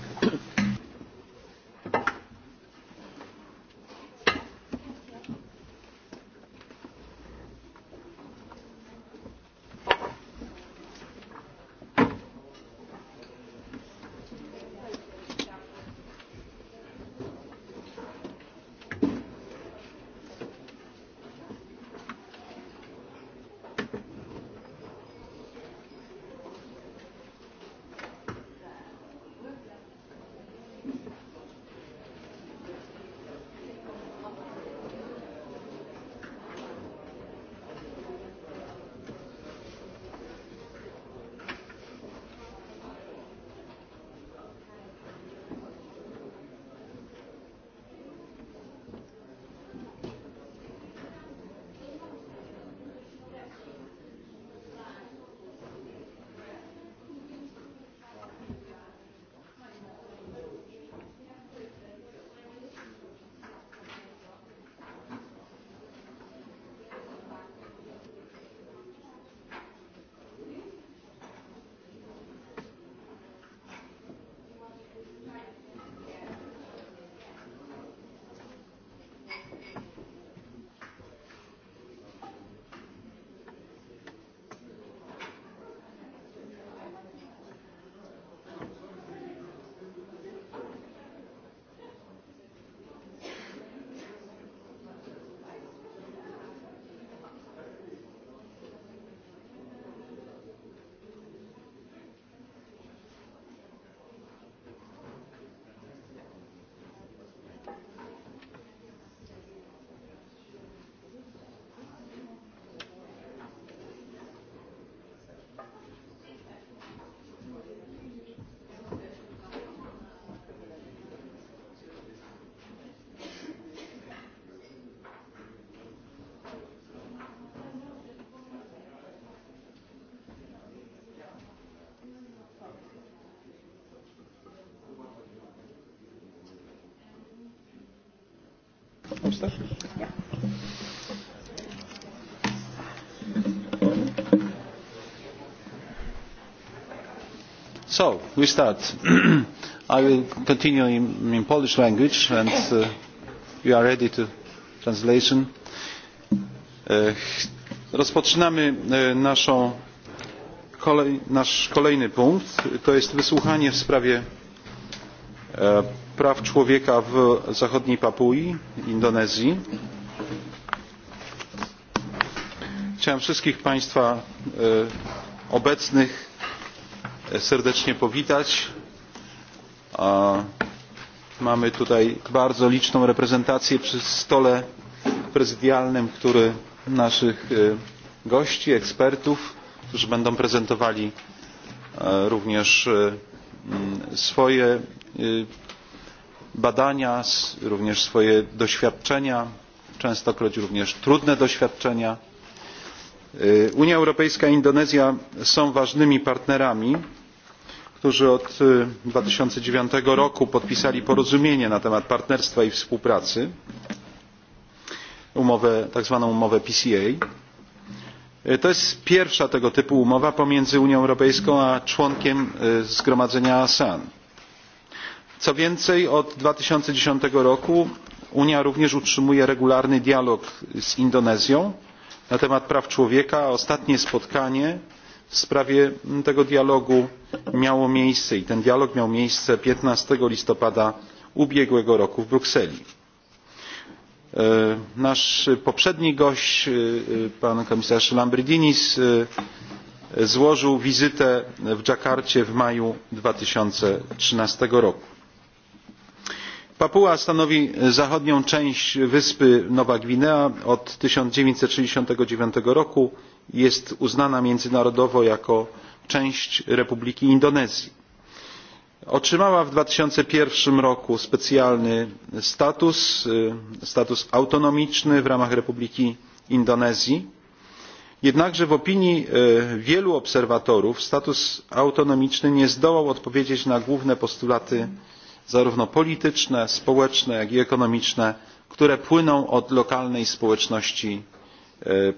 So, we start. *clears throat* I will continue in, in Polish language and uh, you are ready to translation. Uh, rozpoczynamy uh, naszą, kolej, nasz kolejny punkt. To jest wysłuchanie w sprawie uh, praw człowieka w zachodniej Papui, Indonezji. Chciałem wszystkich Państwa uh, obecnych serdecznie powitać. Mamy tutaj bardzo liczną reprezentację przy stole prezydialnym, który naszych gości, ekspertów, którzy będą prezentowali również mm, swoje badania, również swoje doświadczenia, częstokroć również trudne doświadczenia. Unia Europejska i Indonezja są ważnymi partnerami którzy od dwa tysiące dziewięć roku podpisali porozumienie na temat partnerstwa i współpracy umowę, tak zwaną umowę PCA. To jest pierwsza tego typu umowa pomiędzy Unią Europejską a członkiem Zgromadzenia ASEAN. Co więcej, od dwa tysiące 2010 roku Unia również utrzymuje regularny dialog z Indonezją na temat praw człowieka, a ostatnie spotkanie w sprawie tego dialogu miało miejsce i ten dialog miał miejsce 15 listopada ubiegłego roku w Brukseli. E, nasz poprzedni gość, e, pan komisarz lambrinidis e, złożył wizytę w Dżakarcie w maju 2013 roku. Papua stanowi zachodnią część wyspy Nowa Gwinea od 1969 roku jest uznana międzynarodowo jako część Republiki Indonezji. Otrzymała w 2001 roku specjalny status, status autonomiczny w ramach Republiki Indonezji. Jednakże w opinii wielu obserwatorów status autonomiczny nie zdołał odpowiedzieć na główne postulaty zarówno polityczne, społeczne, jak i ekonomiczne, które płyną od lokalnej społeczności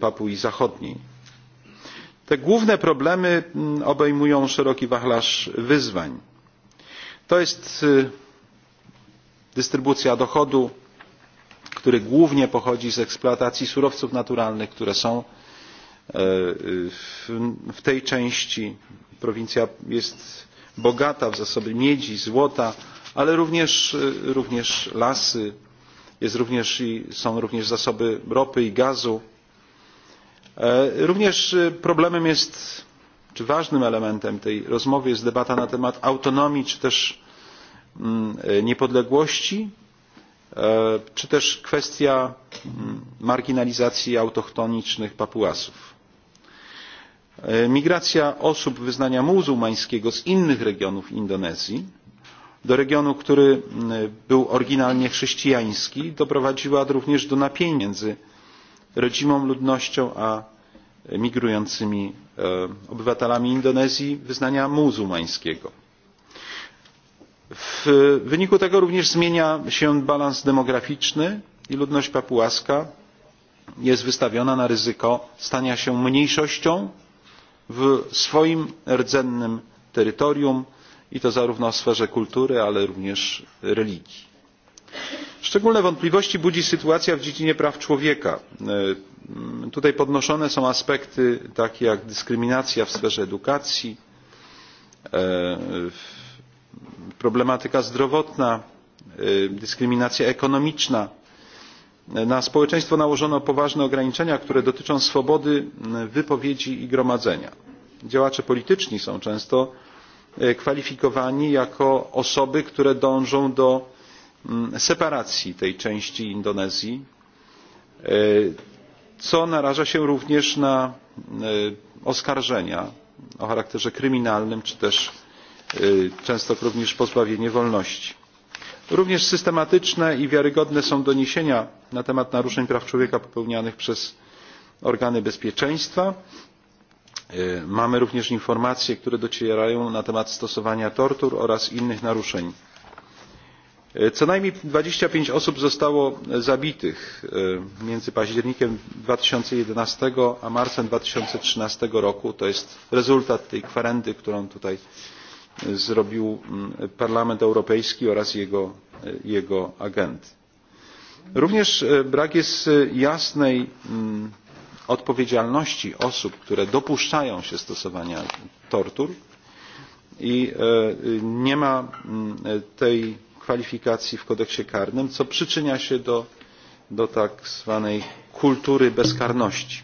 Papui Zachodniej. Te główne problemy mm, obejmują szeroki wachlarz wyzwań. To jest dystrybucja dochodu, który głównie pochodzi z eksploatacji surowców naturalnych, które są e, w tej części. Prowincja jest bogata w zasoby miedzi, złota, ale również, również lasy, jest również i, są również zasoby ropy i gazu E, również e, problemem jest, czy ważnym elementem tej rozmowy jest debata na temat autonomii, czy też mm, e, niepodległości, czy też kwestia mm, marginalizacji autochtonicznych Papuasów. Migracja osób wyznania muzułmańskiego z innych regionów Indonezji do regionu, który mm, był oryginalnie chrześcijański, doprowadziła również do napięć między rodzimą ludnością, a migrującymi e, obywatelami Indonezji wyznania muzułmańskiego. W wyniku tego również zmienia się balans demograficzny i ludność papułaska jest wystawiona na ryzyko stania się mniejszością w swoim rdzennym terytorium i to zarówno w sferze kultury, ale również religii. Szczególne wątpliwości budzi sytuacja w dziedzinie praw człowieka. E, tutaj podnoszone są aspekty takie jak dyskryminacja w sferze edukacji, e, problematyka zdrowotna, e, dyskryminacja ekonomiczna. Na społeczeństwo nałożono poważne ograniczenia, które dotyczą swobody wypowiedzi i gromadzenia. Działacze polityczni są często kwalifikowani jako osoby, które dążą do Mm, separacji tej części Indonezji, e, co naraża się również na e, oskarżenia o charakterze kryminalnym, czy też e, często również pozbawienie wolności. Również systematyczne i wiarygodne są doniesienia na temat naruszeń praw człowieka popełnianych przez organy bezpieczeństwa. Mamy również informacje, które docierają na temat stosowania tortur oraz innych naruszeń E, co najmniej dwadzieścia pięć osób zostało zabitych e, między październikiem dwa tysiące 2011 a marcem dwa tysiące 2013 roku. To jest rezultat tej kwarendy, którą tutaj e, zrobił Parlament Europejski oraz jego, jego agent. Również brak jest jasnej odpowiedzialności osób, które dopuszczają się stosowania tortur i nie ma tej kwalifikacji w kodeksie karnym, co przyczynia się do, do tak zwanej kultury bezkarności.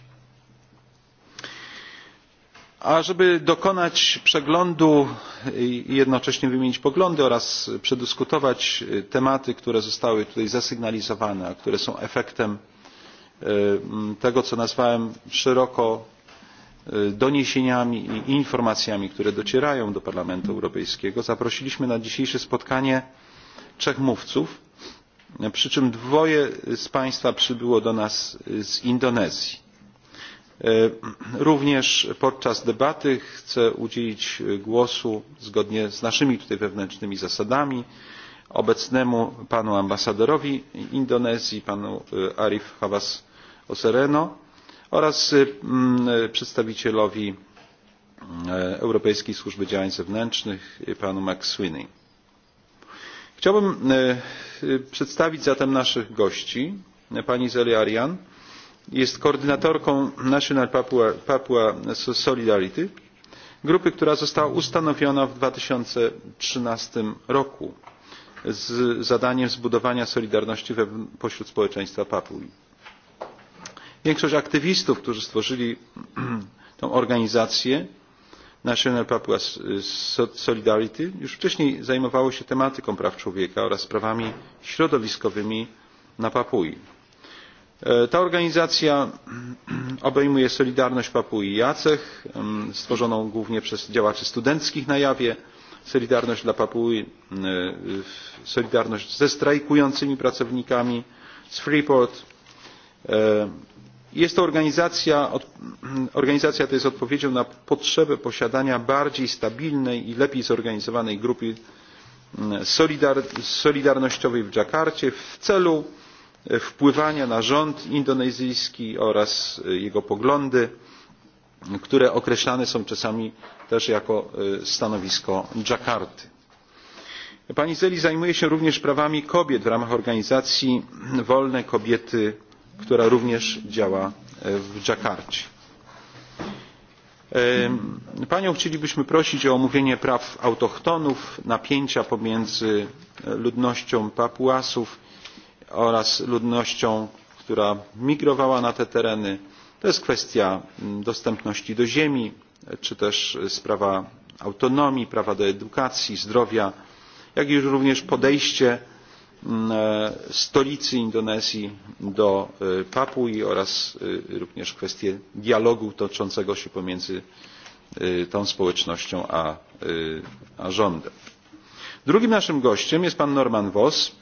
A żeby dokonać przeglądu i jednocześnie wymienić poglądy oraz przedyskutować tematy, które zostały tutaj zasygnalizowane, a które są efektem tego, co nazwałem szeroko doniesieniami i informacjami, które docierają do Parlamentu Europejskiego, zaprosiliśmy na dzisiejsze spotkanie trzech mówców, przy czym dwoje z Państwa przybyło do nas z Indonezji. E, również podczas debaty chcę udzielić głosu zgodnie z naszymi tutaj wewnętrznymi zasadami obecnemu panu ambasadorowi Indonezji, panu e, Arif Hawas Osereno oraz e, przedstawicielowi Europejskiej Służby Działań Zewnętrznych, panu Max Chciałbym e, e, przedstawić zatem naszych gości. Pani Zeliarian jest koordynatorką National Papua, Papua Solidarity, grupy, która została ustanowiona w 2013 roku z zadaniem zbudowania solidarności we, pośród społeczeństwa Papui. Większość aktywistów, którzy stworzyli tę *clears throat* organizację, National Papua Solidarity już wcześniej zajmowało się tematyką praw człowieka oraz sprawami środowiskowymi na Papui. E, ta organizacja *clears throat* obejmuje Solidarność Papui i Jacech, stworzoną głównie przez działaczy studenckich na jawie, Solidarność dla Papui, e, Solidarność ze strajkującymi pracownikami z Freeport, e, Jest to organizacja, organizacja jest odpowiedzią na potrzebę posiadania bardziej stabilnej i lepiej zorganizowanej grupy mm, solidar, solidarnościowej w Dżakarcie w celu e, wpływania na rząd indonezyjski oraz e, jego poglądy, które określane są czasami też jako e, stanowisko Dżakarty. Pani Zeli zajmuje się również prawami kobiet w ramach organizacji Wolne Kobiety która również działa e, w Dżakarcie. Panią chcielibyśmy prosić o omówienie praw autochtonów, napięcia pomiędzy e, ludnością Papuasów oraz ludnością, która migrowała na te tereny. To jest kwestia dostępności do ziemi, czy też sprawa autonomii, prawa do edukacji, zdrowia, jak i również podejście E, stolicy Indonezji do e, Papui oraz e, również kwestię dialogu toczącego się pomiędzy tą społecznością a, a rządem. Drugim naszym gościem jest pan Norman Voss,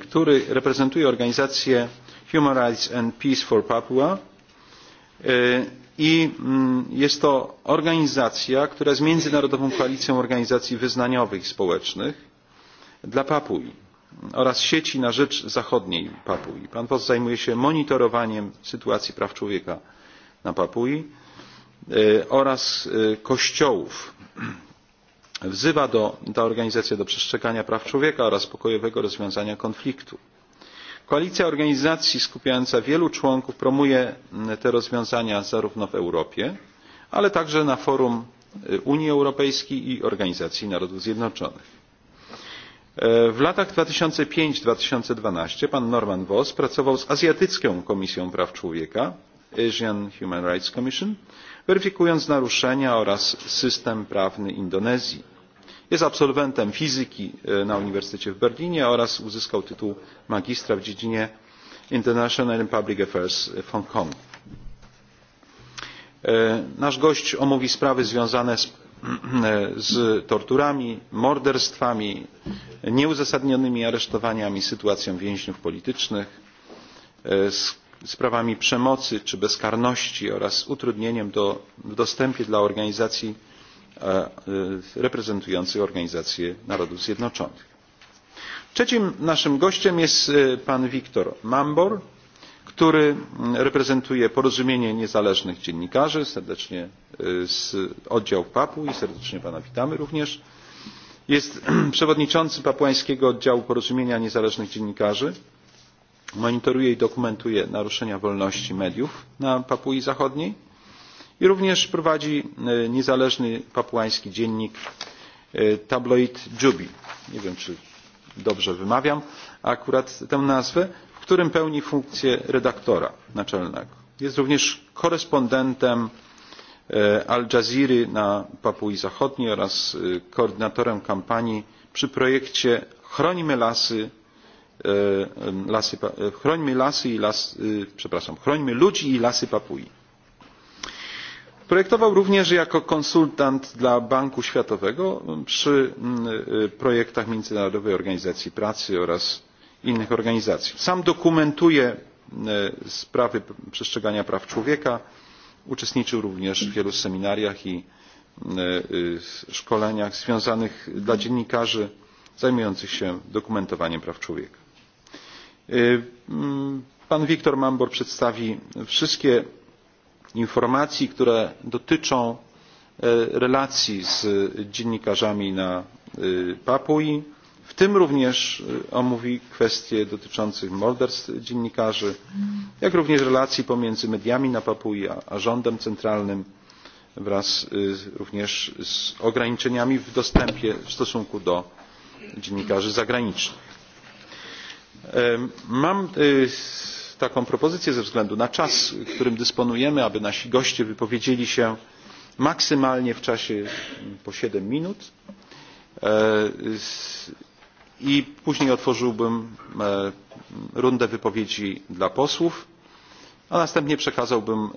który reprezentuje organizację Human Rights and Peace for Papua i jest to organizacja, która jest międzynarodową koalicją organizacji wyznaniowych i społecznych dla Papui oraz sieci na rzecz zachodniej Papui. Pan Post zajmuje się monitorowaniem sytuacji praw człowieka na Papui e, oraz e, kościołów. *clears throat* Wzywa do, ta organizacja do przestrzegania praw człowieka oraz pokojowego rozwiązania konfliktu. Koalicja organizacji skupiająca wielu członków promuje te rozwiązania zarówno w Europie, ale także na forum e, Unii Europejskiej i Organizacji Narodów Zjednoczonych. E, w latach 2005-2012 pan Norman Voss pracował z Azjatycką Komisją Praw Człowieka, Asian Human Rights Commission, weryfikując naruszenia oraz system prawny Indonezji. Jest absolwentem fizyki e, na Uniwersytecie w Berlinie oraz uzyskał tytuł magistra w dziedzinie International and Public Affairs w Hongkongu. E, nasz gość omówi sprawy związane z z torturami, morderstwami, nieuzasadnionymi aresztowaniami, sytuacją więźniów politycznych, e, z sprawami przemocy czy bezkarności oraz utrudnieniem do, w dostępie dla organizacji e, e, reprezentujących Organizację Narodów Zjednoczonych. Trzecim naszym gościem jest pan Wiktor Mambor, który mm, reprezentuje porozumienie niezależnych dziennikarzy serdecznie z oddział papu i serdecznie pana witamy również jest *clears throat* przewodniczącym papuańskiego oddziału porozumienia niezależnych dziennikarzy monitoruje i dokumentuje naruszenia wolności mediów na papui zachodniej i również prowadzi niezależny papuański dziennik tabloid jubi nie wiem czy dobrze wymawiam akurat tę nazwę którym pełni funkcję redaktora naczelnego. Jest również korespondentem e, Al Jazeera na Papui Zachodniej oraz e, koordynatorem kampanii przy projekcie Chronimy lasy, e, lasy, chronimy lasy i las, przepraszam, chronimy ludzi i lasy Papui. Projektował również jako konsultant dla Banku Światowego przy projektach Międzynarodowej Organizacji Pracy oraz innych organizacji. Sam dokumentuje sprawy przestrzegania praw człowieka. Uczestniczył również w wielu seminariach i e, e, szkoleniach związanych dla dziennikarzy zajmujących się dokumentowaniem praw człowieka. E, pan Wiktor Mambor przedstawi wszystkie informacje, które dotyczą relacji z dziennikarzami na Papui W tym również omówi kwestie dotyczących morderstw dziennikarzy, jak również relacji pomiędzy mediami na Papui a, a rządem centralnym wraz również z ograniczeniami w dostępie w stosunku do dziennikarzy zagranicznych. Mam taką propozycję ze względu na czas, którym dysponujemy, aby nasi goście wypowiedzieli się maksymalnie w czasie po siedem minut e, i później otworzyłbym e, rundę wypowiedzi dla posłów, a następnie przekazałbym e,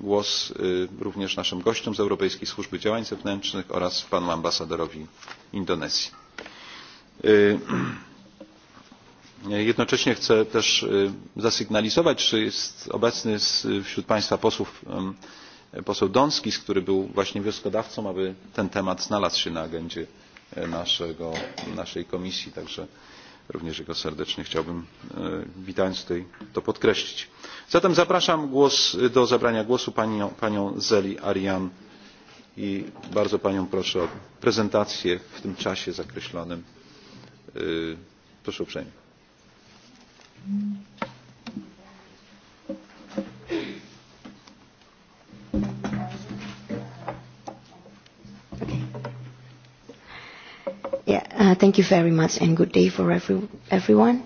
głos e, również naszym gościom z Europejskiej Służby Działań Zewnętrznych oraz panu ambasadorowi Indonezji. Jednocześnie chcę też zasygnalizować, że jest obecny wśród Państwa posłów poseł Donskis, który był właśnie wnioskodawcą, aby ten temat znalazł się na agendzie E, naszego, naszej komisji. Także również jego serdecznie chciałbym e, witając tutaj to podkreślić. Zatem zapraszam głos, e, do zabrania głosu panią, panią Zeli Arian i bardzo panią proszę o prezentację w tym czasie zakreślonym. Proszę uprzejmie. Uh, thank you very much and good day for every, everyone,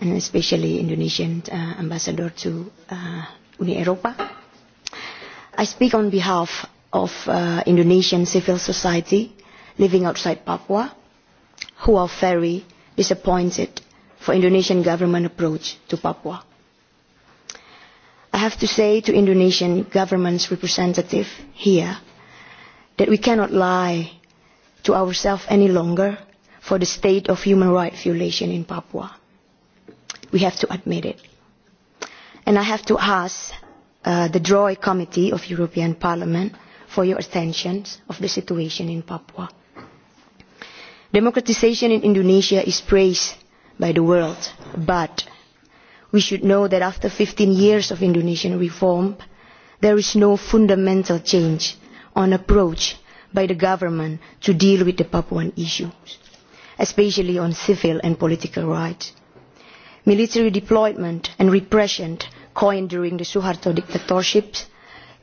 and especially Indonesian uh, ambassador to uh, Uni Europa. I speak on behalf of uh, Indonesian civil society living outside Papua, who are very disappointed for Indonesian government approach to Papua. I have to say to Indonesian government's representative here that we cannot lie to ourselves any longer for the state of human rights violation in Papua. We have to admit it. And I have to ask uh, the Droy Committee of European Parliament for your attention of the situation in Papua. Democratization in Indonesia is praised by the world, but we should know that after 15 years of Indonesian reform, there is no fundamental change on approach by the government to deal with the Papuan issues especially on civil and political rights. Military deployment and repression coined during the Suharto dictatorships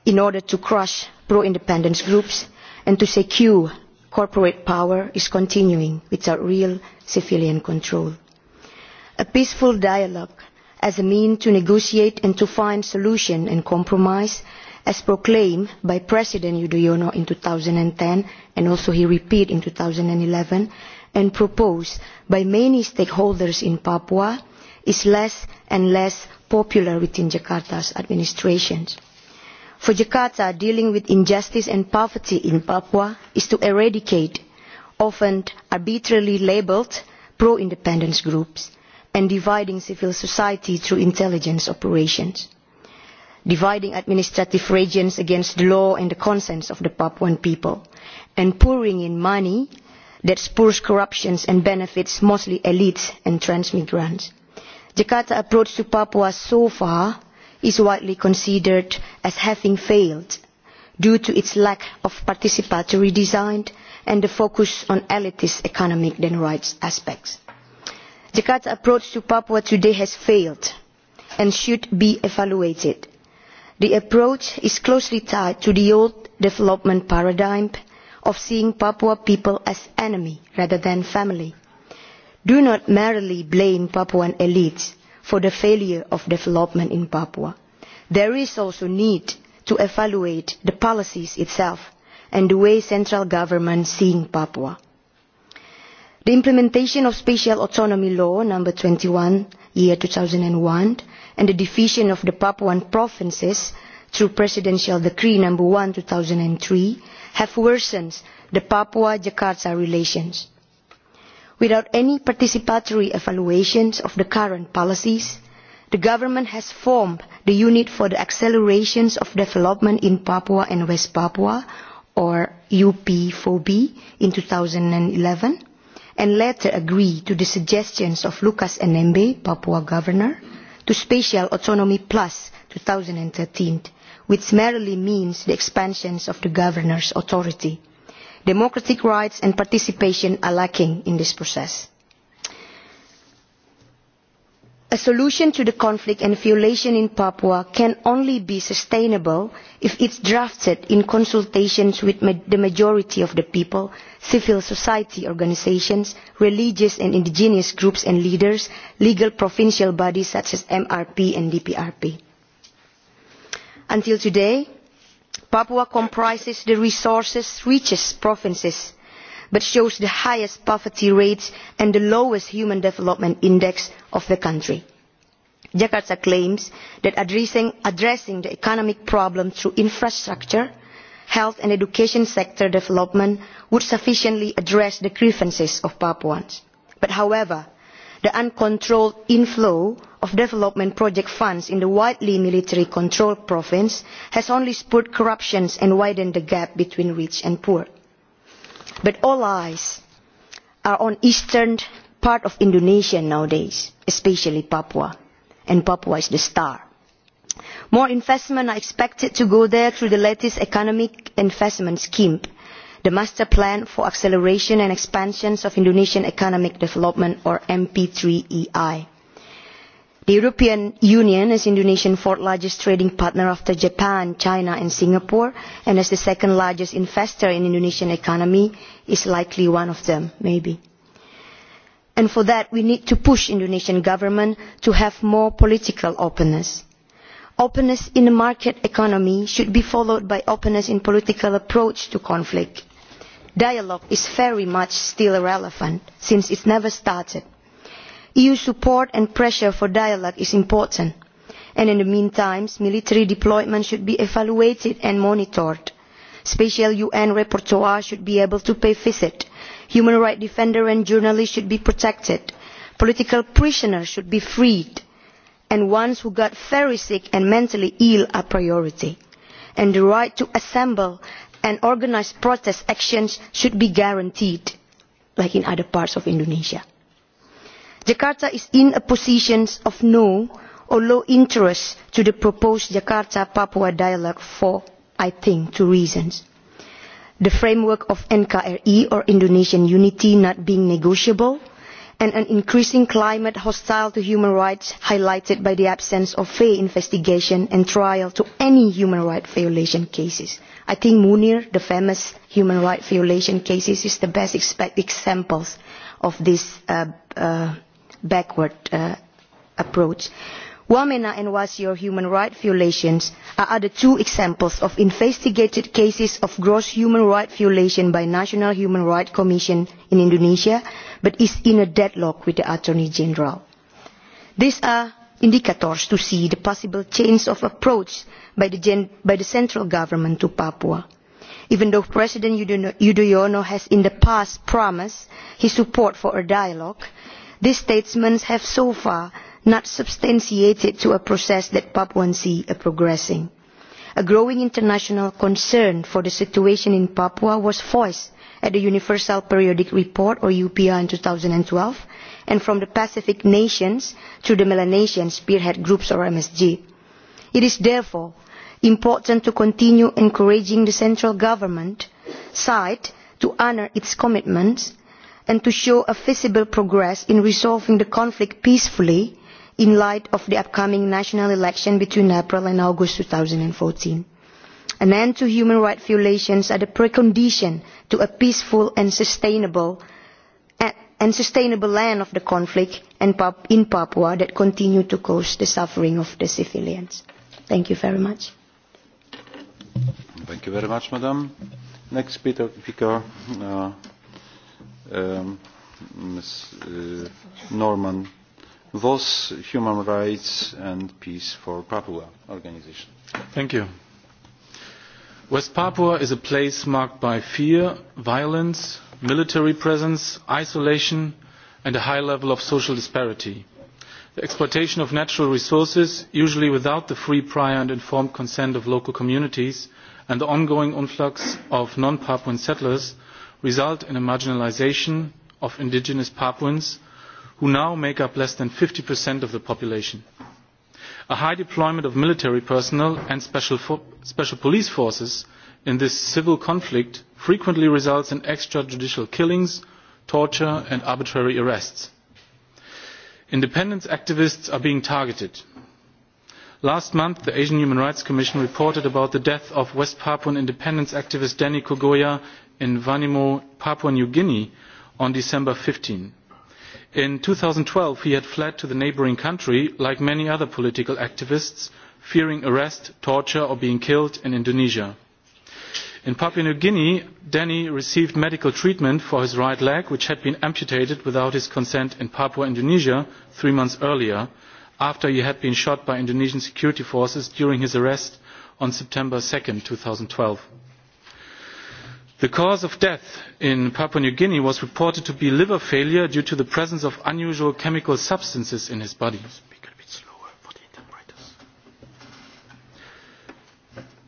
in order to crush pro-independence groups and to secure corporate power is continuing without real civilian control. A peaceful dialogue as a means to negotiate and to find solution and compromise as proclaimed by President Yudhoyono in 2010 and also he repeated in 2011 and proposed by many stakeholders in Papua is less and less popular within Jakarta's administration. For Jakarta, dealing with injustice and poverty in Papua is to eradicate often arbitrarily labeled pro-independence groups and dividing civil society through intelligence operations, dividing administrative regions against the law and the consents of the Papuan people, and pouring in money that spurs corruption and benefits mostly elites and transmigrants. Jakarta's approach to Papua so far is widely considered as having failed due to its lack of participatory design and the focus on elitist economic and rights aspects. Jakarta's approach to Papua today has failed and should be evaluated. The approach is closely tied to the old development paradigm of seeing Papua people as enemy rather than family. Do not merely blame Papuan elites for the failure of development in Papua. There is also need to evaluate the policies itself and the way central government seeing Papua. The implementation of Special Autonomy Law No. 21, year 2001, and the division of the Papuan provinces through Presidential Decree No. 1, 2003, have worsened the Papua-Jakarta relations. Without any participatory evaluations of the current policies, the government has formed the Unit for the Accelerations of Development in Papua and West Papua, or UP4B, in 2011, and later agreed to the suggestions of Lucas Enembe, Papua governor, to Spatial Autonomy Plus 2013 which merely means the expansions of the governor's authority. Democratic rights and participation are lacking in this process. A solution to the conflict and violation in Papua can only be sustainable if it is drafted in consultations with ma the majority of the people, civil society organisations, religious and indigenous groups and leaders, legal provincial bodies such as MRP and DPRP. Until today, Papua comprises the resources richest provinces, but shows the highest poverty rates and the lowest human development index of the country. Jakarta claims that addressing, addressing the economic problem through infrastructure, health and education sector development would sufficiently address the grievances of Papuans. But however, the uncontrolled inflow of development project funds in the widely military controlled province has only spurred corruption and widened the gap between rich and poor. But all eyes are on the eastern part of Indonesia nowadays, especially Papua, and Papua is the star. More investment are expected to go there through the latest economic investment scheme, the Master Plan for Acceleration and Expansion of Indonesian Economic Development or MP3EI. The European Union is Indonesia's fourth largest trading partner after Japan, China and Singapore and as the second largest investor in the Indonesian economy is likely one of them, maybe. And for that we need to push the Indonesian government to have more political openness. Openness in the market economy should be followed by openness in political approach to conflict. Dialogue is very much still relevant since it never started EU support and pressure for dialogue is important, and in the meantime, military deployment should be evaluated and monitored. Special UN rapporteur should be able to pay visit. Human rights defenders and journalists should be protected. Political prisoners should be freed. And ones who got very sick and mentally ill are priority. And the right to assemble and organise protest actions should be guaranteed, like in other parts of Indonesia. Jakarta is in a position of no or low interest to the proposed Jakarta-Papua dialogue for, I think, two reasons. The framework of NKRE or Indonesian unity not being negotiable and an increasing climate hostile to human rights highlighted by the absence of fair investigation and trial to any human rights violation cases. I think Munir, the famous human rights violation cases, is the best example of this uh, uh, backward uh, approach. Wamena and Wasior human rights violations are other two examples of investigated cases of gross human rights violation by National Human Rights Commission in Indonesia, but is in a deadlock with the Attorney General. These are indicators to see the possible change of approach by the, gen by the central government to Papua. Even though President Yudhoyono has in the past promised his support for a dialogue, These statements have so far not substantiated to a process that and see are progressing. A growing international concern for the situation in Papua was voiced at the Universal Periodic Report or UPR in 2012 and from the Pacific nations to the Melanesian spearhead groups or MSG. It is therefore important to continue encouraging the central government side to honour its commitments and to show a visible progress in resolving the conflict peacefully in light of the upcoming national election between April and August 2014. An end to human rights violations are the precondition to a peaceful and sustainable and sustainable end of the conflict in Papua that continue to cause the suffering of the civilians. Thank you very much. Thank you very much, Madam. Next speaker, uh, um, Ms. Uh, Norman Voss, Human Rights and Peace for Papua Organization. Thank you. West Papua is a place marked by fear, violence, military presence, isolation, and a high level of social disparity. The exploitation of natural resources, usually without the free, prior, and informed consent of local communities, and the ongoing influx of non-Papuan settlers result in a marginalisation of indigenous Papuans who now make up less than 50% of the population. A high deployment of military personnel and special, fo special police forces in this civil conflict frequently results in extrajudicial killings, torture and arbitrary arrests. Independence activists are being targeted. Last month, the Asian Human Rights Commission reported about the death of West Papuan independence activist Danny Kogoya in Vanimo, Papua New Guinea on December 15. In 2012, he had fled to the neighboring country, like many other political activists, fearing arrest, torture or being killed in Indonesia. In Papua New Guinea, Denny received medical treatment for his right leg, which had been amputated without his consent in Papua, Indonesia, three months earlier, after he had been shot by Indonesian security forces during his arrest on September 2, 2012. The cause of death in Papua New Guinea was reported to be liver failure due to the presence of unusual chemical substances in his body.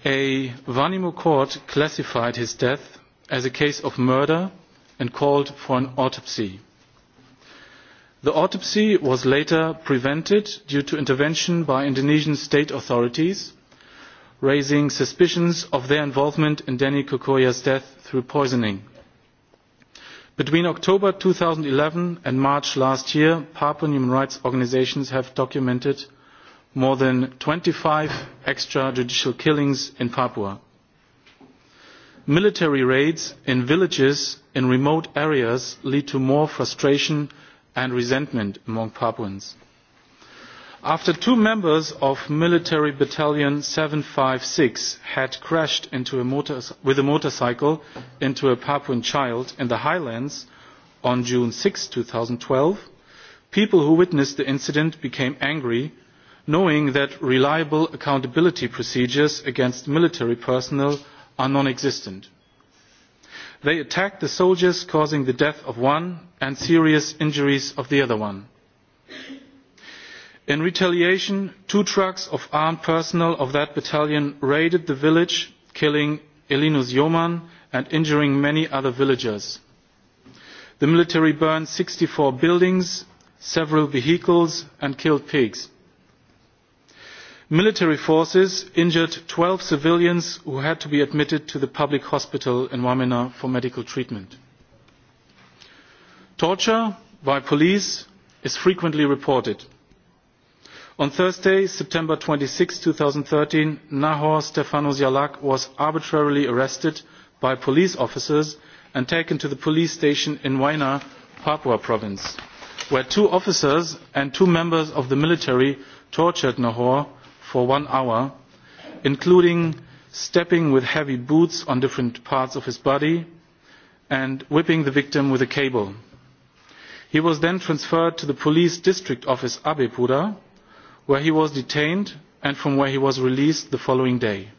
A Vanimo court classified his death as a case of murder and called for an autopsy. The autopsy was later prevented due to intervention by Indonesian state authorities, raising suspicions of their involvement in Danny Kokoya's death through poisoning. Between October eleven and March last year, Papuan human rights organisations have documented more than twenty five extrajudicial killings in Papua. Military raids in villages in remote areas lead to more frustration and resentment among Papuans. After two members of military battalion 756 had crashed into a motor with a motorcycle into a Papuan child in the highlands on June 6, 2012, people who witnessed the incident became angry knowing that reliable accountability procedures against military personnel are non-existent. They attacked the soldiers causing the death of one and serious injuries of the other one. In retaliation, two trucks of armed personnel of that battalion raided the village, killing Elinus Joman and injuring many other villagers. The military burned 64 buildings, several vehicles and killed pigs. Military forces injured 12 civilians who had to be admitted to the public hospital in Wamena for medical treatment. Torture by police is frequently reported. On Thursday, September and thirteen, Nahor Stefanos Zialak was arbitrarily arrested by police officers and taken to the police station in Waina, Papua province, where two officers and two members of the military tortured Nahor for one hour, including stepping with heavy boots on different parts of his body and whipping the victim with a cable. He was then transferred to the police district office Abepura, where he was detained and from where he was released the following day.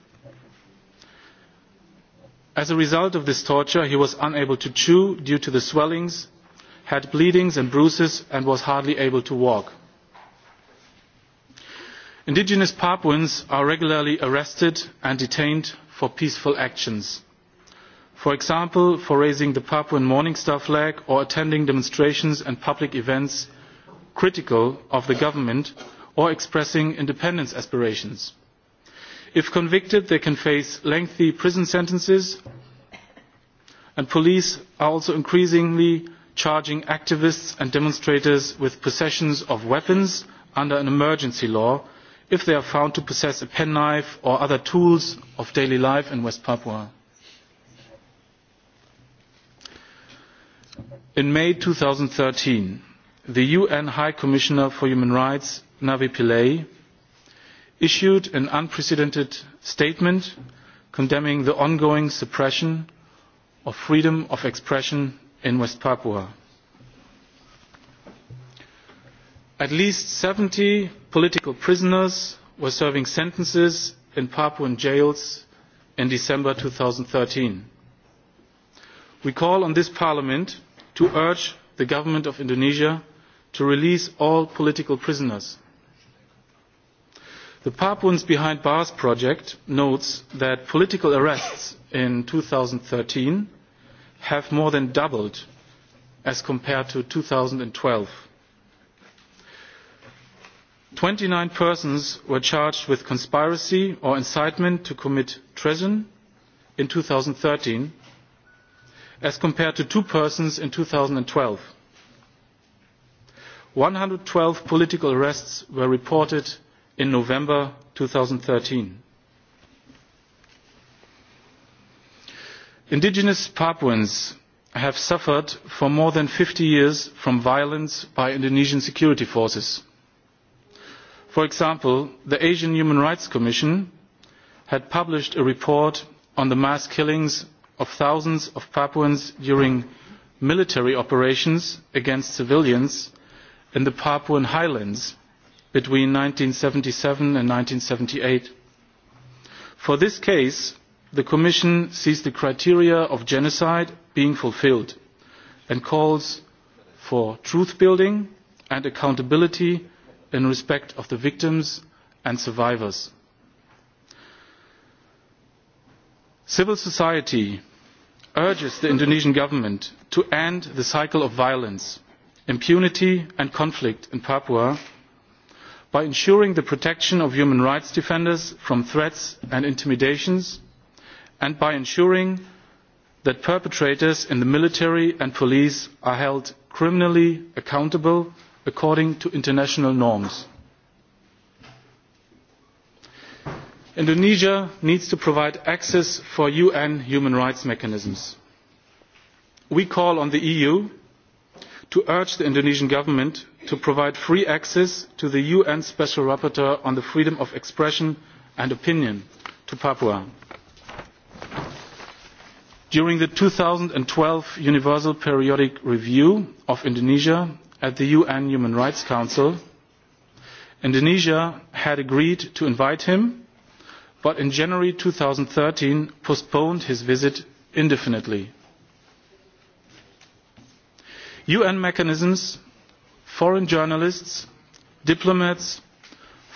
As a result of this torture, he was unable to chew due to the swellings, had bleedings and bruises, and was hardly able to walk. Indigenous Papuans are regularly arrested and detained for peaceful actions. For example, for raising the Papuan Morning Star flag or attending demonstrations and public events critical of the government or expressing independence aspirations. If convicted, they can face lengthy prison sentences, and police are also increasingly charging activists and demonstrators with possessions of weapons under an emergency law if they are found to possess a penknife or other tools of daily life in West Papua. In May thirteen, the UN High Commissioner for Human Rights Navi Pillay, issued an unprecedented statement condemning the ongoing suppression of freedom of expression in West Papua. At least 70 political prisoners were serving sentences in Papuan jails in December 2013. We call on this Parliament to urge the government of Indonesia to release all political prisoners. The Papuans Behind Bars project notes that political arrests in 2013 have more than doubled as compared to 2012. 29 persons were charged with conspiracy or incitement to commit treason in 2013 as compared to two persons in 2012. 112 political arrests were reported in November 2013. Indigenous Papuans have suffered for more than 50 years from violence by Indonesian security forces. For example, the Asian Human Rights Commission had published a report on the mass killings of thousands of Papuans during military operations against civilians in the Papuan highlands between seventy seven and seventy eight. For this case, the Commission sees the criteria of genocide being fulfilled and calls for truth building and accountability in respect of the victims and survivors. Civil society urges the Indonesian government to end the cycle of violence, impunity and conflict in Papua by ensuring the protection of human rights defenders from threats and intimidations, and by ensuring that perpetrators in the military and police are held criminally accountable according to international norms. Indonesia needs to provide access for UN human rights mechanisms. We call on the EU to urge the Indonesian government to provide free access to the UN Special Rapporteur on the freedom of expression and opinion to Papua. During the 2012 Universal Periodic Review of Indonesia at the UN Human Rights Council, Indonesia had agreed to invite him, but in January 2013 postponed his visit indefinitely. UN mechanisms, foreign journalists, diplomats,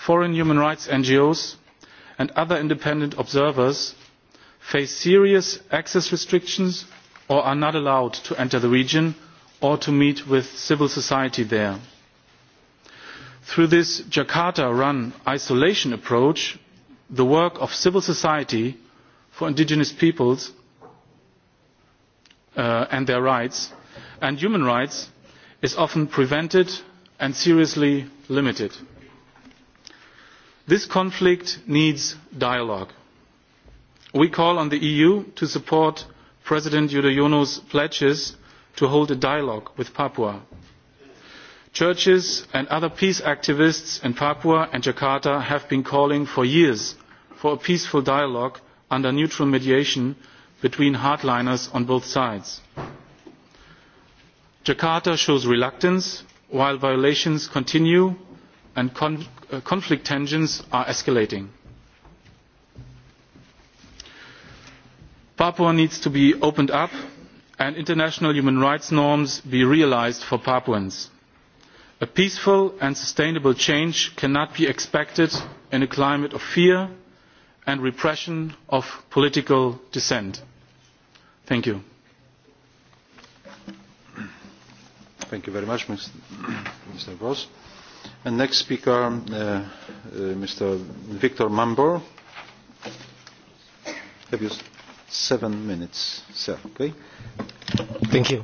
foreign human rights NGOs, and other independent observers face serious access restrictions or are not allowed to enter the region or to meet with civil society there. Through this Jakarta-run isolation approach, the work of civil society for indigenous peoples uh, and their rights and human rights is often prevented and seriously limited. This conflict needs dialogue. We call on the EU to support President Yudhoyono's pledges to hold a dialogue with Papua. Churches and other peace activists in Papua and Jakarta have been calling for years for a peaceful dialogue under neutral mediation between hardliners on both sides. Jakarta shows reluctance while violations continue and con uh, conflict tensions are escalating. Papua needs to be opened up and international human rights norms be realised for Papuans. A peaceful and sustainable change cannot be expected in a climate of fear and repression of political dissent. Thank you. Thank you very much, Mr. Mr. Gross. And next speaker, uh, uh, Mr. Victor Mambor. Have you seven minutes, sir, okay? Thank you.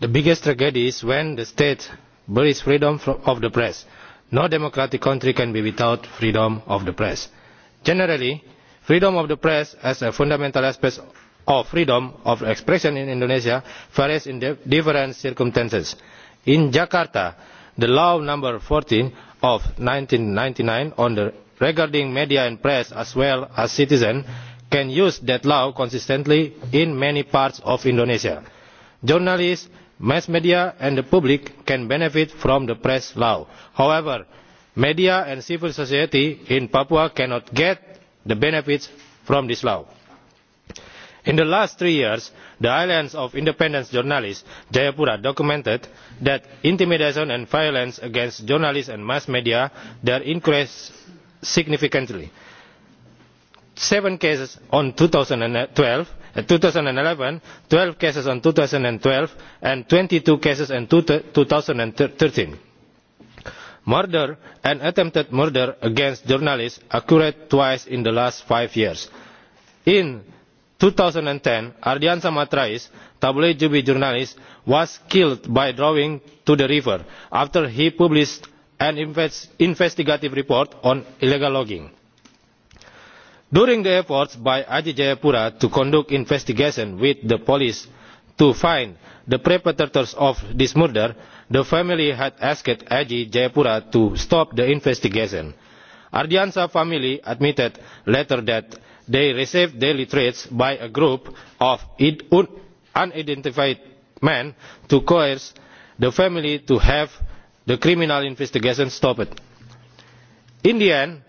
The biggest tragedy is when the state buries freedom of the press. No democratic country can be without freedom of the press. Generally, freedom of the press as a fundamental aspect of freedom of expression in Indonesia varies in different circumstances. In Jakarta, the law number 14 of 1999 on the regarding media and press as well as citizens can use that law consistently in many parts of Indonesia. Journalists, mass media and the public can benefit from the press law. However, media and civil society in Papua cannot get the benefits from this law in the last three years the islands of independent journalists jayapura documented that intimidation and violence against journalists and mass media there increased significantly seven cases on 2012, 2011, uh, eleven twelve cases on 2012, and twelve and twenty two cases in 2013. thirteen murder and attempted murder against journalists occurred twice in the last five years. in 2010, Ardianza Matrais, tabloid Jubi journalist, was killed by drawing to the river after he published an invest investigative report on illegal logging. During the efforts by Aji Jayapura to conduct investigation with the police to find the perpetrators of this murder, the family had asked Aji Jayapura to stop the investigation. Ardiansa family admitted later that they receive daily threats by a group of unidentified men to coerce the family to have the criminal investigation stopped. In the end,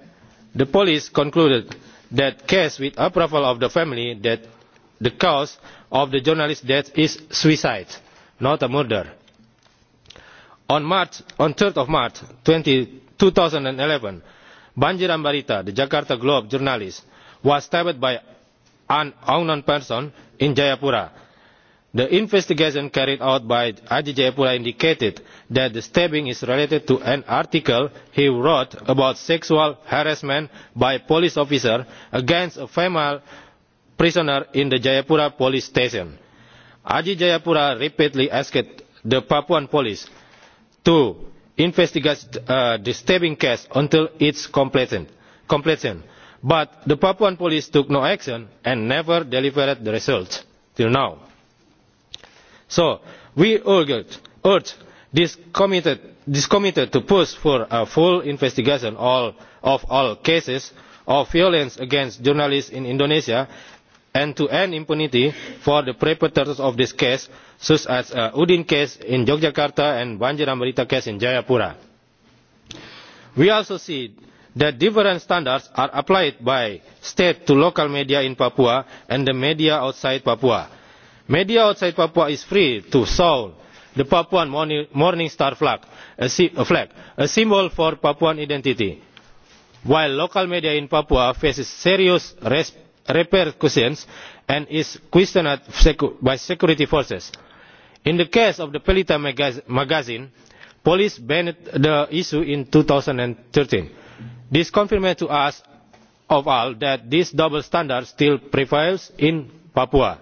the police concluded that case with approval of the family that the cause of the journalist's death is suicide, not a murder. On, March, on 3rd of March 20, 2011, Banjiran Barita, the Jakarta Globe journalist, was stabbed by an unknown person in Jayapura. The investigation carried out by Aji Jayapura indicated that the stabbing is related to an article he wrote about sexual harassment by a police officer against a female prisoner in the Jayapura police station. Aji Jayapura repeatedly asked the Papuan police to investigate uh, the stabbing case until it's completion. complacent. But the Papuan police took no action and never delivered the results till now. So we urge, urge this committee, this committee to push for a full investigation all, of all cases of violence against journalists in Indonesia and to end impunity for the perpetrators of this case, such as uh, Udin case in Yogyakarta and Banjir case in Jayapura. We also see that different standards are applied by state to local media in Papua and the media outside Papua. Media outside Papua is free to sound the Papuan Morning Star flag, a, flag, a symbol for Papuan identity. While local media in Papua faces serious repercussions and is questioned by security forces. In the case of the Pelita magazine, police banned the issue in 2013 this confirms to us of all that this double standard still prevails in papua.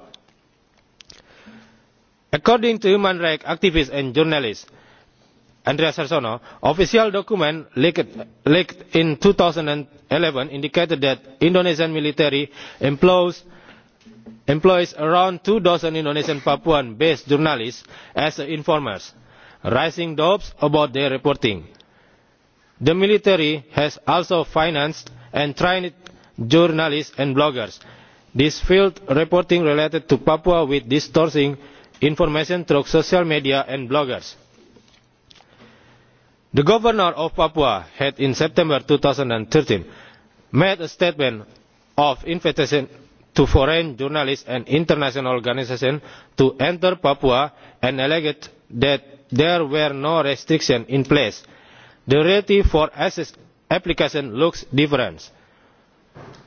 according to human rights activist and journalist andreas sarsono official documents leaked, leaked in 2011 indicated that indonesian military employs employs around two dozen Indonesian Papuan based journalists as informers, raising doubts about their reporting. The military has also financed and trained journalists and bloggers. This field reporting related to Papua with distorting information through social media and bloggers. The governor of Papua had in September 2013 made a statement of invitation to foreign journalists and international organizations to enter Papua and alleged that there were no restrictions in place the reality for access application looks different.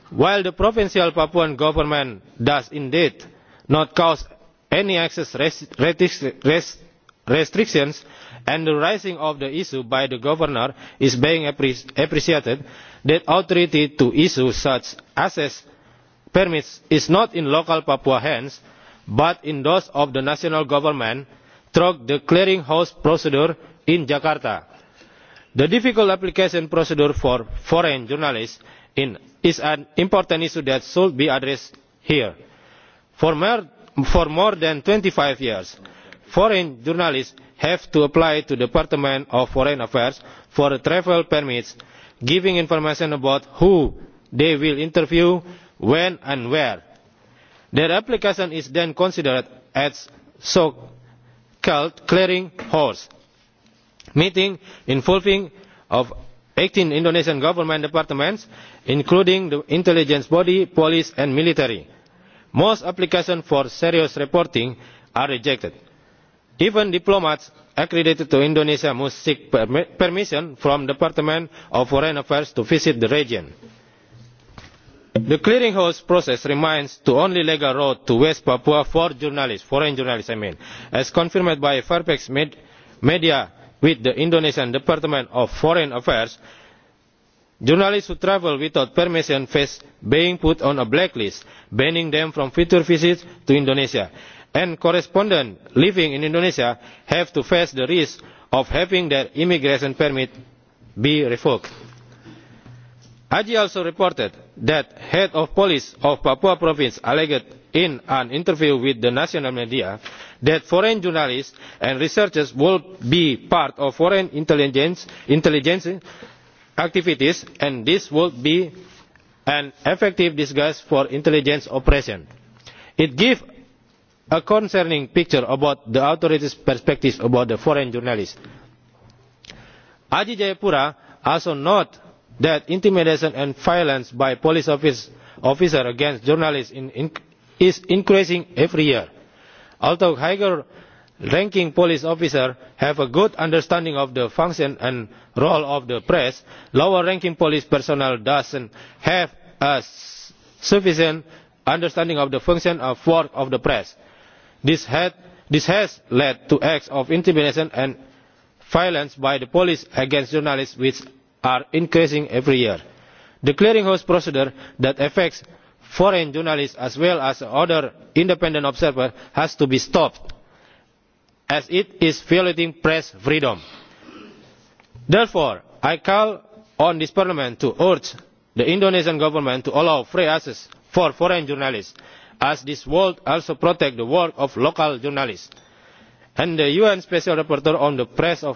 While the provincial Papuan government does indeed not cause any access restrictions and the raising of the issue by the governor is being appreciated, the authority to issue such access permits is not in local Papua hands but in those of the national government through the clearinghouse procedure in Jakarta the difficult application procedure for foreign journalists is an important issue that should be addressed here. For more, than twenty five years, foreign journalists have to apply to the Department of Foreign Affairs for travel permits, giving information about who they will interview, when and where. Their application is then considered as so-called clearing horse meeting involving of 18 Indonesian government departments, including the intelligence body, police and military. Most applications for serious reporting are rejected. Even diplomats accredited to Indonesia must seek permission from the Department of Foreign Affairs to visit the region. The clearinghouse process remains the only legal road to West Papua for journalists, foreign journalists I mean, as confirmed by Fairfax Media with the Indonesian Department of Foreign Affairs, journalists who travel without permission face being put on a blacklist, banning them from future visits to Indonesia. And correspondents living in Indonesia have to face the risk of having their immigration permit be revoked. AGI also reported that head of police of Papua province alleged in an interview with the national media that foreign journalists and researchers will be part of foreign intelligence, intelligence activities and this will be an effective disguise for intelligence oppression. It gives a concerning picture about the authorities' perspectives about the foreign journalists. Adi Pura also note that intimidation and violence by police office, officers against journalists in, in is increasing every year. Although higher ranking police officers have a good understanding of the function and role of the press, lower ranking police personnel doesn't have a sufficient understanding of the function of work of the press. This, had, this has led to acts of intimidation and violence by the police against journalists which are increasing every year. The clearinghouse procedure that affects foreign journalists as well as other independent observers has to be stopped as it is violating press freedom. Therefore, I call on this parliament to urge the Indonesian government to allow free access for foreign journalists as this would also protect the work of local journalists. And the UN Special Rapporteur on the press of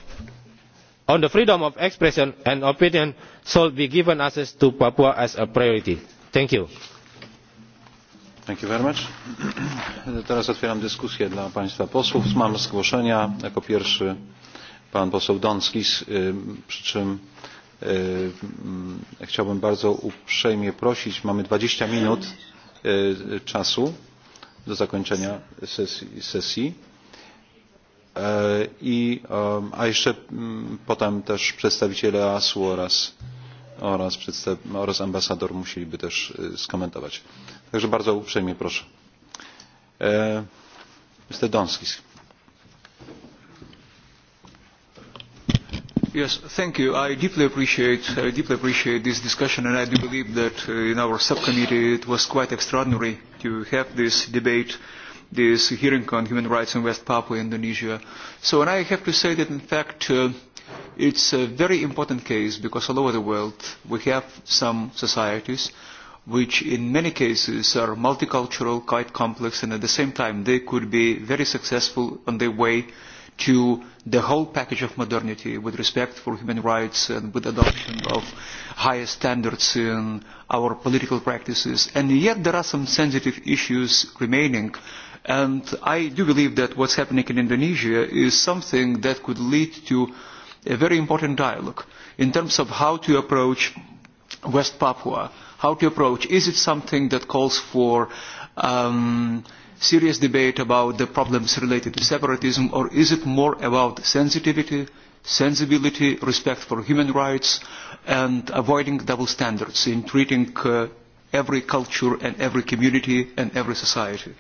on the freedom of expression and opinion should be given access to Papua as a priority. Thank you. Thank you very much. Teraz otwieram dyskusję dla Państwa posłów. Mam zgłoszenia. Jako pierwszy pan poseł Donskis, przy czym chciałbym bardzo uprzejmie prosić, mamy 20 minut czasu do zakończenia sesji. sesji. I, a jeszcze mm, potem też przedstawiciele ASU oraz, oraz, oraz ambasador musieliby też skomentować. Także bardzo uprzejmie proszę. E, Mr. Donskis. Yes, thank you. I deeply appreciate, I deeply appreciate this discussion and I do believe that uh, in our subcommittee it was quite extraordinary to have this debate this hearing on human rights in West Papua, Indonesia. So and I have to say that in fact uh, it's a very important case because all over the world we have some societies which in many cases are multicultural, quite complex, and at the same time they could be very successful on their way to the whole package of modernity with respect for human rights and with adoption of higher standards in our political practices. And yet there are some sensitive issues remaining. And I do believe that what's happening in Indonesia is something that could lead to a very important dialogue in terms of how to approach West Papua how to approach. Is it something that calls for um, serious debate about the problems related to separatism, or is it more about sensitivity, sensibility, respect for human rights, and avoiding double standards in treating uh, every culture and every community and every society.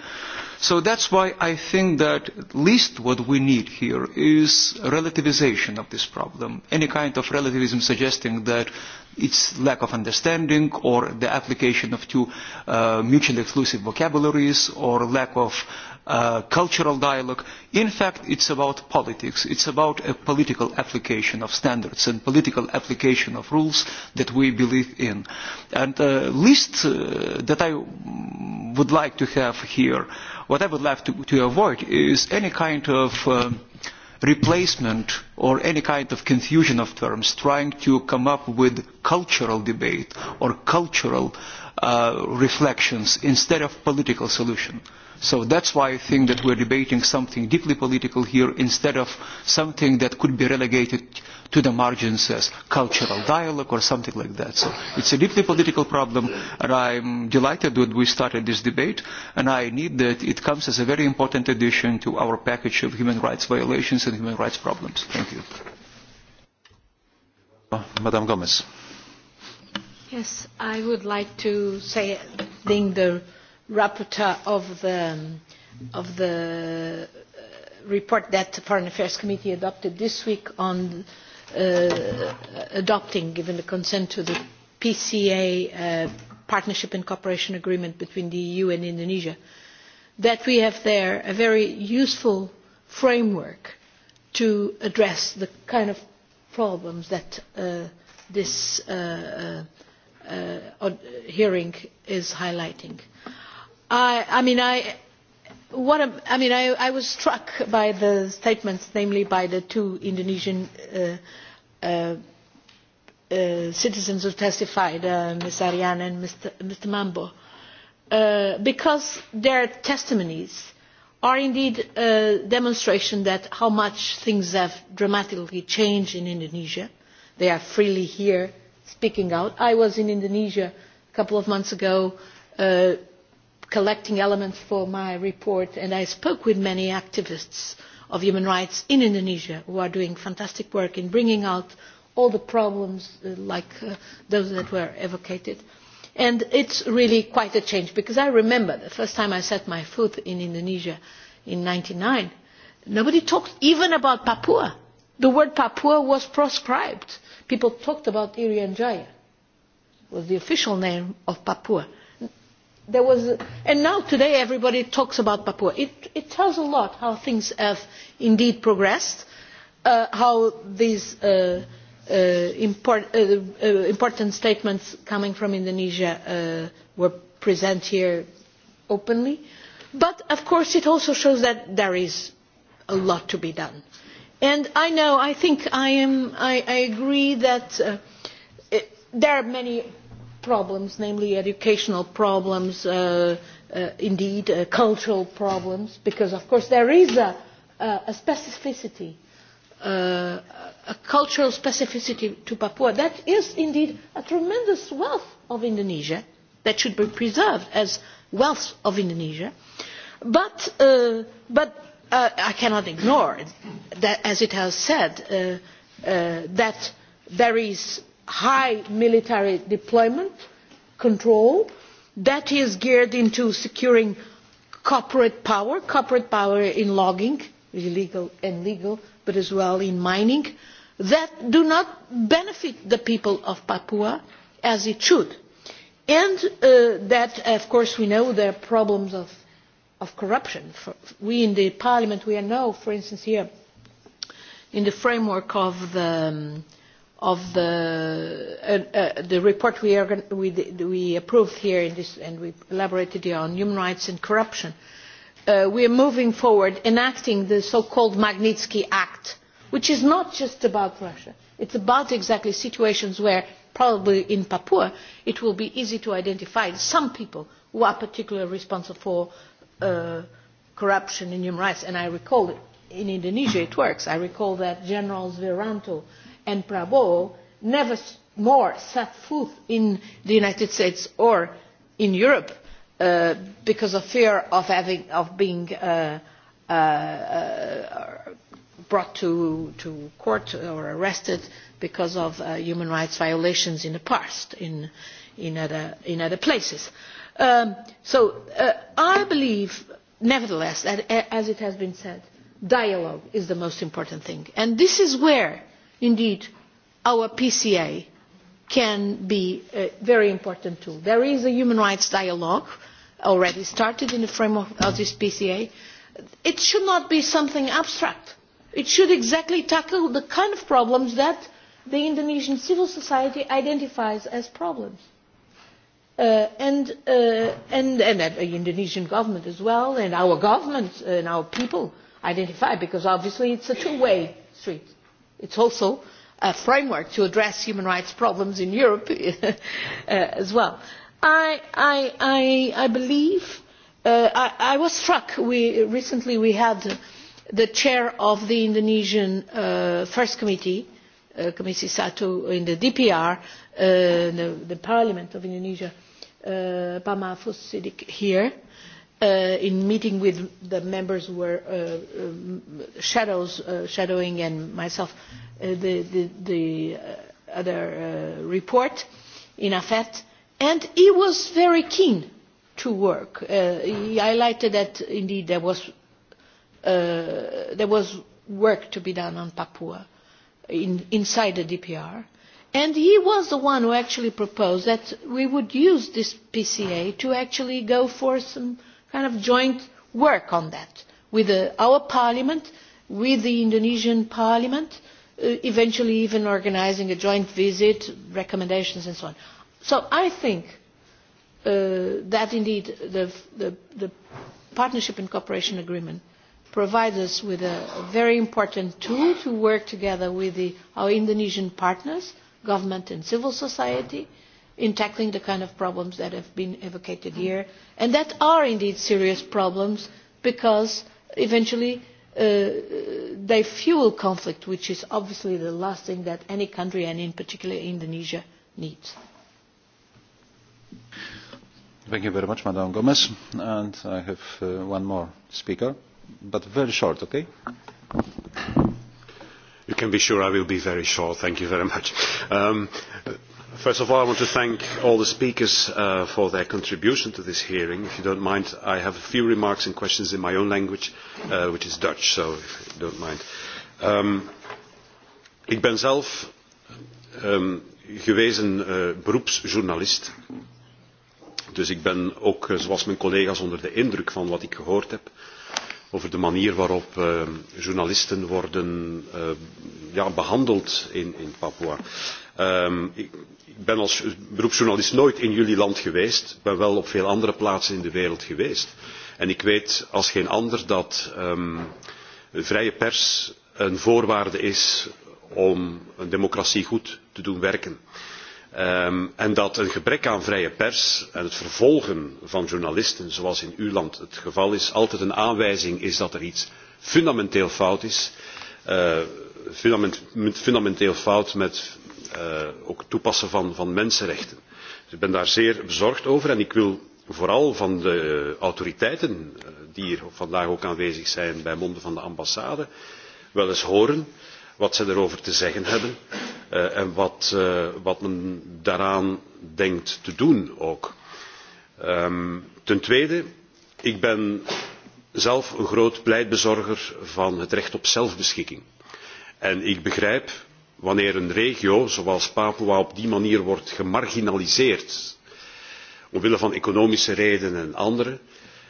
So that's why I think that at least what we need here is relativization of this problem. Any kind of relativism suggesting that its lack of understanding or the application of two uh, mutually exclusive vocabularies or lack of uh, cultural dialogue. In fact, it's about politics. It's about a political application of standards and political application of rules that we believe in. And the uh, list uh, that I would like to have here, what I would like to, to avoid is any kind of uh, replacement or any kind of confusion of terms, trying to come up with cultural debate or cultural uh, reflections instead of political solution. So that's why I think that we're debating something deeply political here instead of something that could be relegated to the margins as cultural dialogue or something like that. So it's a deeply political problem and I'm delighted that we started this debate and I need that it comes as a very important addition to our package of human rights violations and human rights problems. Thank you. Uh, Madam Gomez. Yes, I would like to say, I think the rapporteur of the, of the uh, report that the Foreign Affairs Committee adopted this week on uh, adopting, given the consent to the PCA uh, partnership and cooperation agreement between the EU and Indonesia, that we have there a very useful framework to address the kind of problems that uh, this uh, uh, uh hearing is highlighting. I, I mean, I, what I, mean I, I was struck by the statements, namely by the two Indonesian uh, uh, uh, citizens who testified, uh, Ms. Ariane and Mr. Mr. Mambo, uh, because their testimonies are indeed a uh, demonstration that how much things have dramatically changed in Indonesia. They are freely here speaking out. I was in Indonesia a couple of months ago. Uh, collecting elements for my report and I spoke with many activists of human rights in Indonesia who are doing fantastic work in bringing out all the problems uh, like uh, those that were evocated. And it's really quite a change because I remember the first time I set my foot in Indonesia in 99, nobody talked even about Papua. The word Papua was proscribed. People talked about Irian Jaya, was the official name of Papua there was, and now today everybody talks about Papua. It, it tells a lot how things have indeed progressed, uh, how these uh, uh, import, uh, uh, important statements coming from Indonesia uh, were present here openly. But of course it also shows that there is a lot to be done. And I know, I think I, am, I, I agree that uh, it, there are many problems, namely educational problems, uh, uh, indeed uh, cultural problems, because of course there is a, a, a specificity, uh, a cultural specificity to Papua. That is indeed a tremendous wealth of Indonesia that should be preserved as wealth of Indonesia. But, uh, but uh, I cannot ignore that, as it has said, uh, uh, that there is high military deployment control that is geared into securing corporate power, corporate power in logging, illegal and legal, but as well in mining, that do not benefit the people of Papua as it should. And uh, that, of course, we know there are problems of, of corruption. For, we in the parliament, we know, for instance, here, in the framework of the um, of the, uh, uh, the report we, are, we, we approved here in this, and we elaborated here on human rights and corruption, uh, we are moving forward enacting the so-called Magnitsky Act, which is not just about Russia. It's about exactly situations where, probably in Papua, it will be easy to identify some people who are particularly responsible for uh, corruption and human rights. And I recall, in Indonesia it works, I recall that General Zviranto, and Prabowo never more set foot in the United States or in Europe uh, because of fear of, having, of being uh, uh, uh, brought to, to court or arrested because of uh, human rights violations in the past in, in, other, in other places. Um, so uh, I believe, nevertheless, that, as it has been said, dialogue is the most important thing. And this is where Indeed, our PCA can be a very important tool. There is a human rights dialogue already started in the framework of this PCA. It should not be something abstract. It should exactly tackle the kind of problems that the Indonesian civil society identifies as problems. Uh, and, uh, and, and that the Indonesian government as well, and our government and our people identify, because obviously it's a two-way street. It is also a framework to address human rights problems in Europe *laughs* uh, as well. I, I, I, I believe, uh, I, I was struck, we, recently we had the chair of the Indonesian uh, First Committee, uh, Komisi Satu in the DPR, uh, the, the Parliament of Indonesia, uh, Pama Fusidik here, uh, in meeting with the members who were uh, um, shadows, uh, shadowing and myself, uh, the, the, the uh, other uh, report in AFET, and he was very keen to work. Uh, he highlighted that indeed there was, uh, there was work to be done on Papua in, inside the DPR. And he was the one who actually proposed that we would use this PCA to actually go for some kind of joint work on that with uh, our parliament, with the Indonesian parliament, uh, eventually even organizing a joint visit, recommendations and so on. So I think uh, that indeed the, the, the partnership and cooperation agreement provides us with a very important tool to work together with the, our Indonesian partners, government and civil society, uh, in tackling the kind of problems that have been evocated here, and that are indeed serious problems because eventually uh, they fuel conflict, which is obviously the last thing that any country, and in particular Indonesia, needs. Thank you very much, Madam Gomez. And I have uh, one more speaker, but very short, okay? You can be sure I will be very short. Thank you very much. Um, First of all, I want to thank all the speakers uh, for their contribution to this hearing. If you don't mind, I have a few remarks and questions in my own language, uh, which is Dutch, so if you don't mind. Um, ik ben zelf um, gewezen uh, beroepsjournalist. Dus ik ben ook, uh, zoals mijn collega's, onder de indruk van wat ik gehoord heb over de manier waarop uh, journalisten worden uh, ja, behandeld in, in Papua. Um, ik, ik ben als beroepsjournalist nooit in jullie land geweest. Ik ben wel op veel andere plaatsen in de wereld geweest. En ik weet als geen ander dat um, ehm, een vrije pers een voorwaarde is om een democratie goed te doen werken. Um, en dat een gebrek aan vrije pers en het vervolgen van journalisten, zoals in uw land het geval is, altijd een aanwijzing is dat er iets fundamenteel fout is. Uh, fundament, fundamenteel fout met uh, ook toepassen van, van mensenrechten. Dus ik ben daar zeer bezorgd over en ik wil vooral van de autoriteiten eh, die hier vandaag ook aanwezig zijn bij monden van de ambassade wel eens horen wat ze erover te zeggen hebben uh, en wat, uh, wat men daaraan denkt te doen ook. Um, ten tweede, ik ben zelf een groot pleitbezorger van het recht op zelfbeschikking. En ik begrijp wanneer een regio zoals Papua op die manier wordt gemarginaliseerd, omwille van economische redenen en andere,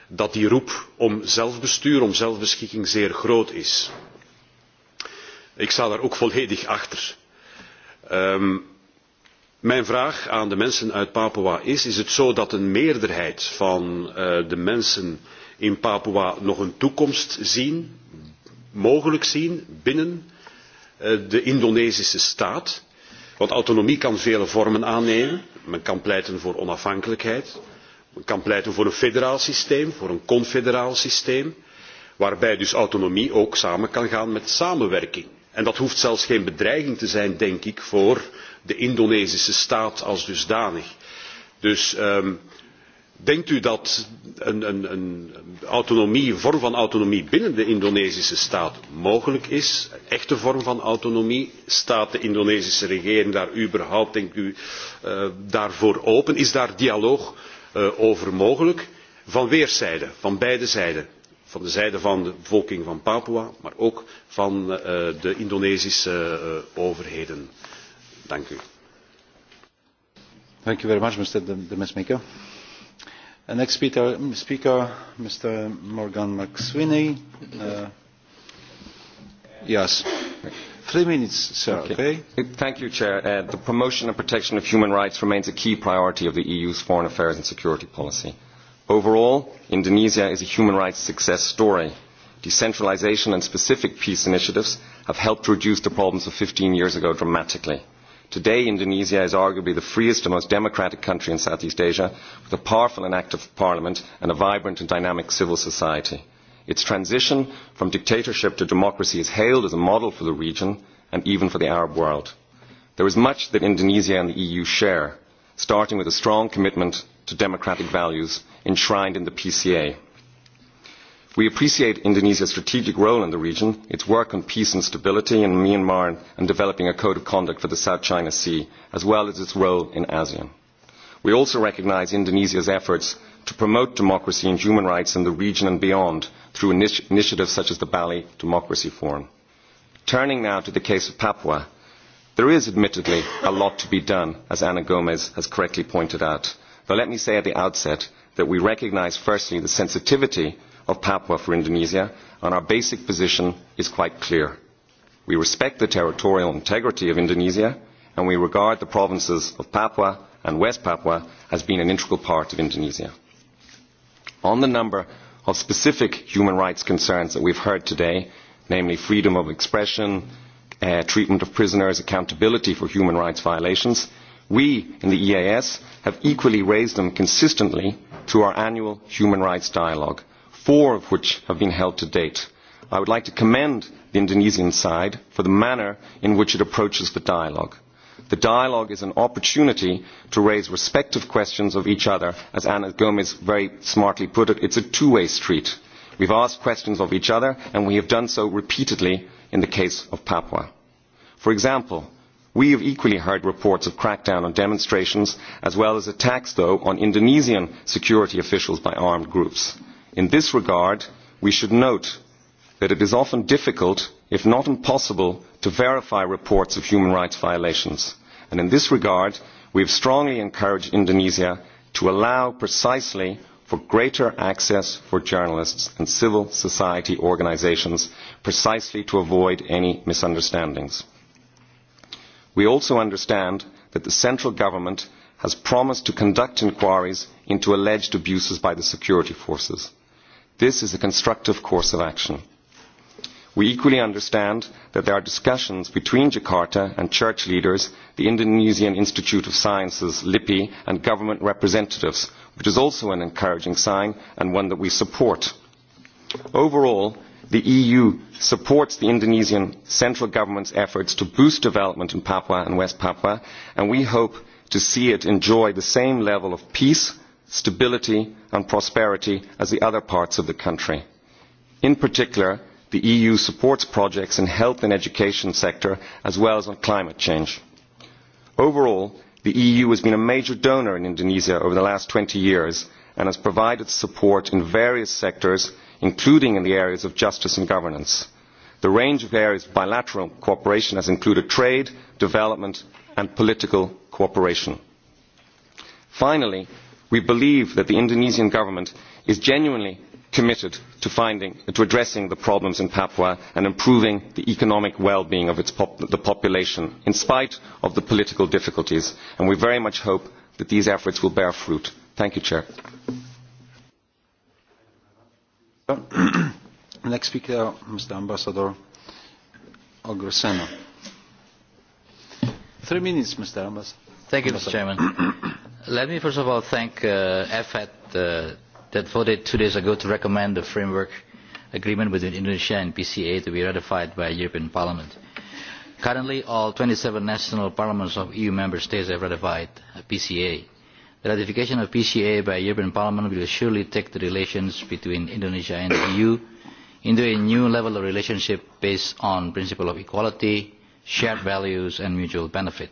dat die roep om zelfbestuur, om zelfbeschikking zeer groot is. Ik sta daar ook volledig achter. Um, mijn vraag aan de mensen uit Papua is, is het zo dat een meerderheid van uh, de mensen in Papua nog een toekomst zien, mogelijk zien, binnen uh, de Indonesische staat? Want autonomie kan vele vormen aannemen. Men kan pleiten voor onafhankelijkheid. Men kan pleiten voor een federaal systeem, voor een confederaal systeem. Waarbij dus autonomie ook samen kan gaan met samenwerking. En dat hoeft zelfs geen bedreiging te zijn, denk ik, voor de Indonesische staat als dusdanig. Dus um, denkt u dat een, een, een, autonomie, een vorm van autonomie binnen de Indonesische staat mogelijk is? Een echte vorm van autonomie? Staat de Indonesische regering daar überhaupt, denk u, uh, daarvoor open? Is daar dialoog uh, over mogelijk? Van weerszijden, van beide zijden van de zijde van de bevolking van Papua, maar ook van uh, de Indonesische uh, overheden. Dank u. Dank u very much, Mr. De, de Mesmaker. The next speaker, speaker, Mr. Morgan McSweeney. Uh, yes. Three minutes, sir. Okay. okay. Thank you, Chair. Uh, the promotion and protection of human rights remains a key priority of the EU's foreign affairs and security policy. Overall, Indonesia is a human rights success story. Decentralization and specific peace initiatives have helped reduce the problems of 15 years ago dramatically. Today, Indonesia is arguably the freest and most democratic country in Southeast Asia, with a powerful and active parliament and a vibrant and dynamic civil society. Its transition from dictatorship to democracy is hailed as a model for the region and even for the Arab world. There is much that Indonesia and the EU share, starting with a strong commitment to democratic values enshrined in the PCA. We appreciate Indonesia's strategic role in the region, its work on peace and stability in Myanmar and developing a code of conduct for the South China Sea, as well as its role in ASEAN. We also recognise Indonesia's efforts to promote democracy and human rights in the region and beyond through initi initiatives such as the Bali Democracy Forum. Turning now to the case of Papua, there is admittedly a lot to be done, as Ana Gomez has correctly pointed out. But let me say at the outset that we recognise firstly the sensitivity of Papua for Indonesia and our basic position is quite clear. We respect the territorial integrity of Indonesia and we regard the provinces of Papua and West Papua as being an integral part of Indonesia. On the number of specific human rights concerns that we've heard today, namely freedom of expression, uh, treatment of prisoners, accountability for human rights violations, We in the EAS have equally raised them consistently to our annual human rights dialogue, four of which have been held to date. I would like to commend the Indonesian side for the manner in which it approaches the dialogue. The dialogue is an opportunity to raise respective questions of each other. As Anna Gomez very smartly put it, it's a two-way street. We've asked questions of each other, and we have done so repeatedly in the case of Papua. For example, We have equally heard reports of crackdown on demonstrations, as well as attacks, though, on Indonesian security officials by armed groups. In this regard, we should note that it is often difficult, if not impossible, to verify reports of human rights violations. And in this regard, we have strongly encouraged Indonesia to allow precisely for greater access for journalists and civil society organisations, precisely to avoid any misunderstandings. We also understand that the central government has promised to conduct inquiries into alleged abuses by the security forces. This is a constructive course of action. We equally understand that there are discussions between Jakarta and church leaders, the Indonesian Institute of Sciences, LIPI, and government representatives, which is also an encouraging sign and one that we support. Overall, The EU supports the Indonesian central government's efforts to boost development in Papua and West Papua, and we hope to see it enjoy the same level of peace, stability and prosperity as the other parts of the country. In particular, the EU supports projects in health and education sector as well as on climate change. Overall, the EU has been a major donor in Indonesia over the last 20 years and has provided support in various sectors including in the areas of justice and governance. The range of areas of bilateral cooperation has included trade, development and political cooperation. Finally, we believe that the Indonesian government is genuinely committed to, finding, to addressing the problems in Papua and improving the economic well-being of its pop, the population in spite of the political difficulties and we very much hope that these efforts will bear fruit. Thank you, Chair. Next speaker, Mr. Ambassador Ogrosena. Three minutes, Mr. Ambassador. Thank you, Mr. Chairman. *clears throat* Let me first of all thank uh, EFET uh, that voted two days ago to recommend the framework agreement between Indonesia and PCA to be ratified by European Parliament. Currently, all 27 national parliaments of EU member states have ratified PCA. The ratification of PCA by European Parliament will surely take the relations between Indonesia and the EU into a new level of relationship based on principle of equality, shared values and mutual benefit.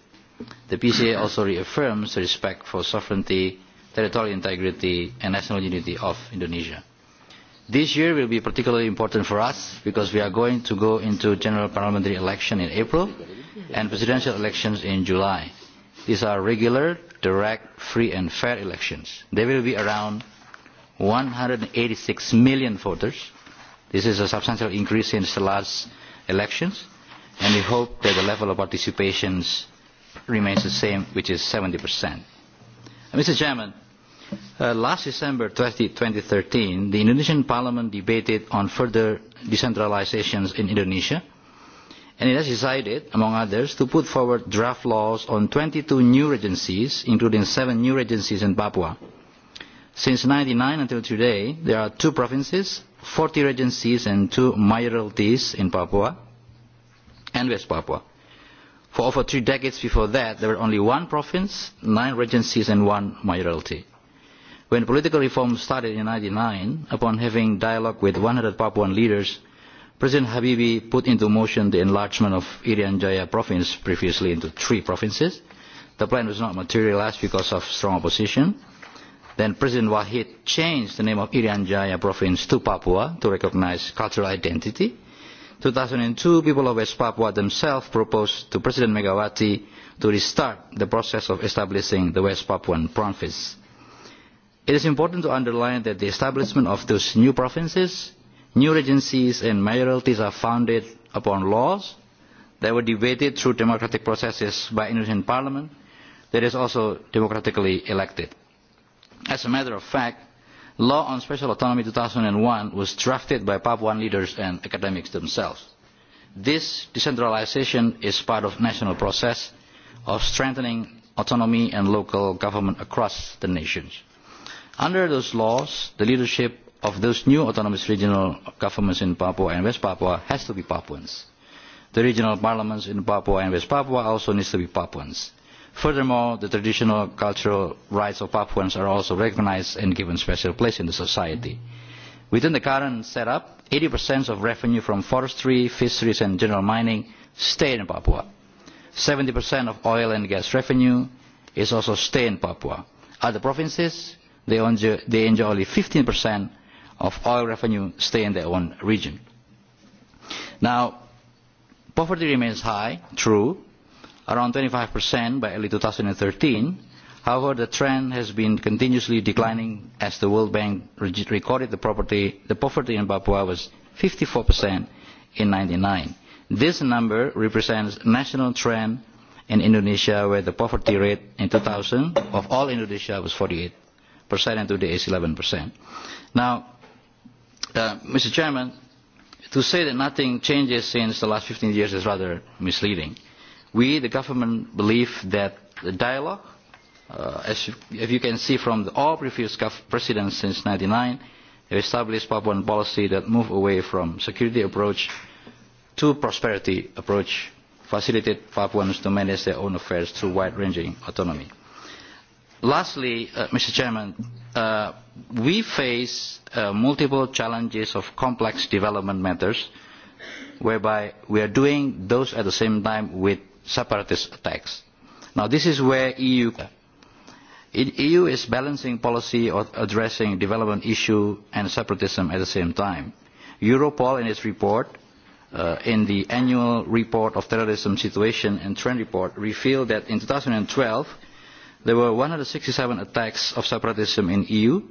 The PCA also reaffirms the respect for sovereignty, territorial integrity and national unity of Indonesia. This year will be particularly important for us because we are going to go into general parliamentary election in April and presidential elections in July. These are regular direct, free and fair elections. There will be around 186 million voters. This is a substantial increase since the last elections and we hope that the level of participation remains the same, which is 70%. Uh, Mr. Chairman, uh, last December 20, 2013, the Indonesian Parliament debated on further decentralizations in Indonesia and it has decided, among others, to put forward draft laws on 22 new agencies, including seven new agencies in Papua. Since 1999 until today, there are two provinces, 40 agencies and two mayoralties in Papua and West Papua. For over three decades before that, there were only one province, nine regencies and one mayoralty. When political reform started in 1999, upon having dialogue with 100 Papuan leaders, President Habibi put into motion the enlargement of Irian Jaya province previously into three provinces. The plan was not materialized because of strong opposition. Then President Wahid changed the name of Irian Jaya province to Papua to recognize cultural identity. 2002, people of West Papua themselves proposed to President Megawati to restart the process of establishing the West Papuan province. It is important to underline that the establishment of those new provinces New regencies and mayoralties are founded upon laws that were debated through democratic processes by Indonesian parliament that is also democratically elected. As a matter of fact, Law on Special Autonomy 2001 was drafted by Papuan leaders and academics themselves. This decentralization is part of national process of strengthening autonomy and local government across the nations. Under those laws, the leadership of those new autonomous regional governments in Papua and West Papua has to be Papuans. The regional parliaments in Papua and West Papua also needs to be Papuans. Furthermore, the traditional cultural rights of Papuans are also recognized and given special place in the society. Within the current setup, 80% of revenue from forestry, fisheries and general mining stay in Papua. 70% of oil and gas revenue is also stay in Papua. Other provinces, they enjoy, they enjoy only of oil revenue stay in their own region. Now, poverty remains high, true, around 25% by early 2013. However, the trend has been continuously declining as the World Bank recorded the, property, the poverty in Papua was 54% in 1999. This number represents national trend in Indonesia where the poverty rate in 2000 of all Indonesia was 48% and today is 11%. Now, Uh, Mr. Chairman, to say that nothing changes since the last 15 years is rather misleading. We, the government, believe that the dialogue, uh, as, you, if you can see from the, all previous presidents since 1999, have established Papuan policy that move away from security approach to prosperity approach, facilitate Papuans to manage their own affairs through wide-ranging autonomy. Lastly, uh, Mr. Chairman, uh, we face uh, multiple challenges of complex development matters, whereby we are doing those at the same time with separatist attacks. Now, this is where EU, it, e EU is balancing policy of addressing development issue and separatism at the same time. Europol, in its report, uh, in the annual report of terrorism situation and trend report, revealed that in 2012, There were 167 attacks of separatism in EU,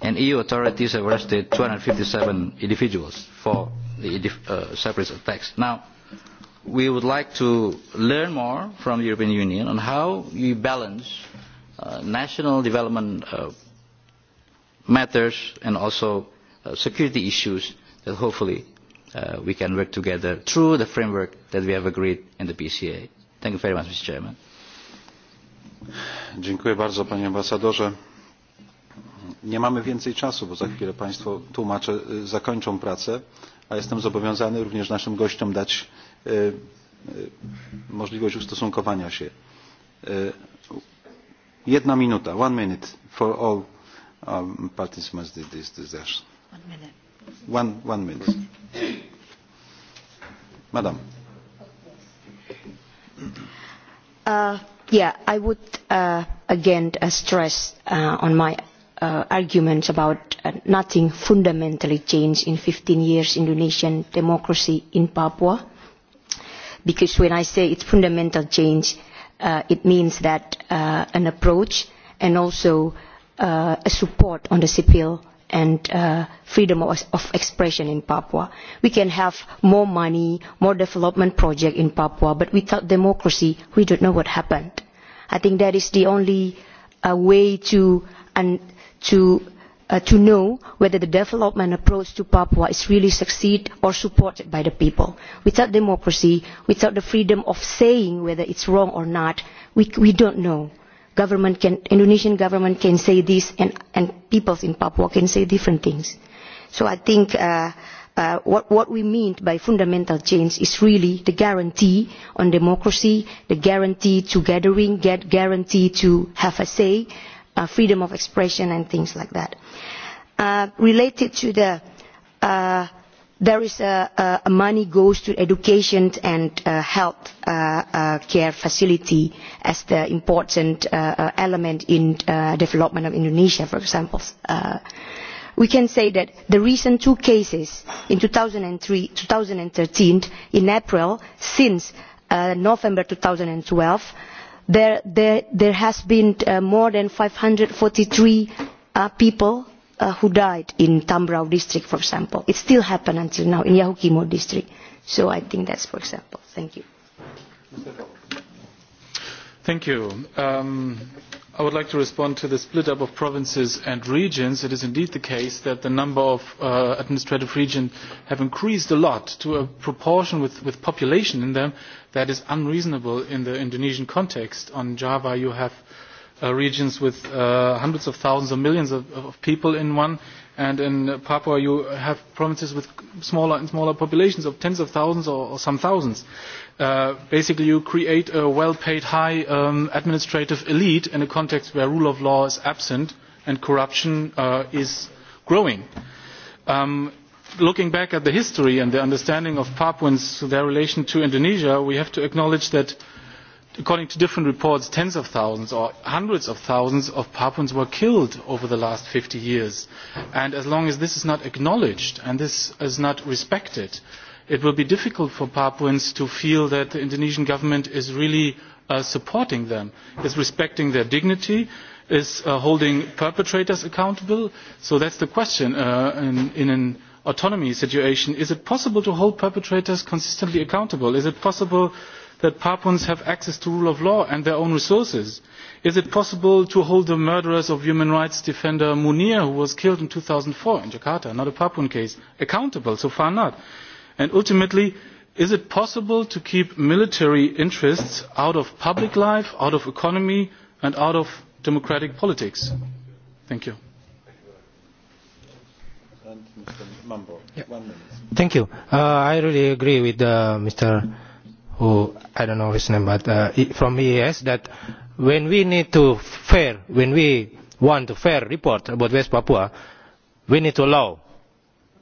and EU authorities have arrested 257 individuals for the uh, separatist attacks. Now, we would like to learn more from the European Union on how you balance uh, national development uh, matters and also uh, security issues that hopefully uh, we can work together through the framework that we have agreed in the PCA. Thank you very much, Mr. Chairman. Dziękuję bardzo panie ambasadorze. Nie mamy więcej czasu, bo za chwilę państwo tłumacze zakończą pracę, a jestem zobowiązany również naszym gościom dać możliwość ustosunkowania się. Jedna minuta, one minute for all um, participants in this discussion. One minute. One, one minute. Madam. Uh, Yeah, I would uh, again uh, stress uh, on my uh, arguments about uh, nothing fundamentally changed in 15 years Indonesian democracy in Papua. Because when I say it's fundamental change, uh, it means that uh, an approach and also uh, a support on the civil and uh, freedom of, of expression in Papua. We can have more money, more development project in Papua, but without democracy, we don't know what happened. I think that is the only uh, way to, and to, uh, to know whether the development approach to Papua is really succeed or supported by the people. Without democracy, without the freedom of saying whether it's wrong or not, we, we don't know government can, Indonesian government can say this and, and people in Papua can say different things. So I think uh, uh, what, what we mean by fundamental change is really the guarantee on democracy, the guarantee to gathering, get guarantee to have a say, uh, freedom of expression and things like that. Uh, related to the uh, there is a, a money goes to education and uh, health uh, uh, care facility as the important uh, uh, element in uh, development of Indonesia, for example. Uh, we can say that the recent two cases in 2003, 2013 in April, since uh, November 2012, there, there, there has been uh, more than 543 uh, people uh, who died in Tambrau district, for example. It still happened until now in Yahukimo district. So I think that's for example. Thank you. Thank you. Um, I would like to respond to the split up of provinces and regions. It is indeed the case that the number of uh, administrative regions have increased a lot to a proportion with, with population in them that is unreasonable in the Indonesian context. On Java, you have uh, regions with uh, hundreds of thousands or millions of, of people in one. And in Papua, you have provinces with smaller and smaller populations of tens of thousands or, or some thousands. Uh, basically, you create a well-paid, high um, administrative elite in a context where rule of law is absent and corruption uh, is growing. Um, looking back at the history and the understanding of Papuans, their relation to Indonesia, we have to acknowledge that according to different reports, tens of thousands or hundreds of thousands of Papuans were killed over the last 50 years. And as long as this is not acknowledged and this is not respected, it will be difficult for Papuans to feel that the Indonesian government is really uh, supporting them, is respecting their dignity, is uh, holding perpetrators accountable. So that's the question. Uh, in, in an autonomy situation, is it possible to hold perpetrators consistently accountable? Is it possible that Papuans have access to rule of law and their own resources? Is it possible to hold the murderers of human rights defender Munir, who was killed in 2004 in Jakarta, not a Papuan case, accountable? So far not. And ultimately, is it possible to keep military interests out of public life, out of economy, and out of democratic politics? Thank you. Thank you. Uh, I really agree with uh, Mr who I don't know his name, but uh, from EAS, that when we need to fair, when we want to fair report about West Papua, we need to allow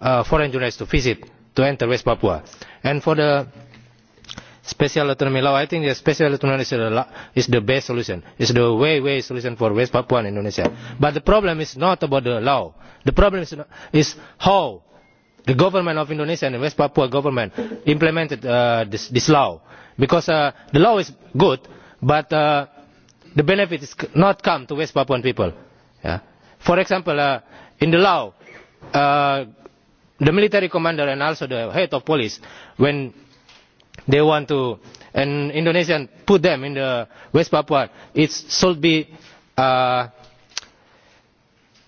uh, foreign journalists to visit, to enter West Papua. And for the special autonomy law, I think the special autonomy is the, is the best solution. It's the way, way solution for West Papua and Indonesia. But the problem is not about the law. The problem is, is how the government of Indonesia and the West Papua government implemented uh, this, this law because uh, the law is good but uh, the benefit is not come to West Papuan people. Yeah. For example, uh, in the law, uh, the military commander and also the head of police, when they want to, and Indonesian put them in the West Papua, it should be uh,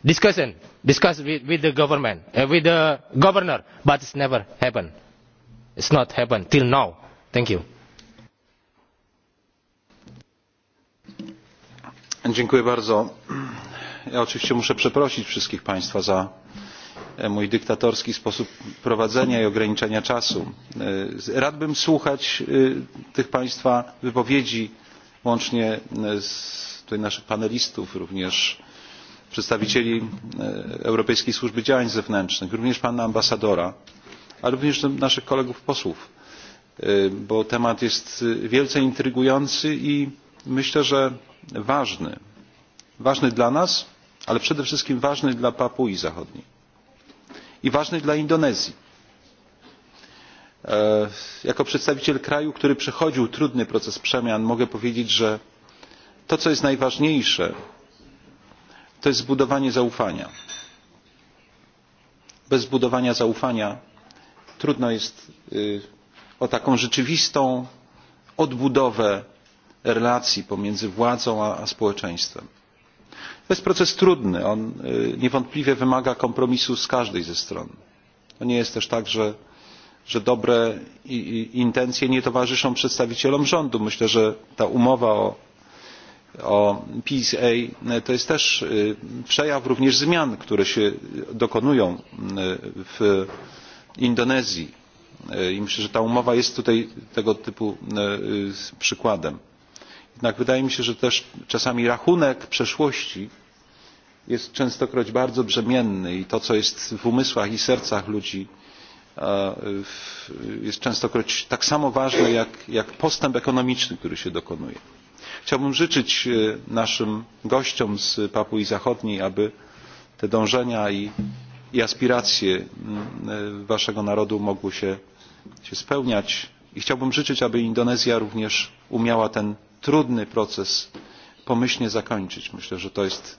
discussion discuss with, with the government, uh, with the governor, but it's never happened. It's not happened till now. Thank you. Dziękuję bardzo. Ja oczywiście muszę przeprosić wszystkich Państwa za e, mój dyktatorski sposób prowadzenia i ograniczenia czasu. E, Radbym słuchać e, tych Państwa wypowiedzi, łącznie z tutaj naszych panelistów również przedstawicieli e, Europejskiej Służby Działań Zewnętrznych, również pana ambasadora, ale również naszych kolegów posłów, e, bo temat jest wielce intrygujący i myślę, że ważny. Ważny dla nas, ale przede wszystkim ważny dla Papui Zachodniej i ważny dla Indonezji e, jako przedstawiciel kraju który przechodził trudny proces przemian mogę powiedzieć że to co jest najważniejsze to jest zbudowanie zaufania. Bez budowania zaufania trudno jest o taką rzeczywistą odbudowę relacji pomiędzy władzą a, społeczeństwem. To jest proces trudny, on niewątpliwie wymaga kompromisu z każdej ze stron. To nie jest też tak, że, że dobre intencje nie towarzyszą przedstawicielom rządu. Myślę, że ta umowa o o PSA to jest też przejaw również zmian, które się dokonują w Indonezji. I myślę, że ta umowa jest tutaj tego typu przykładem. Jednak wydaje mi się, że też czasami rachunek przeszłości jest częstokroć bardzo brzemienny i to, co jest w umysłach i sercach ludzi, jest częstokroć tak samo ważne jak, jak postęp ekonomiczny, który się dokonuje. Chciałbym życzyć e, naszym gościom z Papui Zachodniej, aby te dążenia i, i aspiracje e, waszego narodu mogły się, się spełniać. I chciałbym życzyć, aby Indonezja również umiała ten trudny proces pomyślnie zakończyć. Myślę, że to jest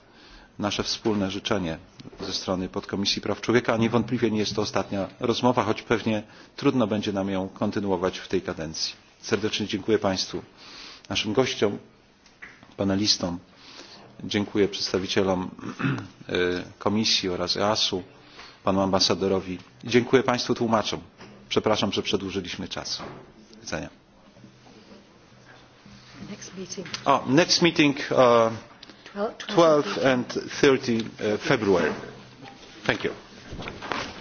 nasze wspólne życzenie ze strony Podkomisji Praw Człowieka, a niewątpliwie nie jest to ostatnia rozmowa, choć pewnie trudno będzie nam ją kontynuować w tej kadencji. Serdecznie dziękuję Państwu, naszym gościom, panelistom. Dziękuję przedstawicielom *clears throat* Komisji oraz EAS-u, panu ambasadorowi. Dziękuję Państwu tłumaczom. Przepraszam, że przedłużyliśmy czas. Do widzenia. Next meeting. Oh, next meeting uh, 12 and 30 uh, February. Thank you.